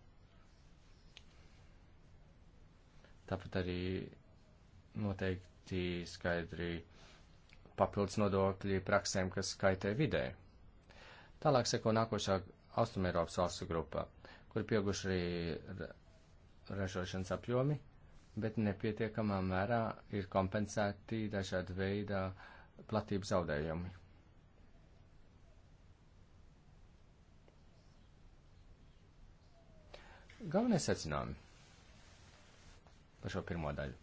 Tāpat arī noteikti skaidri papildus nodokļi praksēm, kas kaitē vidē. Tālāk seko nākošā Austrumēropas valstu grupa, kur pieauguši arī ražošanas apjomi bet nepietiekamā mērā ir kompensēti dažādi veidā platību zaudējumi. Galvenie secinājumi par šo pirmo daļu.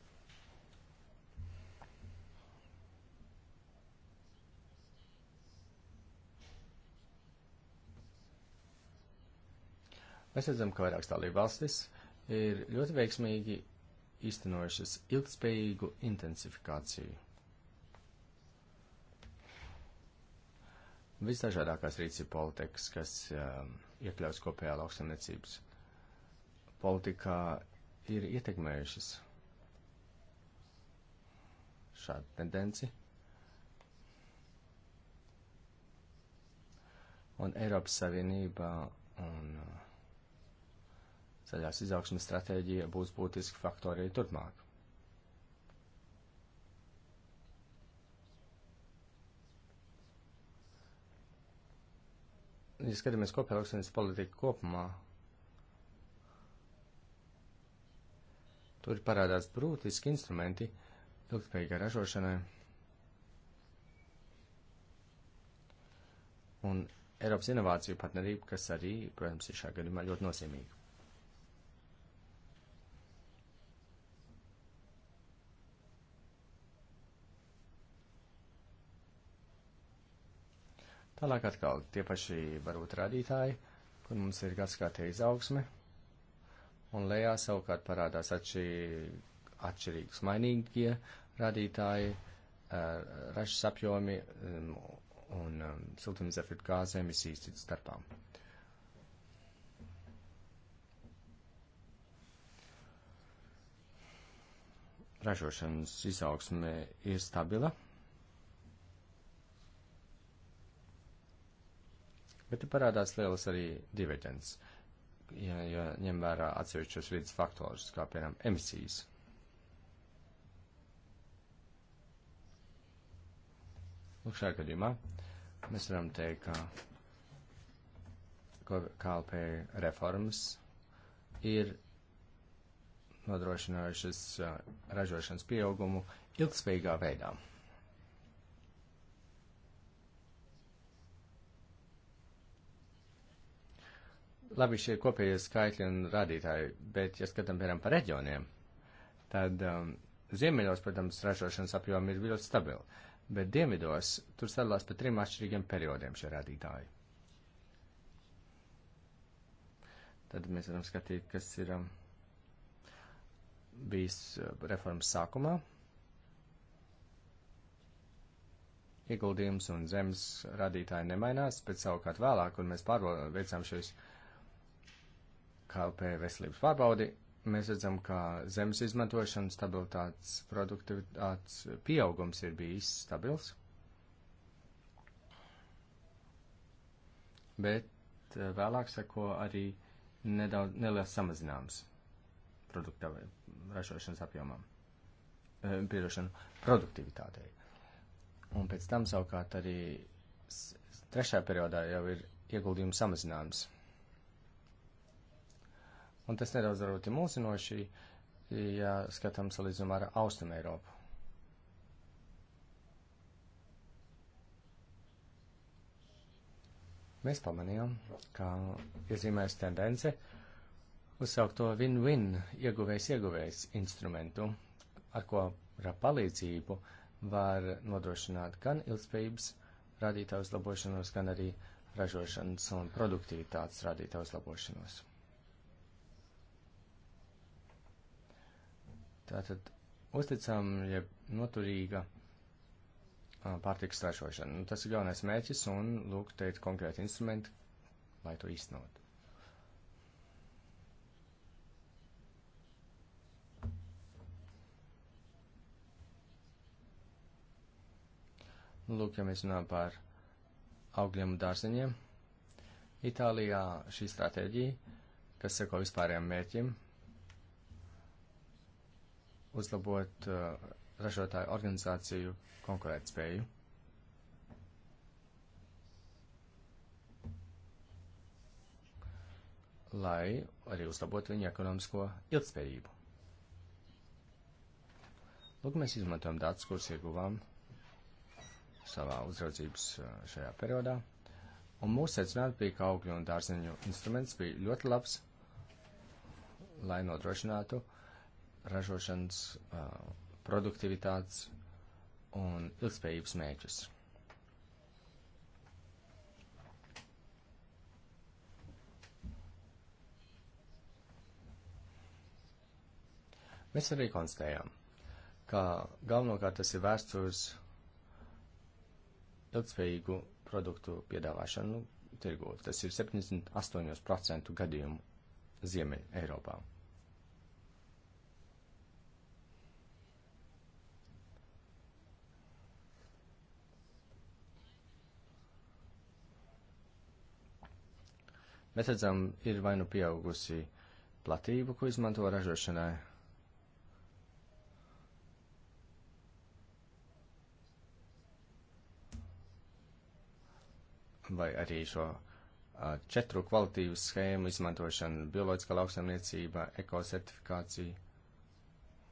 Mēs redzam, ka vairākas dalība valstis ir ļoti veiksmīgi īstenojušas ilgspējīgu intensifikāciju. Visdažādākās rīcība politikas, kas um, iekļaus kopējā lauksaimniecības politikā, ir ietekmējušas šādu tendenci. Un Eiropas Savienība un uh, Ceļās izaugsmes stratēģija būs būtiski faktori arī turpmāk. Ja skatāmies kopējā lauksaimnes politiku kopumā, tur parādās brūtiski instrumenti ilgspējīgai ražošanai. Un Eiropas inovāciju partnerība, kas arī, protams, ir šā gadījumā ļoti nozīmīga. Tālāk atkal tie paši varbūt rādītāji, kur mums ir gadskārtie izaugsme, un lejā savukārt parādās atšķi, atšķirīgs mainīgie rādītāji, ražas apjomi um, un um, siltumizefektu gāzu emisijas citu starpām. Ražošanas izaugsme ir stabila Bet te parādās lielas arī diverģences, ja, ja ņem vērā atsevišķos vidas faktorus, kā piemēram emisijas. Lūk, šajā gadījumā mēs varam teikt, ka KLP reformas ir nodrošinājušas uh, ražošanas pieaugumu ilgspējīgā veidā. labi, šie ir kopējie skaitļi un rādītāji, bet, ja skatām, piemēram, par reģioniem, tad um, ziemeļos, protams, ražošanas apjomi ir ļoti stabili, bet dienvidos tur sadalās pa trim atšķirīgiem periodiem šie rādītāji. Tad mēs varam skatīt, kas ir um, bijis uh, reformas sākumā. Ieguldījums un zemes radītāji nemainās, bet savukārt vēlāk, un mēs pārveicām šīs uh, KLP veselības pārbaudi, mēs redzam, ka zemes izmantošana stabilitātes produktivitātes pieaugums ir bijis stabils. Bet eh, vēlāk sako arī nedaudz neliels samazinājums produkta ražošanas apjomam, eh, piedošanu produktivitātei. Un pēc tam savukārt arī trešajā periodā jau ir ieguldījuma samazinājums Un tas nedaudz varbūt ir mūsinoši, ja skatām salīdzinām ar Austrum Eiropu. Mēs pamanījām, ka iezīmēs tendence uzsaukt to win-win ieguvējs ieguvējs instrumentu, ar ko ar palīdzību var nodrošināt gan ilgspējības rādītāju uzlabošanos, gan arī ražošanas un produktivitātes rādītāju uzlabošanos. Tātad uzticam, ja noturīga pārtikas ražošana. Nu, tas ir galvenais mērķis un, lūk, teikt konkrēti instrumenti, lai to īstenot. Nu, lūk, ja mēs runājam par augļiem un dārzeņiem, Itālijā šī stratēģija, kas seko vispārējiem mērķim, uzlabot uh, ražotāju organizāciju konkurētspēju. lai arī uzlabotu viņu ekonomisko ilgspējību. Lūk, mēs izmantojam datus, kurus ieguvām savā uzraudzības uh, šajā periodā, un mūsu secinājums bija, ka augļu un dārzeņu instruments bija ļoti labs, lai nodrošinātu ražošanas, produktivitātes un ilgspējības mērķus. Mēs arī konstatējām, ka galvenokārt tas ir vērsts uz ilgspējīgu produktu piedāvāšanu tirgū. Tas ir 78% gadījumu Ziemeļ Eiropā. Mēs redzam, ir vai nu pieaugusi platība, ko izmanto ražošanai. Vai arī šo četru kvalitīvas schēmu izmantošana, bioloģiskā lauksaimniecība, ekosertifikācija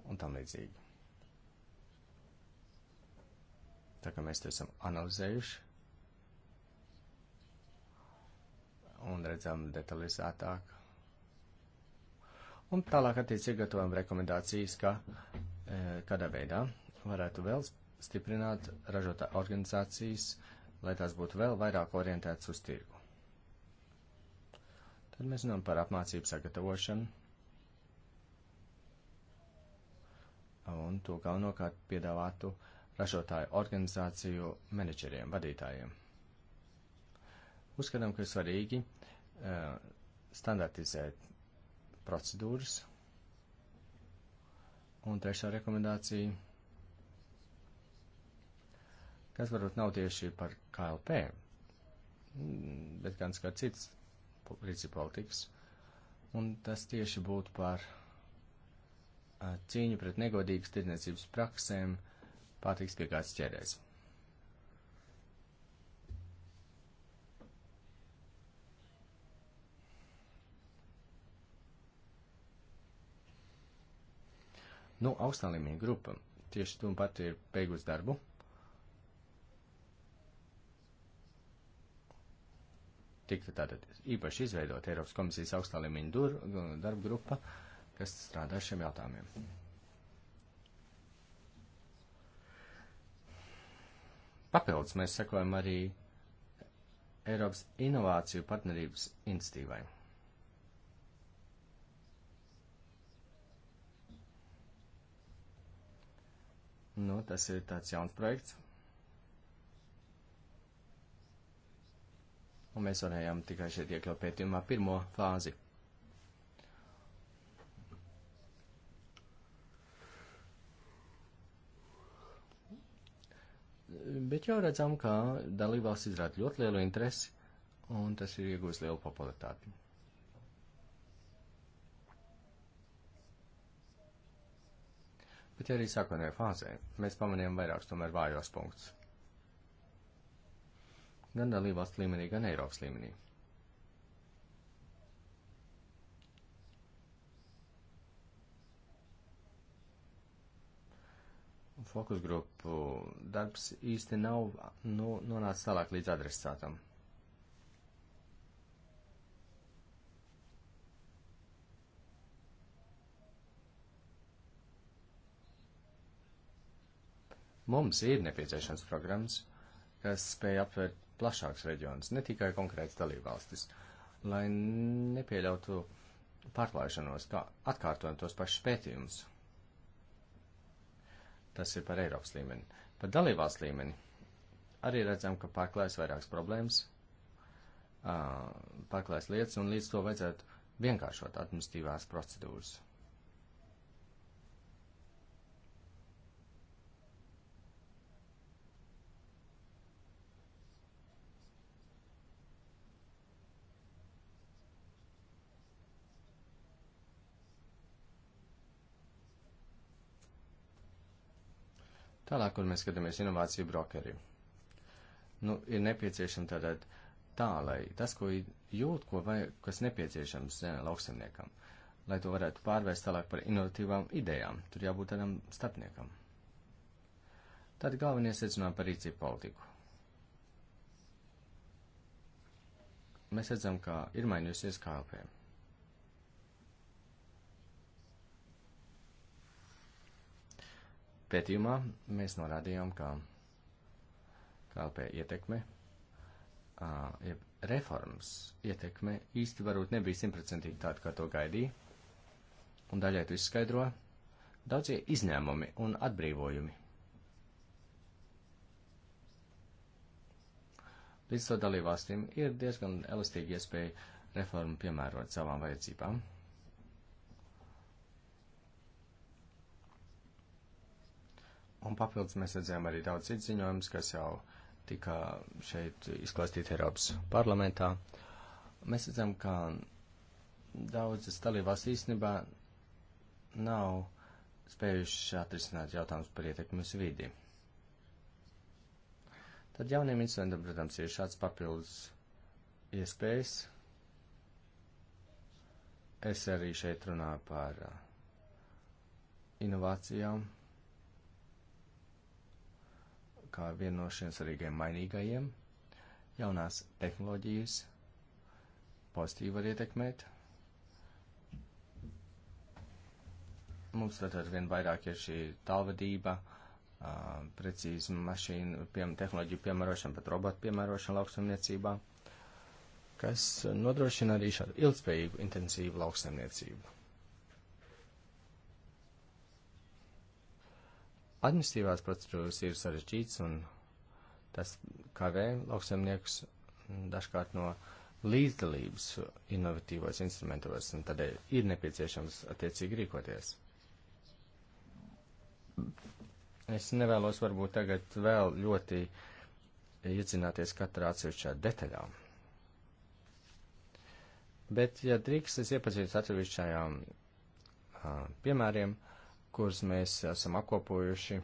un tam līdzīgi. Tā kā mēs to esam analizējuši, un redzam detalizētāk. Un tālāk attiecīgi gatavojam rekomendācijas, ka e, kādā veidā varētu vēl stiprināt ražotā organizācijas, lai tās būtu vēl vairāk orientētas uz tirgu. Tad mēs runājam par apmācību sagatavošanu. Un to galvenokārt piedāvātu ražotāju organizāciju menedžeriem, vadītājiem. Uzskatām, ka ir svarīgi uh, standartizēt procedūras. Un trešā rekomendācija, kas varbūt nav tieši par KLP, bet gan skar cits rīcību politikas, un tas tieši būtu par cīņu pret negodīgas tirdzniecības praksēm pārtiks piegādes ķērēs. Nu, augstā līmeņa grupa tieši tu un pat ir beigus darbu. Tikta tātad īpaši izveidot Eiropas komisijas augstā līmeņa dur, darba grupa, kas strādā ar šiem jautājumiem. Papildus mēs sekojam arī Eiropas Inovāciju partnerības institīvai. Nu, tas ir tāds jauns projekts. Un mēs varējām tikai šeit iekļaut pētījumā pirmo fāzi. Bet jau redzam, ka dalībvalsts izrāda ļoti lielu interesi, un tas ir iegūst lielu popularitāti. bet arī sākotnējā fāzē mēs pamanījām vairākus tomēr vājos punktus. Gan dalībvalstu līmenī, gan Eiropas līmenī. Fokus grupu darbs īsti nav nu, nonācis tālāk līdz adresātam. Mums ir nepieciešams programmas, kas spēj aptvert plašāks reģions, ne tikai konkrēts dalībvalstis, lai nepieļautu pārklāšanos, kā atkārtojam tos pašus pētījumus. Tas ir par Eiropas līmeni. Par dalībās līmeni arī redzam, ka pārklājas vairākas problēmas, pārklājas lietas, un līdz to vajadzētu vienkāršot administratīvās procedūras. Tālāk, kur mēs skatāmies inovāciju brokeri. Nu, ir nepieciešama tātad tā, lai tas, ko jūt, ko vajag, kas nepieciešams ne, eh, lauksemniekam, lai to varētu pārvērst tālāk par inovatīvām idejām, tur jābūt tādam starpniekam. Tad galvenie secinājumi par rīcību politiku. Mēs redzam, ka ir mainījusies KLP. Pētījumā mēs norādījām, ka KLP ietekme, ja reformas ietekme īsti varbūt nebija simtprocentīgi tāda, kā to gaidīja, un daļai to izskaidro daudzie izņēmumi un atbrīvojumi. Līdz to dalībvalstīm ir diezgan elastīgi iespēja reformu piemērot savām vajadzībām. Un papildus mēs redzējām arī daudz citu ziņojumus, kas jau tika šeit izklāstīti Eiropas parlamentā. Mēs redzam, ka daudzas dalībās īstenībā nav spējuši atrisināt jautājumus par ietekmi uz vidi. Tad jauniem instrumentiem, protams, ir šāds papildus iespējas. Es arī šeit runāju par uh, inovācijām kā viena no šiem svarīgiem mainīgajiem. Jaunās tehnoloģijas pozitīvi var ietekmēt. Mums tad ar vien vairāk ir šī tālvadība, precīzi mašīnu piem, tehnoloģiju piemērošana, pat robotu piemērošana lauksaimniecībā, kas nodrošina arī šādu ilgspējīgu intensīvu lauksaimniecību. Administratīvās procedūras ir sarežģītas un tas kavē lauksaimniekus dažkārt no līdzdalības inovatīvos instrumentos, un tādēļ ir nepieciešams attiecīgi rīkoties. Es nevēlos varbūt tagad vēl ļoti iedzināties katrā atsevišķā detaļā. Bet, ja drīkst, es iepazīstu atsevišķajām piemēriem, uh, kurus mēs esam apkopojuši.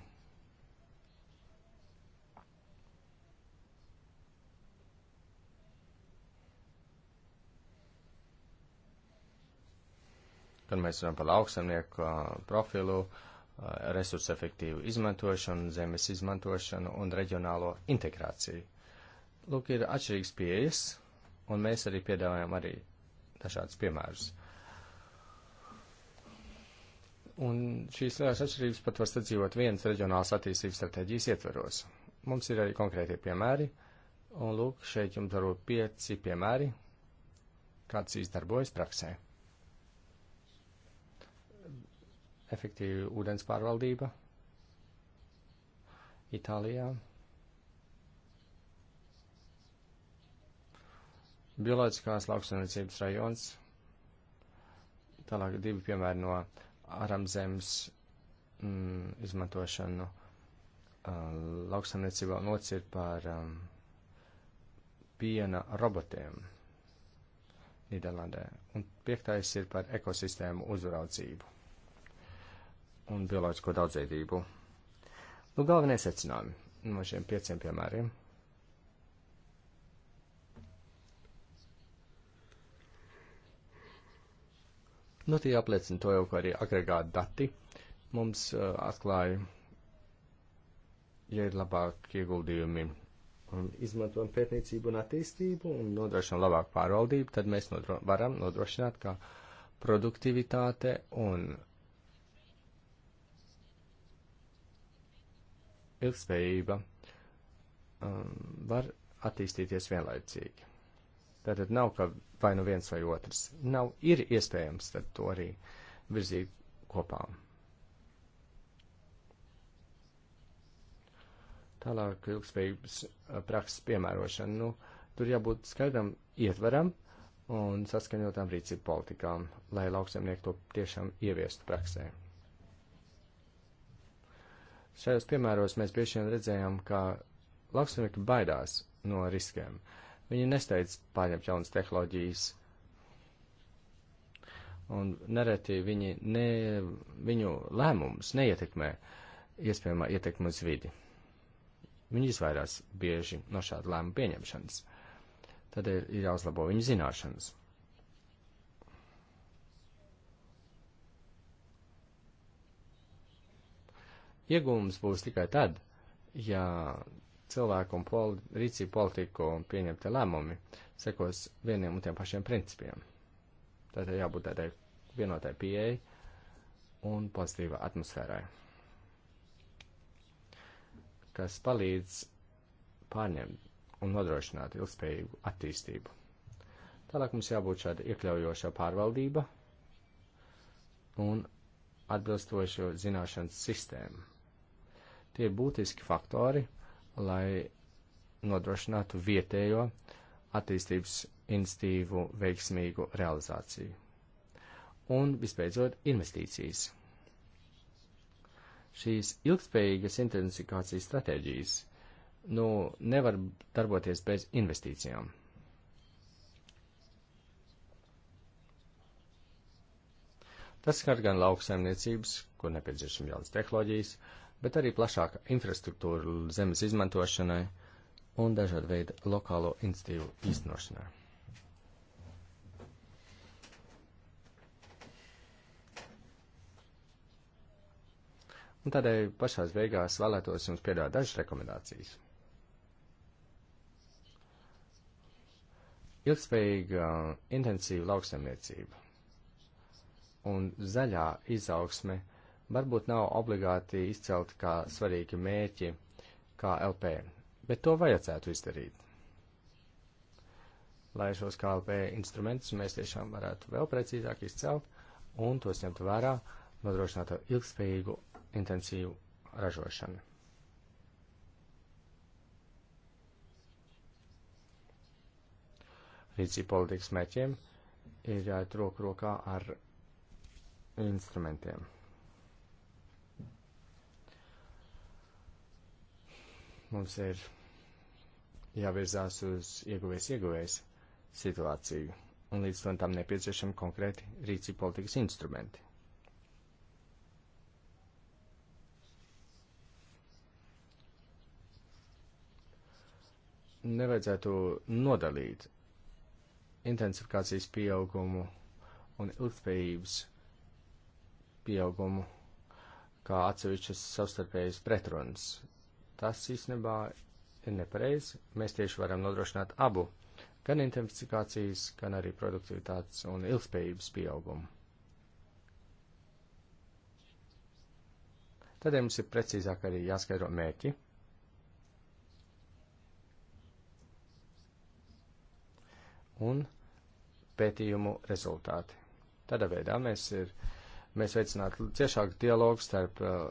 Kad mēs runājam par lauksamnieku profilu, resursu efektīvu izmantošanu, zemes izmantošanu un reģionālo integrāciju. Lūk, ir atšķirīgs pieejas, un mēs arī piedāvājam arī dažādas piemērus. Un šīs lielās atšķirības pat var sadzīvot vienas reģionālas attīstības stratēģijas ietveros. Mums ir arī konkrētie piemēri, un lūk, šeit jums varbūt pieci piemēri, kāds izdarbojas praksē. Efektīva ūdens pārvaldība Itālijā. Bioloģiskās lauksaimniecības rajons. Tālāk divi piemēri no uh, āramzemes mm, izmantošanu uh, lauksamniecībā un otrs ir par um, piena robotiem Nīderlandē. Un piektais ir par ekosistēmu uzraudzību un bioloģisko daudzveidību. Nu, galvenie secinājumi no šiem pieciem piemēriem. Nu, tie apliecina to jau, ka arī agregāti dati mums uh, atklāja, ja ir labāki ieguldījumi un izmantojam pētniecību un attīstību un nodrošinām labāku pārvaldību, tad mēs nodro varam nodrošināt, ka produktivitāte un ilgspējība um, var attīstīties vienlaicīgi. Tātad nav, ka vai nu viens vai otrs. Nav, ir iespējams tad to arī virzīt kopā. Tālāk ilgspējības prakses piemērošana. Nu, tur jābūt skaidram ietveram un saskaņotām rīcību politikām, lai lauksemnieki to tiešām ieviestu praksē. Šajos piemēros mēs bieži vien redzējām, ka lauksemnieki baidās no riskiem. Uh, Viņi nesteidz pārņemt jaunas tehnoloģijas. Un nereti viņi ne, viņu lēmums neietekmē iespējamā ietekme uz vidi. Viņi izvairās bieži no šāda lēmuma pieņemšanas. Tad ir jāuzlabo viņu zināšanas. Iegūms būs tikai tad, ja cilvēku un poli, rīcību politiku un pieņemtie lēmumi sekos vieniem un tiem pašiem principiem. Tātad jābūt tādai vienotai pieeja un pozitīvā atmosfērai, kas palīdz pārņemt un nodrošināt ilgspējīgu attīstību. Tālāk mums jābūt šāda iekļaujoša pārvaldība un atbilstošo zināšanas sistēmu. Tie ir būtiski faktori, lai nodrošinātu vietējo attīstības institīvu veiksmīgu realizāciju. Un, visbeidzot, investīcijas. Šīs ilgspējīgas intensifikācijas stratēģijas nu, nevar darboties bez investīcijām. Tas skar gan lauksaimniecības, kur nepieciešams jaunas tehnoloģijas, uh, bet arī plašāka infrastruktūra zemes izmantošanai un dažādu veidu lokālo institīvu īstenošanai. Un tādēļ pašās beigās vēlētos jums piedāvāt dažas rekomendācijas. Ilgspējīga intensīva lauksaimniecība un zaļā izaugsme varbūt nav obligāti izcelti kā svarīgi mērķi, kā LP, bet to vajadzētu izdarīt. Lai šos KLP instrumentus mēs tiešām varētu vēl precīzāk izcelt un tos ņemt vērā, nodrošinātu ilgspējīgu, intensīvu ražošanu. Rīcība politikas mērķiem ir jāiet roku rokā ar instrumentiem. mums ir jāvirzās uz ieguvēs ieguvēs situāciju, un līdz tam tam nepieciešami konkrēti rīcība politikas instrumenti. Nevajadzētu nodalīt intensifikācijas pieaugumu un ilgspējības pieaugumu kā atsevišķas savstarpējas pretrunas Tas īstenībā ir nepareizi. Mēs tieši varam nodrošināt abu - gan intensifikācijas, gan arī produktivitātes un ilgspējības pieaugumu. Tādēļ mums ir precīzāk arī jāskaidro mērķi. Un pētījumu rezultāti. Tādā veidā mēs, ir, mēs veicinātu ciešāku dialogu starp uh,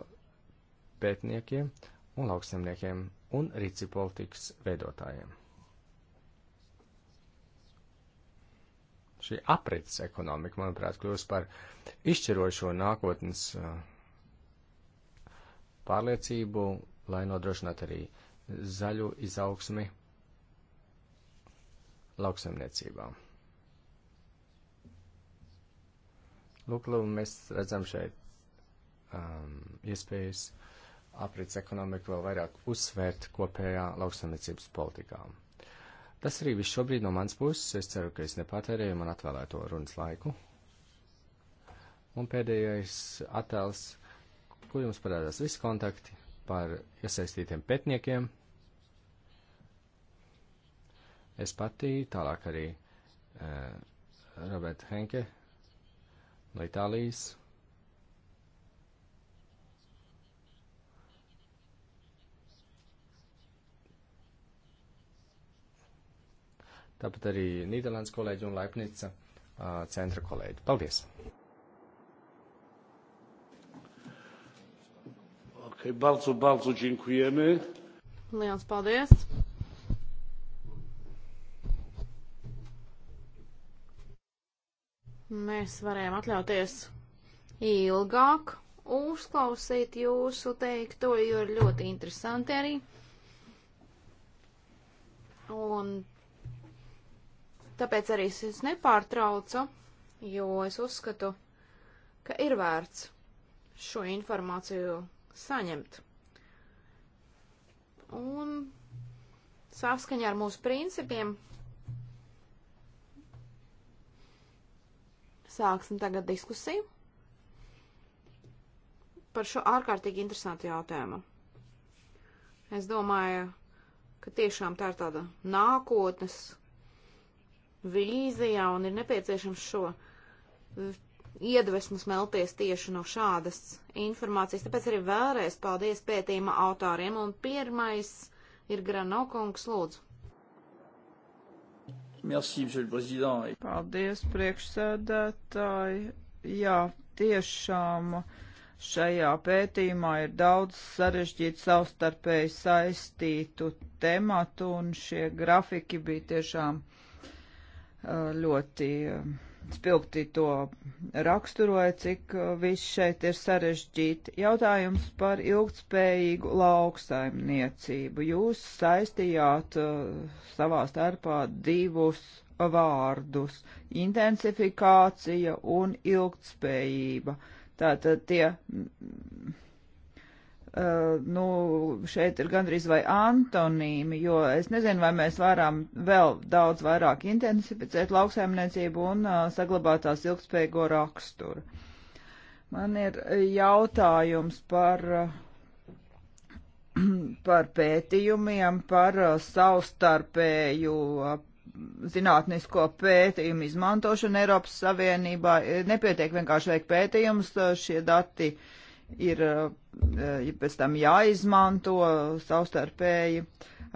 pētniekiem un lauksemniekiem un rīci politikas veidotājiem. Šī aprits ekonomika, manuprāt, kļūst par izšķirošo nākotnes uh, pārliecību, lai nodrošinātu arī zaļu izaugsmi lauksemniecībām. Lūk, lūk, mēs redzam šeit um, iespējas uh, aprits ekonomiku vēl vairāk uzsvērt kopējā lauksaimniecības politikā. Tas arī viss šobrīd no mans puses. Es ceru, ka es nepatērēju man atvēlēto runas laiku. Un pēdējais attēls, kur jums parādās visi kontakti par iesaistītiem pētniekiem. Es patī, tālāk arī eh, Roberta Henke no Itālijas tāpat arī Nīderlandes kolēģi un Leipnica centra kolēģi. Paldies! Okay, bardzo, bardzo dziękujemy. Liels paldies! Mēs varējām atļauties ilgāk uzklausīt jūsu teikto, jo ir ļoti interesanti arī. Un Tāpēc arī es nepārtraucu, jo es uzskatu, ka ir vērts šo informāciju saņemt. Un saskaņā ar mūsu principiem sāksim tagad diskusiju par šo ārkārtīgi interesantu jautājumu. Es domāju, ka tiešām tā ir tāda nākotnes vīzijā un ir nepieciešams šo iedvesmu smelties tieši no šādas informācijas. Tāpēc arī vēlreiz paldies pētījuma autoriem un pirmais ir Granokungs lūdzu. Merci, Paldies, priekšsēdētāji. Jā, tiešām šajā pētījumā ir daudz sarežģītu savstarpēji saistītu tematu, un šie grafiki bija tiešām ļoti eh, spilgti to raksturoja, cik eh, viss šeit ir sarežģīti. Jautājums par ilgtspējīgu lauksaimniecību. Jūs saistījāt eh, savā starpā divus vārdus - intensifikācija un ilgtspējība. Tātad tie Uh, nu, šeit ir gandrīz vai antonīmi, jo es nezinu, vai mēs varam vēl daudz vairāk intensificēt lauksaimniecību un uh, saglabāt tās ilgspējīgo raksturu. Man ir jautājums par, uh, par pētījumiem, par savstarpēju zinātnisko pētījumu izmantošanu Eiropas Savienībā. Nepietiek vienkārši veikt pētījumus, šie dati uh, ir eh, ja pēc tam jāizmanto savstarpēji,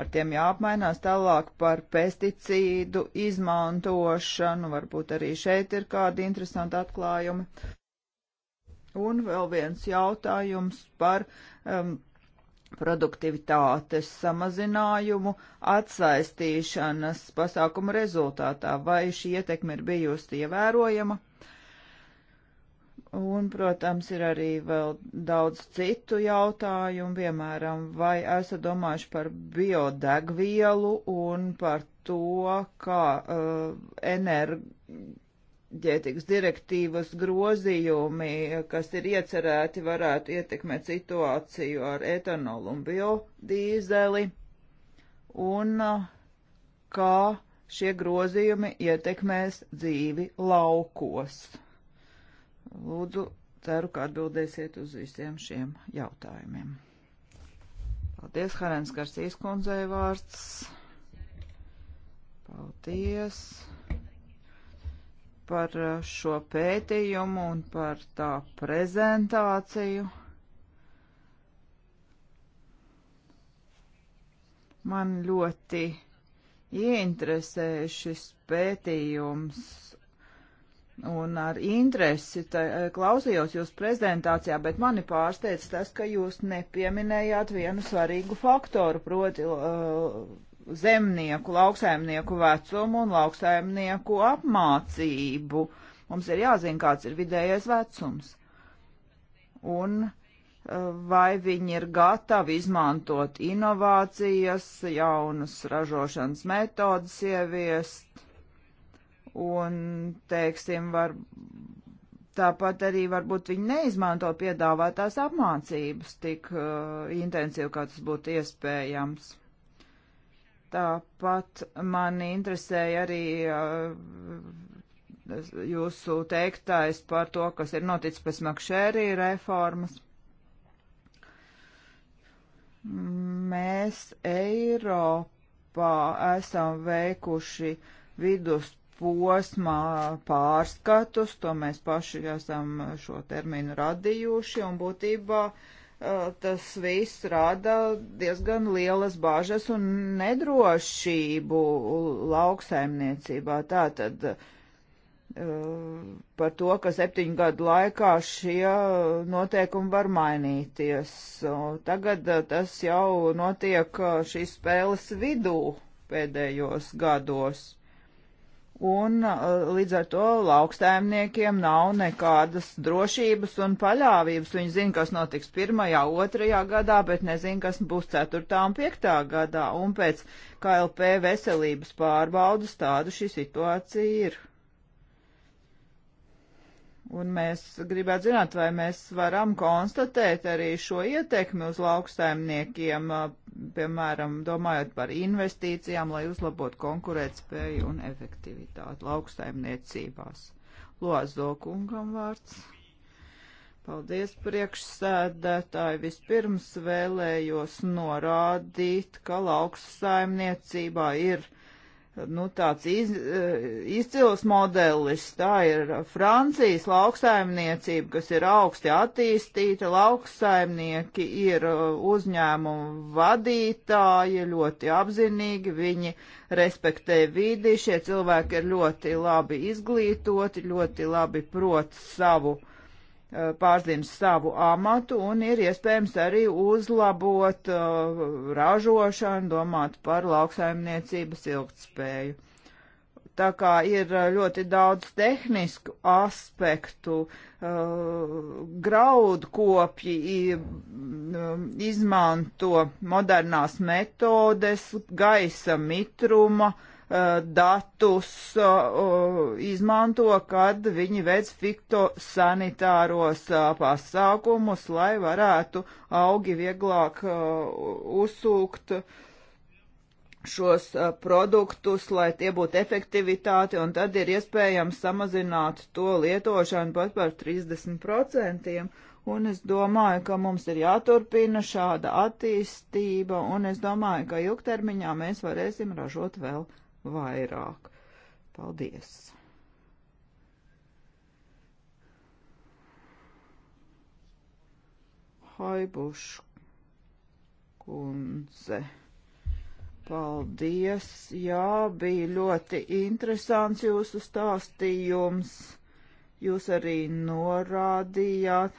ar tiem jāapmainās tālāk par pesticīdu izmantošanu, varbūt arī šeit ir kādi interesanti atklājumi. Un vēl viens jautājums par um, produktivitātes samazinājumu atsaistīšanas pasākumu rezultātā. Vai šī ietekme ir bijusi ievērojama? Un, protams, ir arī vēl daudz citu jautājumu, piemēram, vai esat domājuši par biodegvielu un par to, kā uh, enerģētikas direktīvas grozījumi, kas ir iecerēti, varētu ietekmēt situāciju ar etanolu un biodīzeli, un uh, kā šie grozījumi ietekmēs dzīvi laukos. Lūdzu, ceru, ka atbildēsiet uz visiem šiem jautājumiem. Paldies, Harēns Karsīs kundzei vārds. Paldies par šo pētījumu un par tā prezentāciju. Man ļoti ieinteresē šis pētījums un ar interesi tā, eh, klausījos jūsu prezentācijā, bet mani pārsteidz tas, ka jūs nepieminējāt vienu svarīgu faktoru, proti uh, zemnieku, lauksaimnieku vecumu un lauksaimnieku apmācību. Mums ir jāzina, kāds ir vidējais vecums. Un eh, vai viņi ir gatavi izmantot inovācijas, jaunas ražošanas metodas ieviest, un, teiksim, var, tāpat arī varbūt viņi neizmanto piedāvātās apmācības tik uh, intensīvi, kā tas būtu iespējams. Tāpat man interesēja arī uh, jūsu teiktais par to, kas ir noticis pēc Makšērī reformas. Mēs Eiropā esam veikuši vidus posmā pārskatus, to mēs paši esam šo terminu radījuši, un būtībā tas viss rada diezgan lielas bāžas un nedrošību lauksaimniecībā. Tātad par to, ka septiņu gadu laikā šie noteikumi var mainīties. Tagad tas jau notiek šīs spēles vidū pēdējos gados un uh, līdz ar to lauksaimniekiem nav nekādas drošības un paļāvības. Viņi zina, kas notiks pirmajā, otrajā gadā, bet nezina, kas būs ceturtā un piektā gadā. Un pēc KLP veselības pārbaudas tādu šī situācija ir. Un mēs gribētu zināt, vai mēs varam konstatēt arī šo ietekmi uz lauksaimniekiem uh, piemēram, domājot par investīcijām, lai uzlabotu konkurētspēju un efektivitāti lauksaimniecībās. Lozo kungam vārds. Paldies, priekšsēdētāji. Vispirms vēlējos norādīt, ka lauksaimniecībā ir nu, tāds iz, eh, izcils modelis. Tā ir Francijas lauksaimniecība, kas ir augsti attīstīta. Lauksaimnieki ir eh, uzņēmumu vadītāji, ļoti apzinīgi, viņi respektē vidi, šie cilvēki ir ļoti labi izglītoti, ļoti labi prot savu Uh, pārzīmes savu amatu un ir iespējams arī uzlabot uh, ražošanu, domāt par lauksaimniecības ilgtspēju. Tā kā ir uh, ļoti daudz tehnisku aspektu, uh, graudkopji um, izmanto modernās metodes, gaisa mitruma, uh, Uh, datus uh, uh, izmanto, kad viņi veic fiktosanitāros pasākumus, lai varētu augi vieglāk uzsūkt šos produktus, lai tie būtu efektivitāti, un tad ir iespējams samazināt to lietošanu pat par 30%. Un es domāju, ka mums ir jāturpina šāda attīstība, un es domāju, ka ilgtermiņā mēs varēsim ražot vēl vairāk. Paldies! Haibuš kundze. Paldies! Jā, bija ļoti interesants jūsu stāstījums. Jūs arī norādījāt,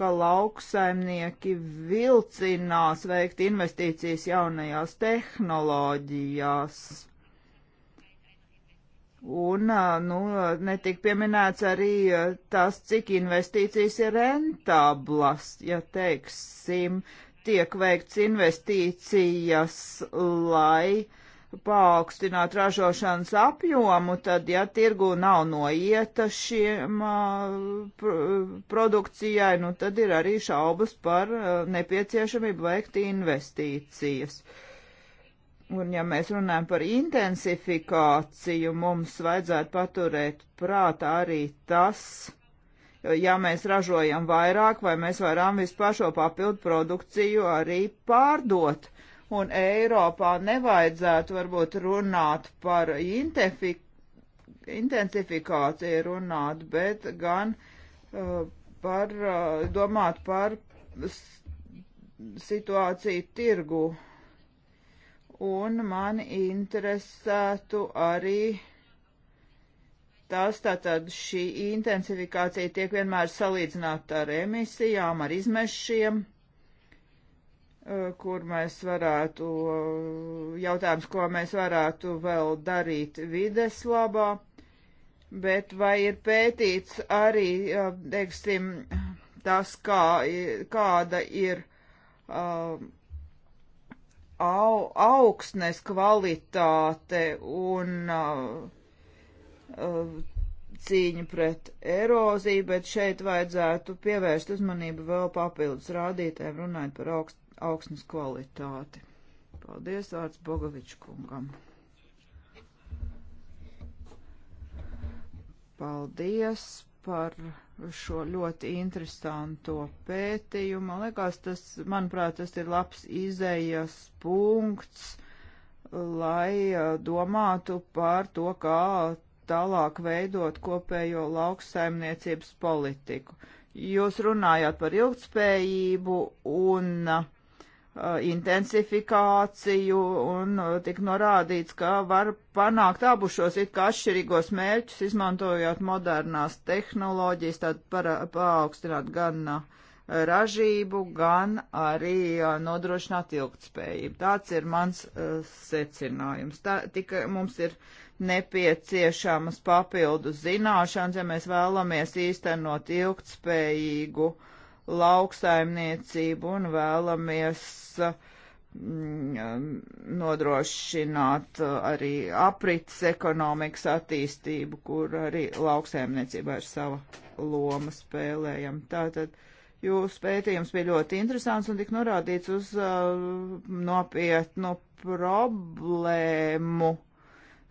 ka lauksaimnieki vilcinās veikt investīcijas jaunajās tehnoloģijās. Un, nu, netik pieminēts arī tas, cik investīcijas ir rentablas, ja teiksim, tiek veikts investīcijas, lai paaugstināt ražošanas apjomu, tad, ja tirgu nav noieta šiem produkcijai, nu, tad ir arī šaubas par nepieciešamību veikt investīcijas. Uh, Un ja mēs runājam par intensifikāciju, mums vajadzētu paturēt prātā arī tas, ja mēs ražojam vairāk, vai mēs varam vispār šo papildu produkciju arī pārdot. Un Eiropā nevajadzētu varbūt runāt par intensifikāciju runāt, bet gan uh, par, uh, domāt par situāciju tirgu un mani interesētu arī tas, tātad šī intensifikācija tiek vienmēr salīdzināta ar emisijām, ar izmešiem, kur mēs varētu, jautājums, ko mēs varētu vēl darīt vides labā, bet vai ir pētīts arī, teiksim, tas, kā, kāda ir uh, au, augsnes kvalitāte un uh, uh, cīņa pret eroziju, bet šeit vajadzētu pievērst uzmanību vēl papildus rādītēm, runājot par augst, augsnes kvalitāti. Paldies vārds Bogoviču kungam. Paldies par šo ļoti interesanto pētījumu. Man liekas, tas, manuprāt, tas ir labs izējas punkts, lai domātu par to, kā tālāk veidot kopējo lauksaimniecības politiku. Jūs runājāt par ilgtspējību un uh, Uh, intensifikāciju un uh, tik norādīts, ka var panākt abu šos it kā atšķirīgos mērķus, izmantojot modernās tehnoloģijas, tad para, paaugstināt gan uh, ražību, gan arī nodrošināt ilgtspējību. Tāds ir mans uh, secinājums. Tā, tika, mums ir nepieciešamas papildu zināšanas, ja mēs vēlamies īstenot ilgtspējīgu uh, lauksaimniecību un vēlamies mm, um, nodrošināt uh, arī aprits ekonomikas attīstību, kur arī lauksaimniecībā ir sava loma spēlējama. Tātad jūsu pētījums bija ļoti interesants un tik norādīts uz uh, nopietnu problēmu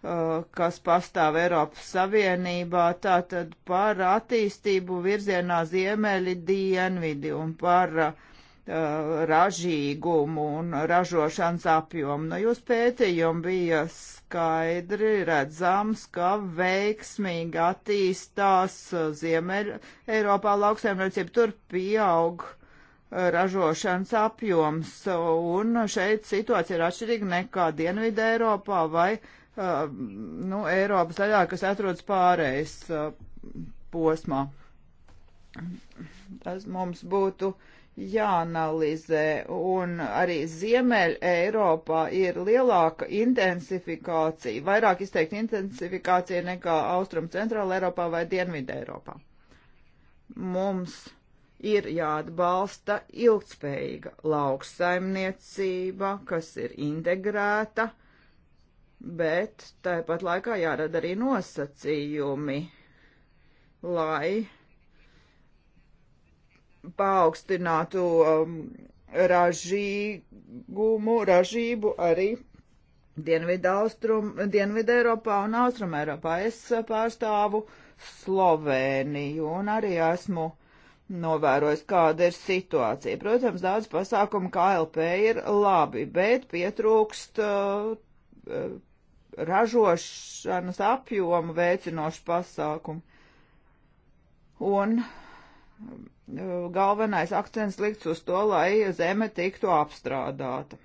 Uh, kas pastāv Eiropas Savienībā, tātad par attīstību virzienā ziemeļi dienvidi un par uh, ražīgumu un ražošanas apjomu. No nu, jūs pētījumi bija skaidri redzams, ka veiksmīgi attīstās uh, ziemeļ Eiropā lauksaimniecība, tur pieaug uh, ražošanas apjoms, un šeit situācija ir atšķirīga nekā Dienvidē Eiropā vai Eiropā Uh, nu, Eiropas daļā, kas atrodas pārējais uh, posmā. Tas mums būtu jāanalizē, un arī Ziemeļ Eiropā ir lielāka intensifikācija, vairāk izteikti intensifikācija nekā Austrum Centrāla Eiropā vai Dienvidē Eiropā. Mums ir jāatbalsta ilgspējīga lauksaimniecība, kas ir integrēta, bet tāpat laikā jārada arī nosacījumi, lai paaugstinātu um, ražīgumu, ražību arī Dienvidaustrum, Dienvidu Eiropā un Austrum Eiropā. Es pārstāvu Slovēniju un arī esmu novērojis, kāda ir situācija. Protams, daudz pasākumu KLP ir labi, bet pietrūkst uh, ražošanas apjomu veicinošu pasākumu. Un e, galvenais akcents likts uz to, lai zeme tiktu apstrādāta.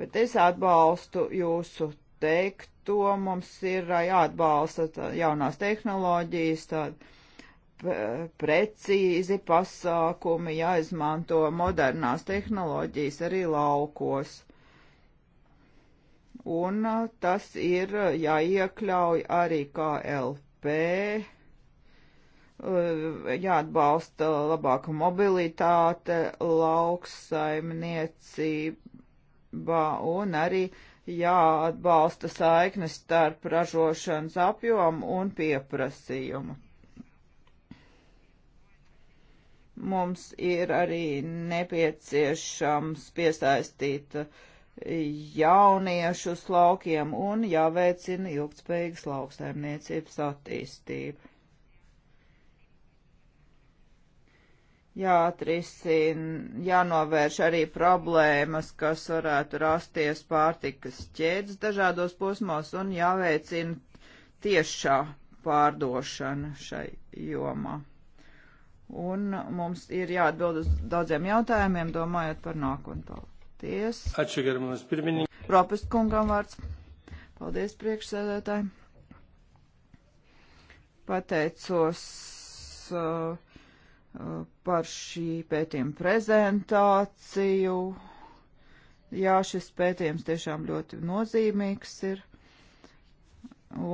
Bet es atbalstu jūsu teikto, mums ir e, jāatbalsta tā, jaunās tehnoloģijas, tāda precīzi pasākumi, jāizmanto modernās tehnoloģijas arī laukos un uh, tas ir uh, jāiekļauj arī KLP, uh, jāatbalsta labāka mobilitāte, lauksaimniecība un arī jāatbalsta saiknes starp ražošanas apjomu un pieprasījumu. Mums ir arī nepieciešams piesaistīt uh, jauniešus laukiem un jāveicina ilgspējīgas lauksaimniecības attīstība. Jāatrisina, jānovērš arī problēmas, kas varētu rasties pārtikas ķēdes dažādos posmos un jāveicina tiešā pārdošana šai jomā. Un mums ir jāatbild uz daudziem jautājumiem, domājot par nākotnē. Paldies. Ačiū, gerbiamas pirmininkas. Ropest kungam vārds. Paldies, priekšsēdētāji. Pateicos uh, uh, par šī pētījuma prezentāciju. Jā, šis pētījums tiešām ļoti nozīmīgs ir.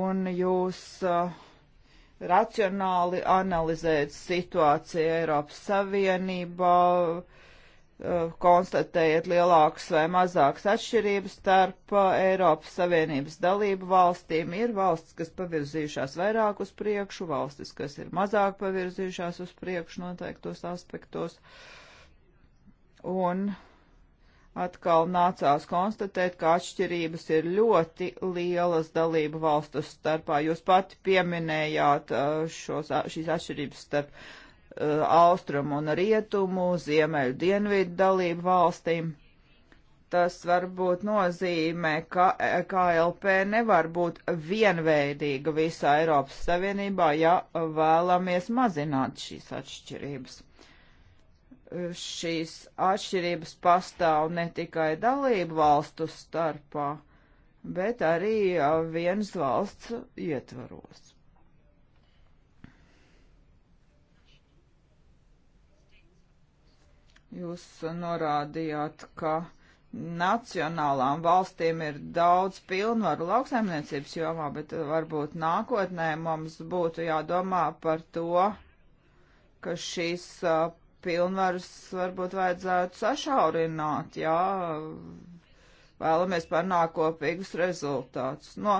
Un jūs uh, racionāli analizēt situāciju Eiropas Savienībā, uh, Uh, konstatējat lielākas vai mazākas atšķirības starp uh, Eiropas Savienības dalību valstīm. Ir valstis, kas pavirzījušās vairāk uz priekšu, valstis, kas ir mazāk pavirzījušās uz priekšu noteiktos aspektos. Un atkal nācās konstatēt, ka atšķirības ir ļoti lielas dalību valstu starpā. Jūs pati pieminējāt uh, šos, šīs atšķirības starp Eh, austrumu un rietumu, ziemeļu dienvidu dalību valstīm. Tas varbūt nozīmē, ka KLP nevar būt vienveidīga visā Eiropas Savienībā, ja vēlamies mazināt šīs atšķirības. Eh, šīs atšķirības pastāv ne tikai dalību valstu starpā, bet arī eh, vienas valsts ietvaros. Jūs norādījāt, ka nacionālām valstīm ir daudz pilnvaru lauksaimniecības jomā, bet varbūt nākotnē mums būtu jādomā par to, ka šīs pilnvaras varbūt vajadzētu sašaurināt, jā, vēlamies panākt kopīgus rezultātus. No,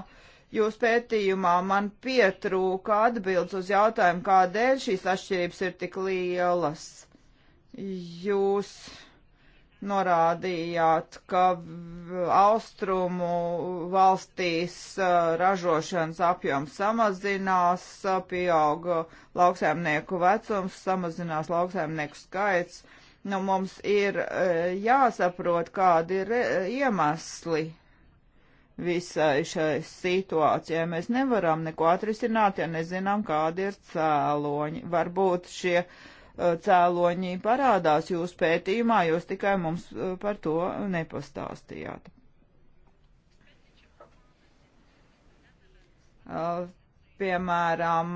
Jūs pētījumā man pietrūka atbildes uz jautājumu, kādēļ šīs atšķirības ir tik lielas jūs norādījāt, ka austrumu valstīs ražošanas apjoms samazinās, pieauga lauksaimnieku vecums, samazinās lauksaimnieku skaits. Nu, mums ir jāsaprot, kādi ir iemesli visai šai situācijai. Mēs nevaram neko atrisināt, ja nezinām, kādi ir cēloņi. Varbūt šie uh, Eh, cēloņi parādās jūsu pētījumā, jūs tikai mums eh, par to nepastāstījāt. Eh, piemēram,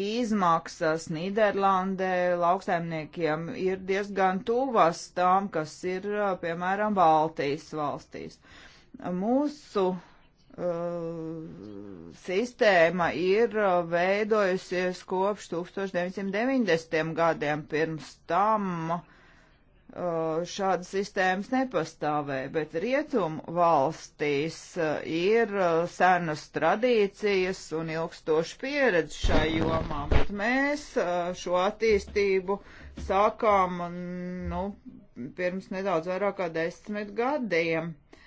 izmaksas Nīderlandē lauksaimniekiem ir diezgan tuvas tām, kas ir, piemēram, Baltijas valstīs. Mūsu Uh, sistēma ir uh, veidojusies kopš 1990. gadiem. Pirms tam uh, šādas sistēmas nepastāvēja, bet rietumu valstīs ir senas tradīcijas un ilgstoši pieredze šai jomā, bet mēs šo attīstību sākām, nu, pirms nedaudz vairāk kā desmit gadiem. Uh,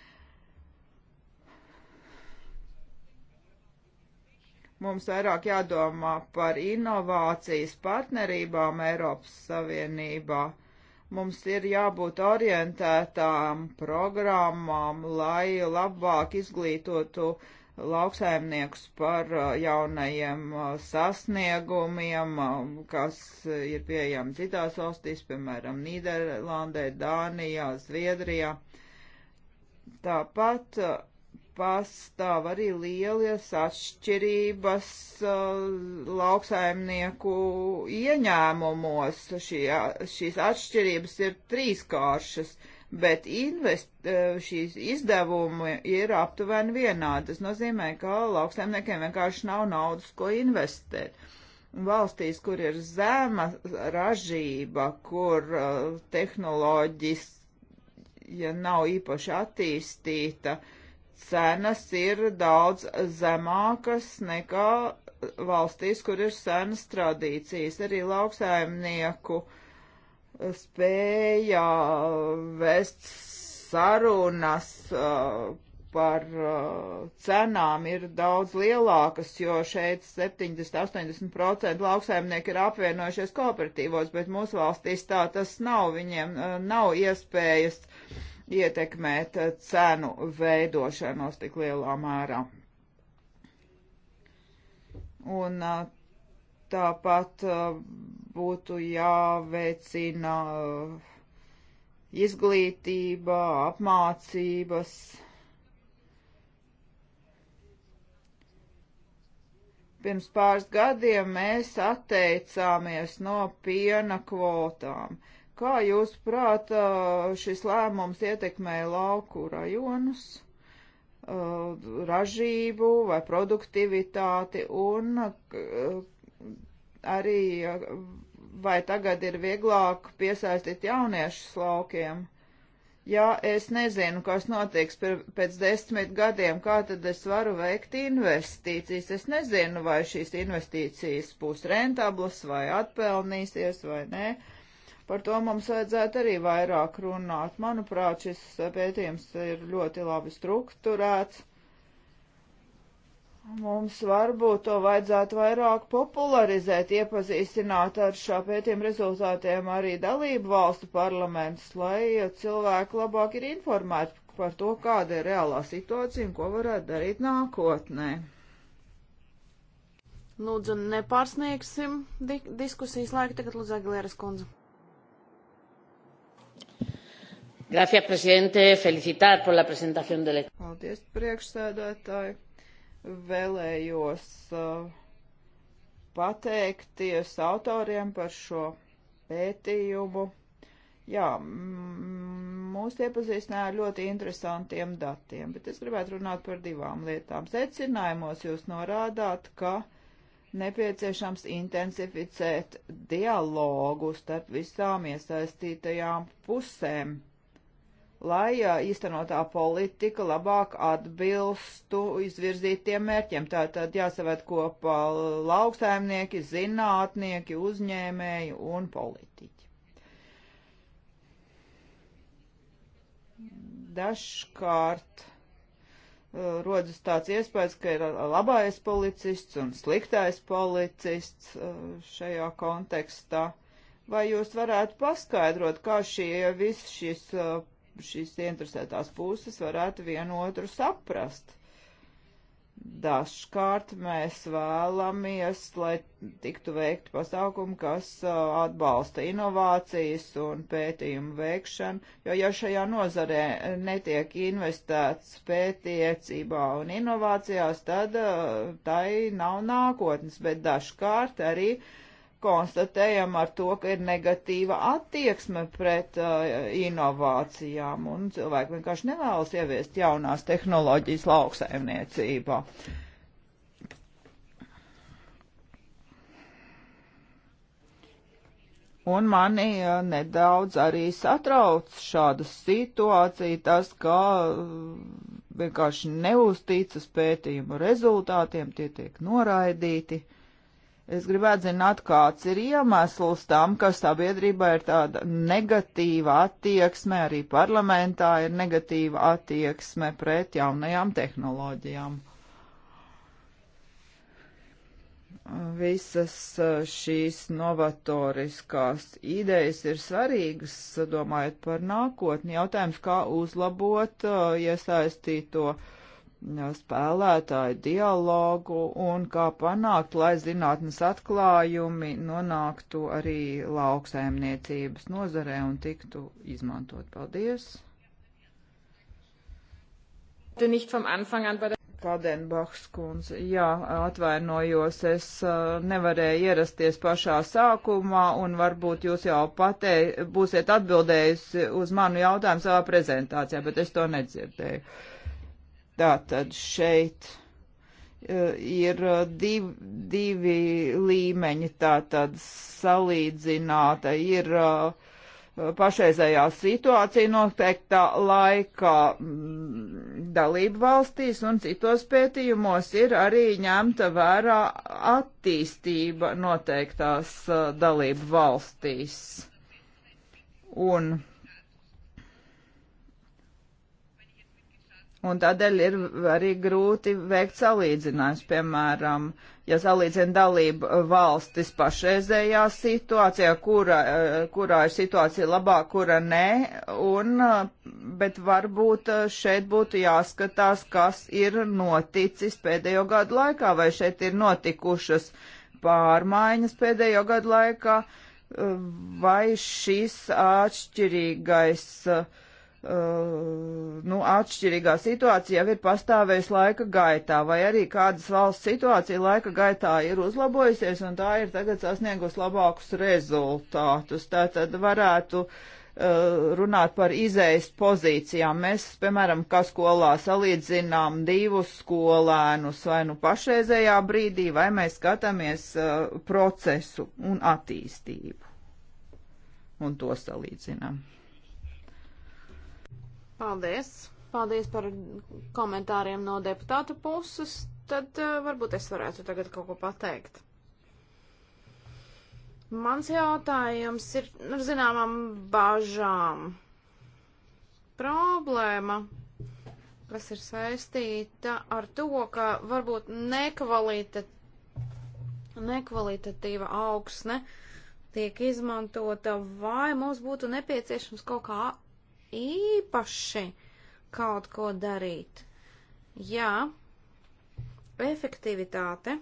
Mums vairāk jādomā par inovācijas partnerībām Eiropas Savienībā. Mums ir jābūt orientētām programmām, lai labāk izglītotu lauksaimniekus par uh, jaunajiem uh, sasniegumiem, um, kas ir pieejami citās valstīs, piemēram, Nīderlandē, Dānijā, Zviedrijā. Tāpat uh, pastāv arī lielas atšķirības uh, lauksaimnieku ieņēmumos. Šī, šīs atšķirības ir trīskāršas, bet invest, uh, šīs izdevumi ir aptuveni vienādi. Tas nozīmē, ka lauksaimniekiem vienkārši nav naudas, ko investēt. Valstīs, kur ir zema ražība, kur uh, tehnoloģiski ja nav īpaši attīstīta, uh, cenas ir daudz zemākas nekā valstīs, kur ir senas tradīcijas. Arī lauksaimnieku spējā vest sarunas uh, par uh, cenām ir daudz lielākas, jo šeit 70-80% lauksaimnieki ir apvienojušies kooperatīvos, bet mūsu valstīs tā tas nav. Viņiem uh, nav iespējas uh, ietekmēt eh, cenu veidošanos tik lielā mērā. Un eh, tāpat eh, būtu jāveicina izglītība, apmācības. Pirms pāris gadiem mēs atteicāmies no piena kvotām. Uh, Kā jūs prāt, šis lēmums ietekmē lauku rajonus, ražību vai produktivitāti un arī vai tagad ir vieglāk piesaistīt jauniešus laukiem? Ja es nezinu, kas notiks pēc desmit gadiem, kā tad es varu veikt investīcijas? Es nezinu, vai šīs investīcijas būs rentablas, vai atpelnīsies, vai nē. Par to mums vajadzētu arī vairāk runāt. Manuprāt, šis pētījums ir ļoti labi strukturēts. Mums varbūt to vajadzētu vairāk popularizēt, iepazīstināt ar šā pētījuma rezultātiem arī dalību valstu parlamentus, lai cilvēki labāk ir informēti par to, kāda ir reālā situācija un ko varētu darīt nākotnē. Lūdzu, nepārsniegsim di diskusijas laiku tagad, Lūdzu, Agilēras kundze. Gracias, prezidente. Felicitāti par la presentación del. Paldies, priekšsēdētāji. Vēlējos uh, pateikties autoriem par šo pētījumu. Jā, mūs iepazīstināja ar ļoti interesantiem datiem, bet es gribētu runāt par divām lietām. Secinājumos jūs norādāt, ka nepieciešams intensificēt dialogu starp visām iesaistītajām pusēm lai īstenotā politika labāk atbilstu izvirzītiem mērķiem. Tātad jāsavērt kopā lauksaimnieki, zinātnieki, uzņēmēji un politiķi. Dažkārt rodas tāds iespējas, ka ir labais policists un sliktais policists šajā kontekstā. Vai jūs varētu paskaidrot, kā šie visi šis šīs interesētās puses varētu vienotru saprast. Dažkārt mēs vēlamies, lai tiktu veikti pasākumi, kas uh, atbalsta inovācijas un pētījumu veikšanu, jo ja šajā nozarē netiek investēts pētniecībā un inovācijās, tad uh, tai nav nākotnes, bet dažkārt arī uh, konstatējam ar to, ka ir negatīva attieksme pret uh, inovācijām un cilvēki vienkārši nevēlas ieviest jaunās tehnoloģijas lauksaimniecībā. Un mani uh, nedaudz arī satrauc šāda situācija, tas, ka uh, vienkārši neuzticas pētījumu rezultātiem, tie tiek noraidīti. Es gribētu zināt, kāds ir iemesls tam, ka sabiedrībā ir tāda negatīva attieksme, arī parlamentā ir negatīva attieksme pret jaunajām tehnoloģijām. Visas eh, šīs novatoriskās idejas ir svarīgas, domājot par nākotni. Jautājums, kā uzlabot eh, iesaistīto. Ja spēlētāju dialogu un kā panākt, lai zinātnes atklājumi nonāktu arī lauksaimniecības nozarē un tiktu izmantot. Paldies! Kādenbachs kundze, jā, atvainojos, es uh, nevarēju ierasties pašā sākumā un varbūt jūs jau patei, būsiet atbildējusi uz manu jautājumu savā prezentācijā, bet es to nedzirdēju. Uh, Tātad šeit e, ir e, div, divi līmeņi, tātad salīdzināta ir e, pašreizējā situācija noteiktā laikā dalību valstīs un citos pētījumos ir arī ņemta vērā attīstība noteiktās dalību valstīs. Un un tādēļ ir arī grūti veikt salīdzinājums. Piemēram, ja salīdzina dalību valstis pašreizējā situācijā, kura, kurā ir situācija labā, kura nē, un, bet varbūt šeit būtu jāskatās, kas ir noticis pēdējo gadu laikā, vai šeit ir notikušas pārmaiņas pēdējo gadu laikā, vai šis atšķirīgais uh, Uh, nu, atšķirīgā situācija jau ir pastāvējusi laika gaitā, vai arī kādas valsts situācija laika gaitā ir uzlabojusies un tā ir tagad sasniegusi labākus rezultātus. Tā tad varētu uh, runāt par izējas pozīcijām. Mēs, piemēram, kā skolā salīdzinām divus skolēnus vai nu pašreizējā brīdī, vai mēs skatāmies uh, procesu un attīstību un to salīdzinām. Paldies! Paldies par komentāriem no deputāta puses. Tad uh, varbūt es varētu tagad kaut ko pateikt. Mans jautājums ir ar nu, zināmām bažām. Problēma, kas ir saistīta ar to, ka varbūt nekvalitat, nekvalitatīva augsne tiek izmantota, vai mums būtu nepieciešams kaut kā īpaši kaut ko darīt. Jā, efektivitāte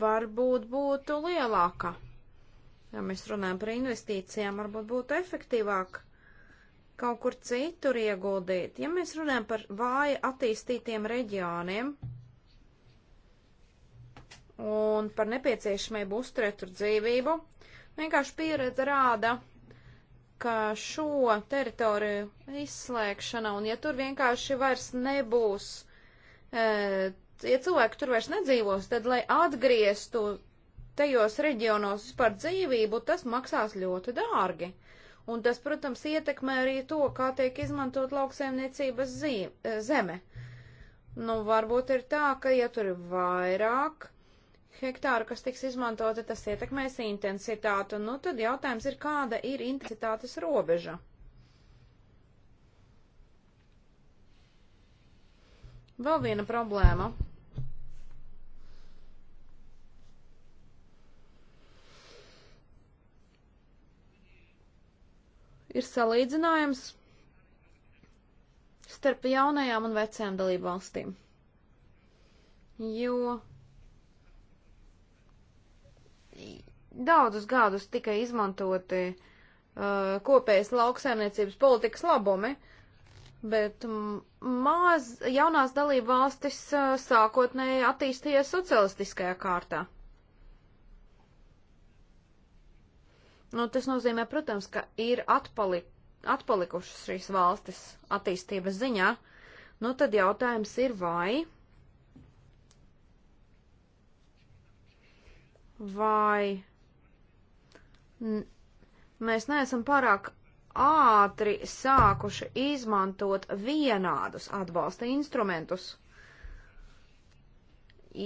varbūt būtu lielāka. Ja mēs runājam par investīcijām, varbūt būtu efektīvāk kaut kur citur ieguldīt. Ja mēs runājam par vāji attīstītiem reģioniem un par nepieciešamību uzturēt tur dzīvību, vienkārši pieredze rāda, ka šo teritoriju izslēgšana, un ja tur vienkārši vairs nebūs, e, ja cilvēki tur vairs nedzīvos, tad, lai atgrieztu tajos reģionos vispār dzīvību, tas maksās ļoti dārgi. Un tas, protams, ietekmē arī to, kā tiek izmantot lauksaimniecības e, zeme. Nu, varbūt ir tā, ka ja tur ir vairāk hektāru, kas tiks izmantota, tas ietekmēs intensitātu. Nu, tad jautājums ir, kāda ir intensitātes robeža? Vēl viena problēma. Ir salīdzinājums starp jaunajām un vecajām dalībvalstīm. Jo daudzus gadus tika izmantoti uh, kopējas lauksaimniecības politikas labumi, bet maz jaunās dalība valstis uh, sākotnēji attīstījās socialistiskajā kārtā. Nu, tas nozīmē, protams, ka ir atpali, atpalikušas šīs valstis attīstības ziņā. Nu, tad jautājums ir, vai vai mēs neesam pārāk ātri sākuši izmantot vienādus atbalsta instrumentus.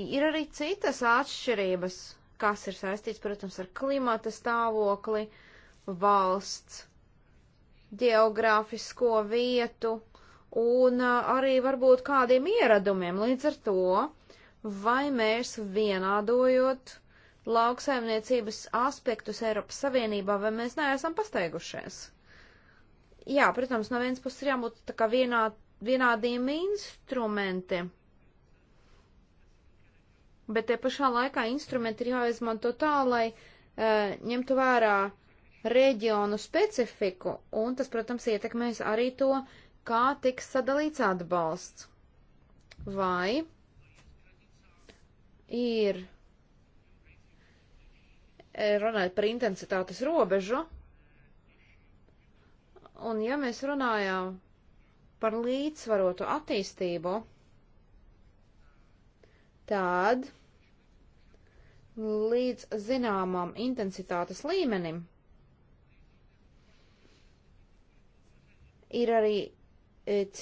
Ir arī citas atšķirības, kas ir saistīts, protams, ar klimata stāvokli, valsts, geogrāfisko vietu un arī varbūt kādiem ieradumiem. Līdz ar to, vai mēs vienādojot lauksaimniecības aspektus Eiropas Savienībā, vai mēs neesam pasteigušies? Jā, protams, no vienas puses ir jābūt tā kā vienā, vienādiem instrumentiem, bet te pašā laikā instrumenti ir jāizmanto tā, lai uh, ņemtu vērā reģionu specifiku, un tas, protams, ietekmēs arī to, kā tiks sadalīts atbalsts. Vai ir E, runājot par intensitātes robežu, un ja mēs runājām par līdzsvarotu attīstību, tad līdz zināmam intensitātes līmenim ir arī e,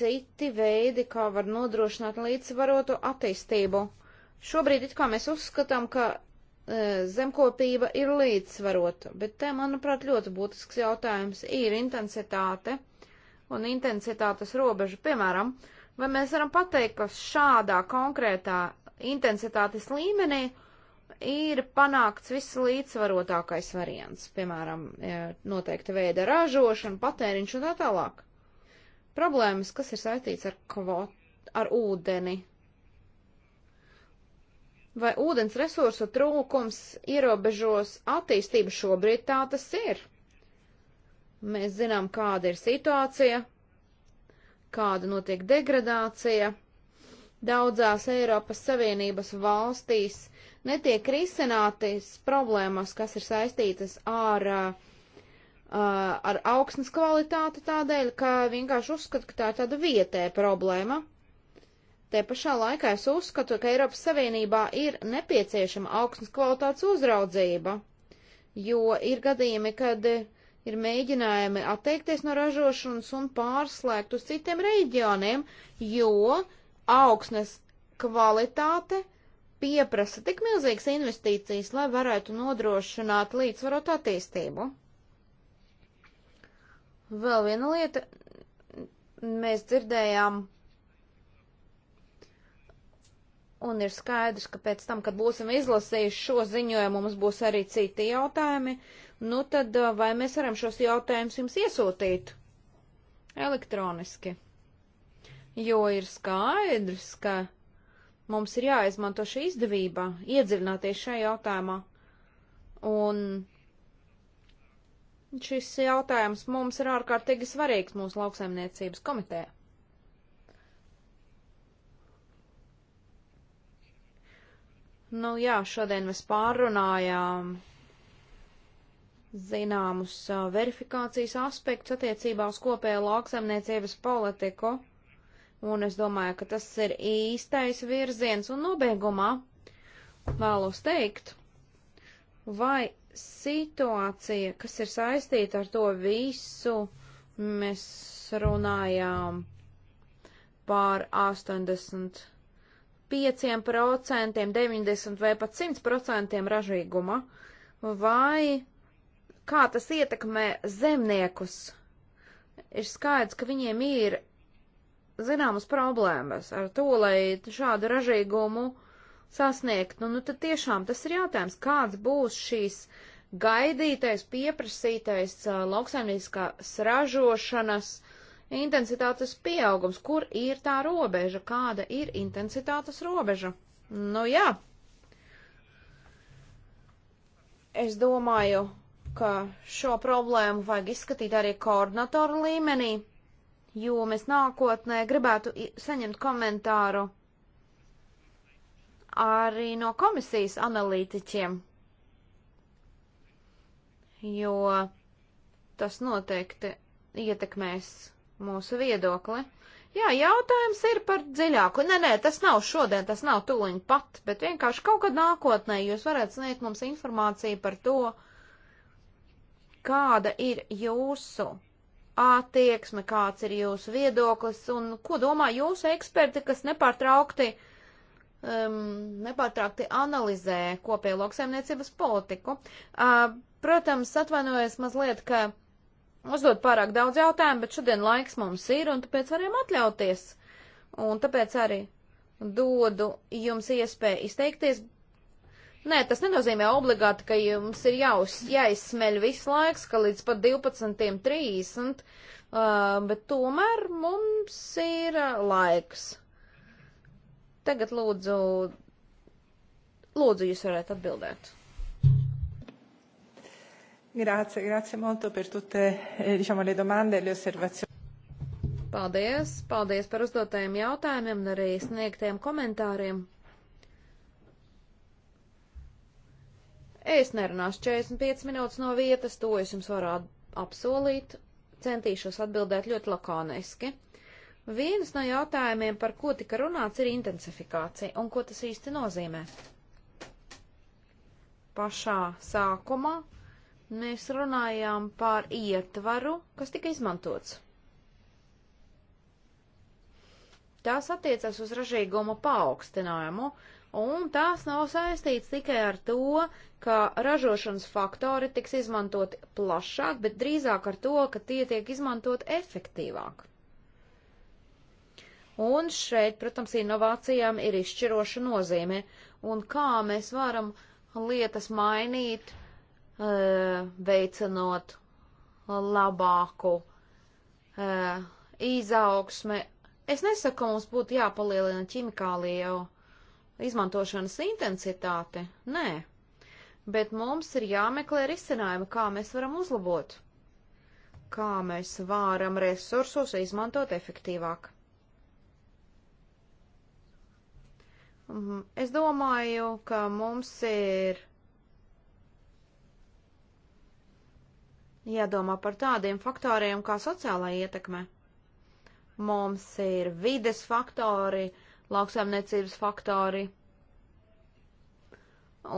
citi veidi, kā var nodrošināt līdzsvarotu attīstību. Šobrīd it kā mēs uzskatām, ka E, zemkopība ir līdzsvarota, bet te, manuprāt, ļoti būtisks jautājums ir intensitāte un intensitātes robeža. Piemēram, vai mēs varam pateikt, ka šādā konkrētā intensitātes līmenī ir panākts viss līdzsvarotākais variants, piemēram, e, noteikta veida ražošana, patēriņš un tā tālāk. Problēmas, kas ir saistīts ar kvot, ar ūdeni, vai ūdens resursu trūkums ierobežos attīstību šobrīd tā tas ir. Mēs zinām, kāda ir situācija, kāda notiek degradācija. Daudzās Eiropas Savienības valstīs netiek risinātas problēmas, kas ir saistītas ar, uh, ar augsnes kvalitāti tādēļ, ka vienkārši uzskat, ka tā ir tāda vietē problēma. Te pašā laikā es uzskatu, ka Eiropas Savienībā ir nepieciešama augstnes kvalitātes uzraudzība, jo ir gadījumi, kad ir mēģinājumi atteikties no ražošanas un pārslēgt uz citiem reģioniem, jo augsnes kvalitāte pieprasa tik milzīgas investīcijas, lai varētu nodrošināt līdzvarot attīstību. Vēl viena lieta, mēs dzirdējām Un ir skaidrs, ka pēc tam, kad būsim izlasījuši šo ziņojumu, mums būs arī citi jautājumi. Nu tad vai mēs varam šos jautājumus jums iesūtīt elektroniski? Jo ir skaidrs, ka mums ir jāizmanto šī izdevība iedziļināties šajā jautājumā. Un šis jautājums mums ir ārkārtīgi svarīgs mūsu lauksaimniecības komitejā. Nu jā, šodien mēs pārrunājām zināmus verifikācijas aspektus attiecībā uz kopējo lauksaimniecības politiku, un es domāju, ka tas ir īstais virziens, un nobeigumā vēlos teikt, vai situācija, kas ir saistīta ar to visu, mēs runājām pār 80 5%, 90% vai pat 100% ražīguma, vai kā tas ietekmē zemniekus. Ir skaidrs, ka viņiem ir zināmas problēmas ar to, lai šādu ražīgumu sasniegtu. Nu, nu tad tiešām tas ir jautājums, kāds būs šīs gaidītais, pieprasītais lauksaimnieciskās ražošanas intensitātes pieaugums, kur ir tā robeža, kāda ir intensitātes robeža. Nu jā, es domāju, ka šo problēmu vajag izskatīt arī koordinatoru līmenī, jo mēs nākotnē gribētu saņemt komentāru arī no komisijas analītiķiem, jo tas noteikti ietekmēs mūsu viedokli. Jā, jautājums ir par dziļāku. Nē, nē, tas nav šodien, tas nav tūliņ pat, bet vienkārši kaut kad nākotnē jūs varētu sniegt mums informāciju par to, kāda ir jūsu attieksme, kāds ir jūsu viedoklis un ko domā jūsu eksperti, kas nepārtraukti, um, nepārtraukti analizē kopējo lauksaimniecības politiku. Uh, protams, atvainojos mazliet, ka uzdot pārāk daudz jautājumu, bet šodien laiks mums ir, un tāpēc varam atļauties. Un tāpēc arī dodu jums iespēju izteikties. Nē, tas nenozīmē obligāti, ka jums ir jāuz, jāizsmeļ viss laiks, ka līdz pat 12.30, uh, bet tomēr mums ir laiks. Tagad lūdzu, lūdzu, jūs varētu atbildēt. Grazie, grazie molto per tutte eh, diciamo, le domande e le osservazioni. Paldies, paldies par uzdotajiem jautājumiem un arī sniegtiem komentāriem. Es nerunāšu 45 minūtes no vietas, to es jums varu apsolīt. Centīšos atbildēt ļoti lakoniski. Viens no jautājumiem, par ko tika runāts, ir intensifikācija un ko tas īsti nozīmē. Pašā sākumā Mēs runājām par ietvaru, kas tika izmantots. Tās attiecas uz ražīguma paaugstinājumu, un tās nav saistīts tikai ar to, ka ražošanas faktori tiks izmantot plašāk, bet drīzāk ar to, ka tie tiek izmantot efektīvāk. Un šeit, protams, inovācijām ir izšķiroša nozīme, un kā mēs varam lietas mainīt veicinot labāku izaugsmi. Es nesaku, ka mums būtu jāpalielina ķimikāliju izmantošanas intensitāte, nē, bet mums ir jāmeklē risinājumi, kā mēs varam uzlabot, kā mēs varam resursus izmantot efektīvāk. Mm, es domāju, ka mums ir jādomā par tādiem faktoriem kā sociālā ietekme. Mums ir vides faktori, lauksaimniecības faktori,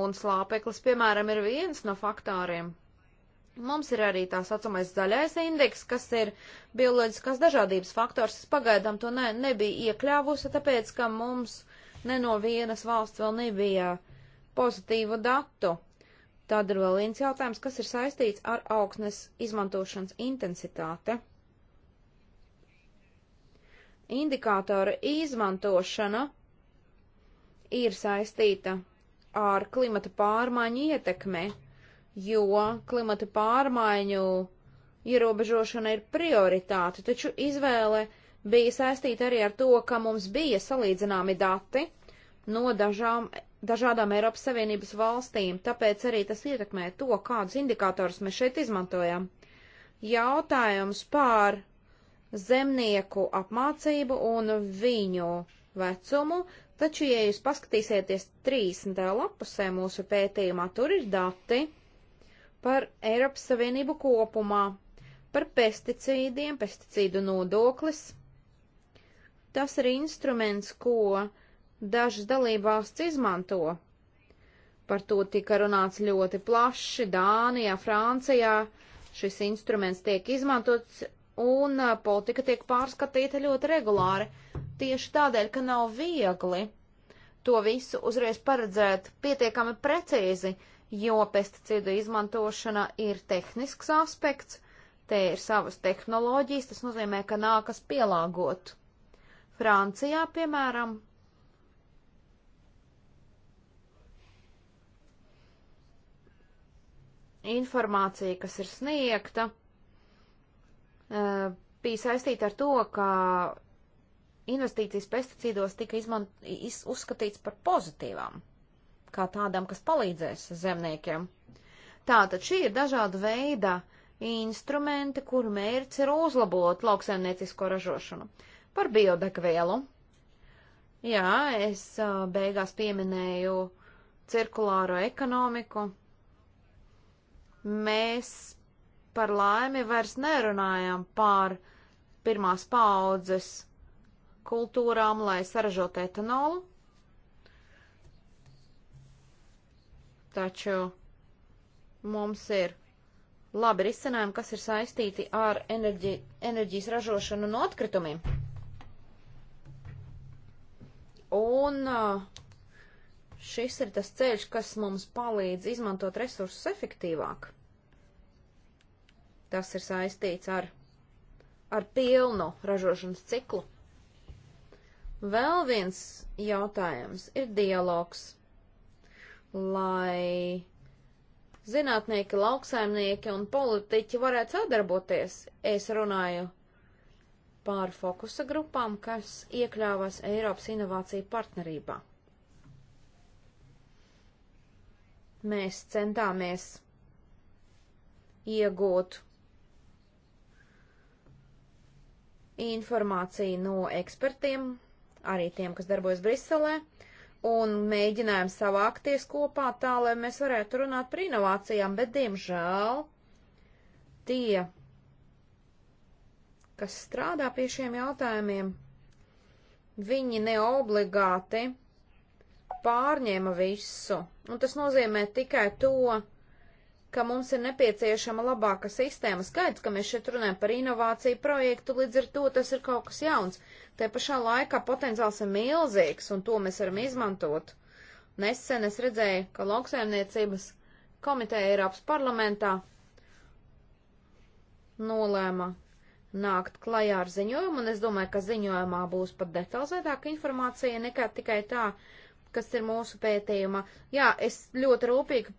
un slāpeklis, piemēram, ir viens no faktoriem. Mums ir arī tā saucamais zaļais indeks, kas ir bioloģiskās dažādības faktors. Es pagaidām to ne, nebija iekļāvusi, tāpēc, ka mums ne no vienas valsts vēl nebija pozitīvu datu Tad ir vēl viens jautājums, kas ir saistīts ar augsnes izmantošanas intensitāte. Indikātora izmantošana ir saistīta ar klimata pārmaiņu ietekmi, jo klimata pārmaiņu ierobežošana ir prioritāte, taču izvēle bija saistīta arī ar to, ka mums bija salīdzināmi dati no dažām, dažādām Eiropas Savienības valstīm, tāpēc arī tas ietekmē to, kādus indikātorus mēs šeit izmantojam. Jautājums par zemnieku apmācību un viņu vecumu, taču, ja jūs paskatīsieties 30. lapusē mūsu pētījumā, tur ir dati par Eiropas Savienību kopumā, par pesticīdiem, pesticīdu nodoklis. Tas ir instruments, ko dažas dalībvalsts izmanto. Par to tika runāts ļoti plaši Dānijā, Francijā. Šis instruments tiek izmantots un uh, politika tiek pārskatīta ļoti regulāri, tieši tādēļ, ka nav viegli to visu uzreiz paredzēt pietiekami precīzi, jo pesticīdu izmantošana ir tehnisks aspekts, te ir savas tehnoloģijas, tas nozīmē, ka nākas pielāgot. Francijā, piemēram, informācija, kas ir sniegta, eh, bija saistīta ar to, ka investīcijas pesticīdos tika izman, iz, uzskatīts par pozitīvām, kā tādām, kas palīdzēs zemniekiem. Tātad šī ir dažāda veida instrumenti, kuru mērķis ir uzlabot lauksaimniecisko ražošanu. Par biodegvielu. Jā, es eh, beigās pieminēju cirkulāro ekonomiku, mēs par laimi vairs nerunājam par pirmās paudzes kultūrām, lai saražotu etanolu. Taču mums ir labi risinājumi, kas ir saistīti ar enerģi, enerģijas ražošanu no atkritumiem. Un uh, šis ir tas ceļš, kas mums palīdz izmantot resursus efektīvāk. Tas ir saistīts ar, ar pilnu ražošanas ciklu. Vēl viens jautājums ir dialogs. Lai zinātnieki, lauksaimnieki un politiķi varētu sadarboties, es runāju pār fokusa grupām, kas iekļāvās Eiropas inovāciju partnerībā. mēs centāmies iegūt informāciju no ekspertiem, arī tiem, kas darbojas Briselē, un mēģinājām savākties kopā tā, lai mēs varētu runāt par inovācijām, bet, diemžēl, tie, kas strādā pie šiem jautājumiem, viņi neobligāti pārņēma visu Un tas nozīmē tikai to, ka mums ir nepieciešama labāka sistēma. Skaidrs, ka mēs šeit runājam par inovāciju projektu, līdz ar to tas ir kaut kas jauns. Te pašā laikā potenciāls ir milzīgs, un to mēs varam izmantot. Nesen es redzēju, ka lauksaimniecības komiteja Eiropas parlamentā nolēma nākt klajā ar ziņojumu, un es domāju, ka ziņojumā būs pat detalizētāka informācija nekā tikai tā, uh, kas ir mūsu pētījumā. Jā, es ļoti rūpīgi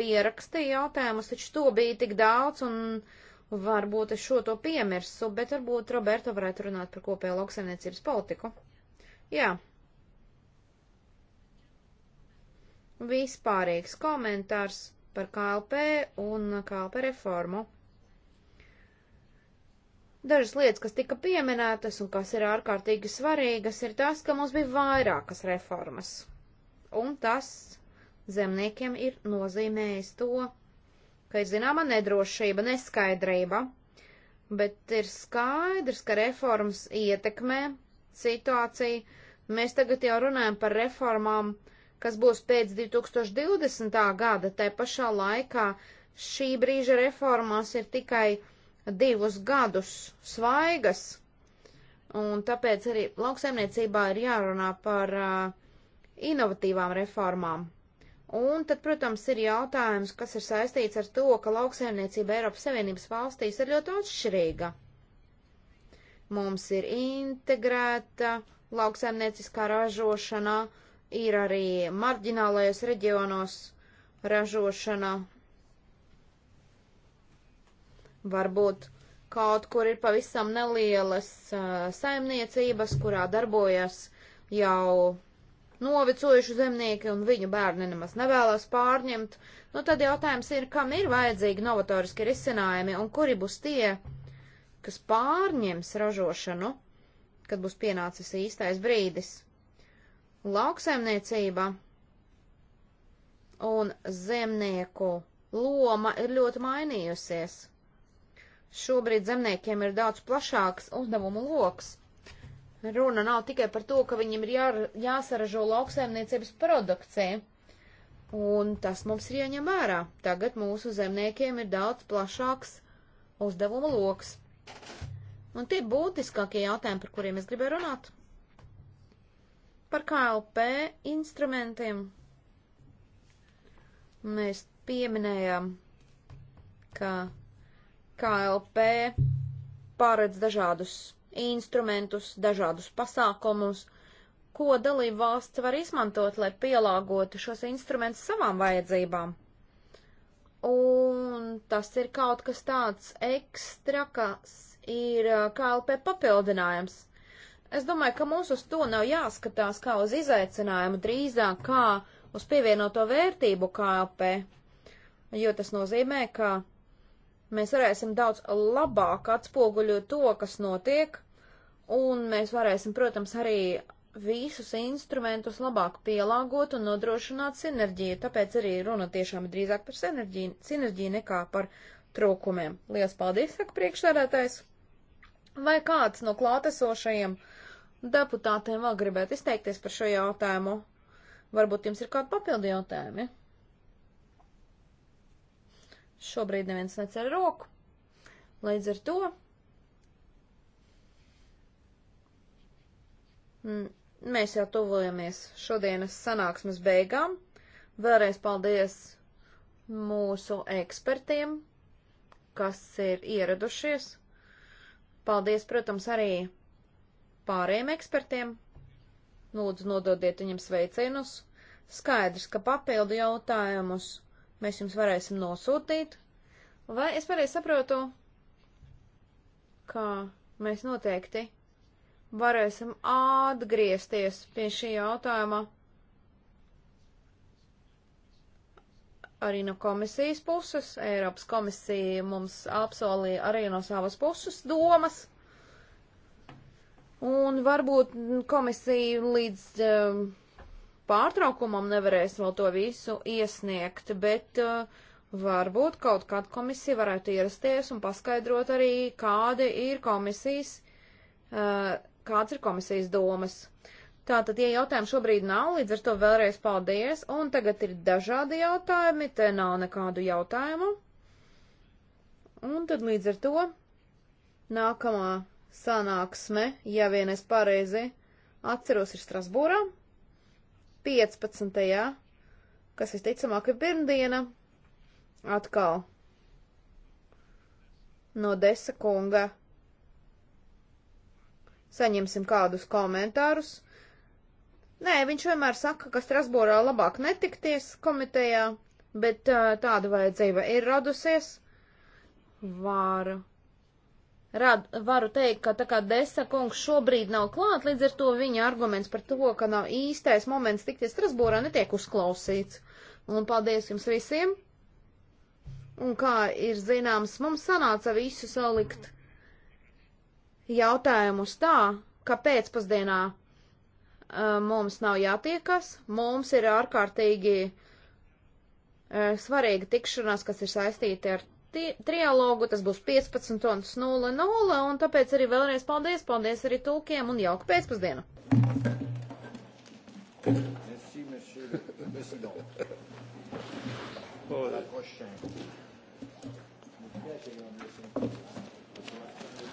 pierakstīju jautājumus, taču to bija tik daudz, un varbūt es šo to piemirsu, bet varbūt Roberto varētu runāt par kopējo lauksaimniecības politiku. Jā. Vispārīgs komentārs par KLP un KLP reformu. Dažas lietas, kas tika pieminētas un kas ir ārkārtīgi svarīgas, ir tas, ka mums bija vairākas reformas un tas zemniekiem ir nozīmējis to, ka ir zināma nedrošība, neskaidrība, bet ir skaidrs, ka reformas ietekmē situāciju. Mēs tagad jau runājam par reformām, kas būs pēc 2020. gada, tai pašā laikā šī brīža reformās ir tikai divus gadus svaigas, un tāpēc arī lauksaimniecībā ir jārunā par uh, inovatīvām reformām. Un tad, protams, ir jautājums, kas ir saistīts ar to, ka lauksaimniecība Eiropas Savienības valstīs ir ļoti atšķirīga. Mums ir integrēta lauksaimnieciskā ražošana, ir arī marģinālajos reģionos ražošana. Varbūt kaut kur ir pavisam nelielas uh, saimniecības, kurā darbojas jau novecojuši zemnieki un viņu bērni nemaz nevēlas pārņemt, nu tad jautājums ir, kam ir vajadzīgi novatoriski risinājumi un kuri būs tie, kas pārņems ražošanu, kad būs pienācis īstais brīdis. Lauksaimniecība un zemnieku loma ir ļoti mainījusies. Šobrīd zemniekiem ir daudz plašāks uzdevumu lokus Runa nav tikai par to, ka viņiem ir jā, jāsaražo lauksaimniecības produkcija. Un tas mums ir jāņem vērā. Tagad mūsu zemniekiem ir daudz plašāks uzdevuma lokus. Un tie būtiskākie jautājumi, par kuriem es gribēju runāt. Par KLP instrumentiem mēs pieminējām, ka KLP paredz dažādus instrumentus, dažādus pasākumus, ko dalību valsts var izmantot, lai pielāgotu šos instrumentus savām vajadzībām. Un tas ir kaut kas tāds ekstra, kas ir uh, KLP papildinājums. Es domāju, ka mums uz to nav jāskatās kā uz izaicinājumu, drīzāk kā uz pievienoto vērtību KLP, jo tas nozīmē, ka mēs varēsim daudz labāk atspoguļot to, kas notiek un mēs varēsim, protams, arī visus instrumentus labāk pielāgot un nodrošināt sinerģiju. Tāpēc arī runa tiešām ir drīzāk par sinerģiju, sinerģiju nekā par trūkumiem. Lielas paldies, saka priekšsēdētājs. Vai kāds no klātesošajiem deputātiem vēl gribētu izteikties par šo jautājumu? Varbūt jums ir kādi papildi jautājumi? Šobrīd neviens necēla roku. Līdz ar to Mm, mēs jau tuvojamies šodienas sanāksmes beigām. Vēlreiz paldies mūsu ekspertiem, kas ir ieradušies. Paldies, protams, arī pārējiem ekspertiem. Lūdzu, nododiet viņam sveicienus. Skaidrs, ka papildu jautājumus mēs jums varēsim nosūtīt. Vai es pareizi saprotu, ka mēs noteikti varēsim atgriezties pie šī jautājuma arī no komisijas puses. Eiropas komisija mums apsolīja arī no savas puses domas. Un varbūt komisija līdz um, pārtraukumam nevarēs vēl to visu iesniegt, bet uh, varbūt kaut kad komisija varētu ierasties un paskaidrot arī, kādi ir komisijas uh, kāds ir komisijas domas. Tātad, ja jautājumu šobrīd nav, līdz ar to vēlreiz paldies, un tagad ir dažādi jautājumi, te nav nekādu jautājumu. Un tad līdz ar to nākamā sanāksme, ja vien es pareizi atceros, ir Strasbūrā, 15. kas visticamāk ir pirmdiena, atkal no desa kunga saņemsim kādus komentārus. Nē, viņš vienmēr saka, ka Strasbūrā labāk netikties komitejā, bet tāda vajadzība ir radusies. Vāra. Rad, varu teikt, ka tā kā Desa kungs šobrīd nav klāt, līdz ar to viņa arguments par to, ka nav īstais moments tikties Strasbūrā, netiek uzklausīts. Un paldies jums visiem! Un kā ir zināms, mums sanāca visu salikt jautājumus tā, ka pēcpusdienā uh, mums nav jātiekas, mums ir ārkārtīgi uh, svarīga tikšanās, kas ir saistīta ar trialogu, tas būs 15.00, un tāpēc arī vēlreiz paldies, paldies arī tulkiem un jauka pēcpusdiena! Merci, monsieur le président. Bon, à la prochaine.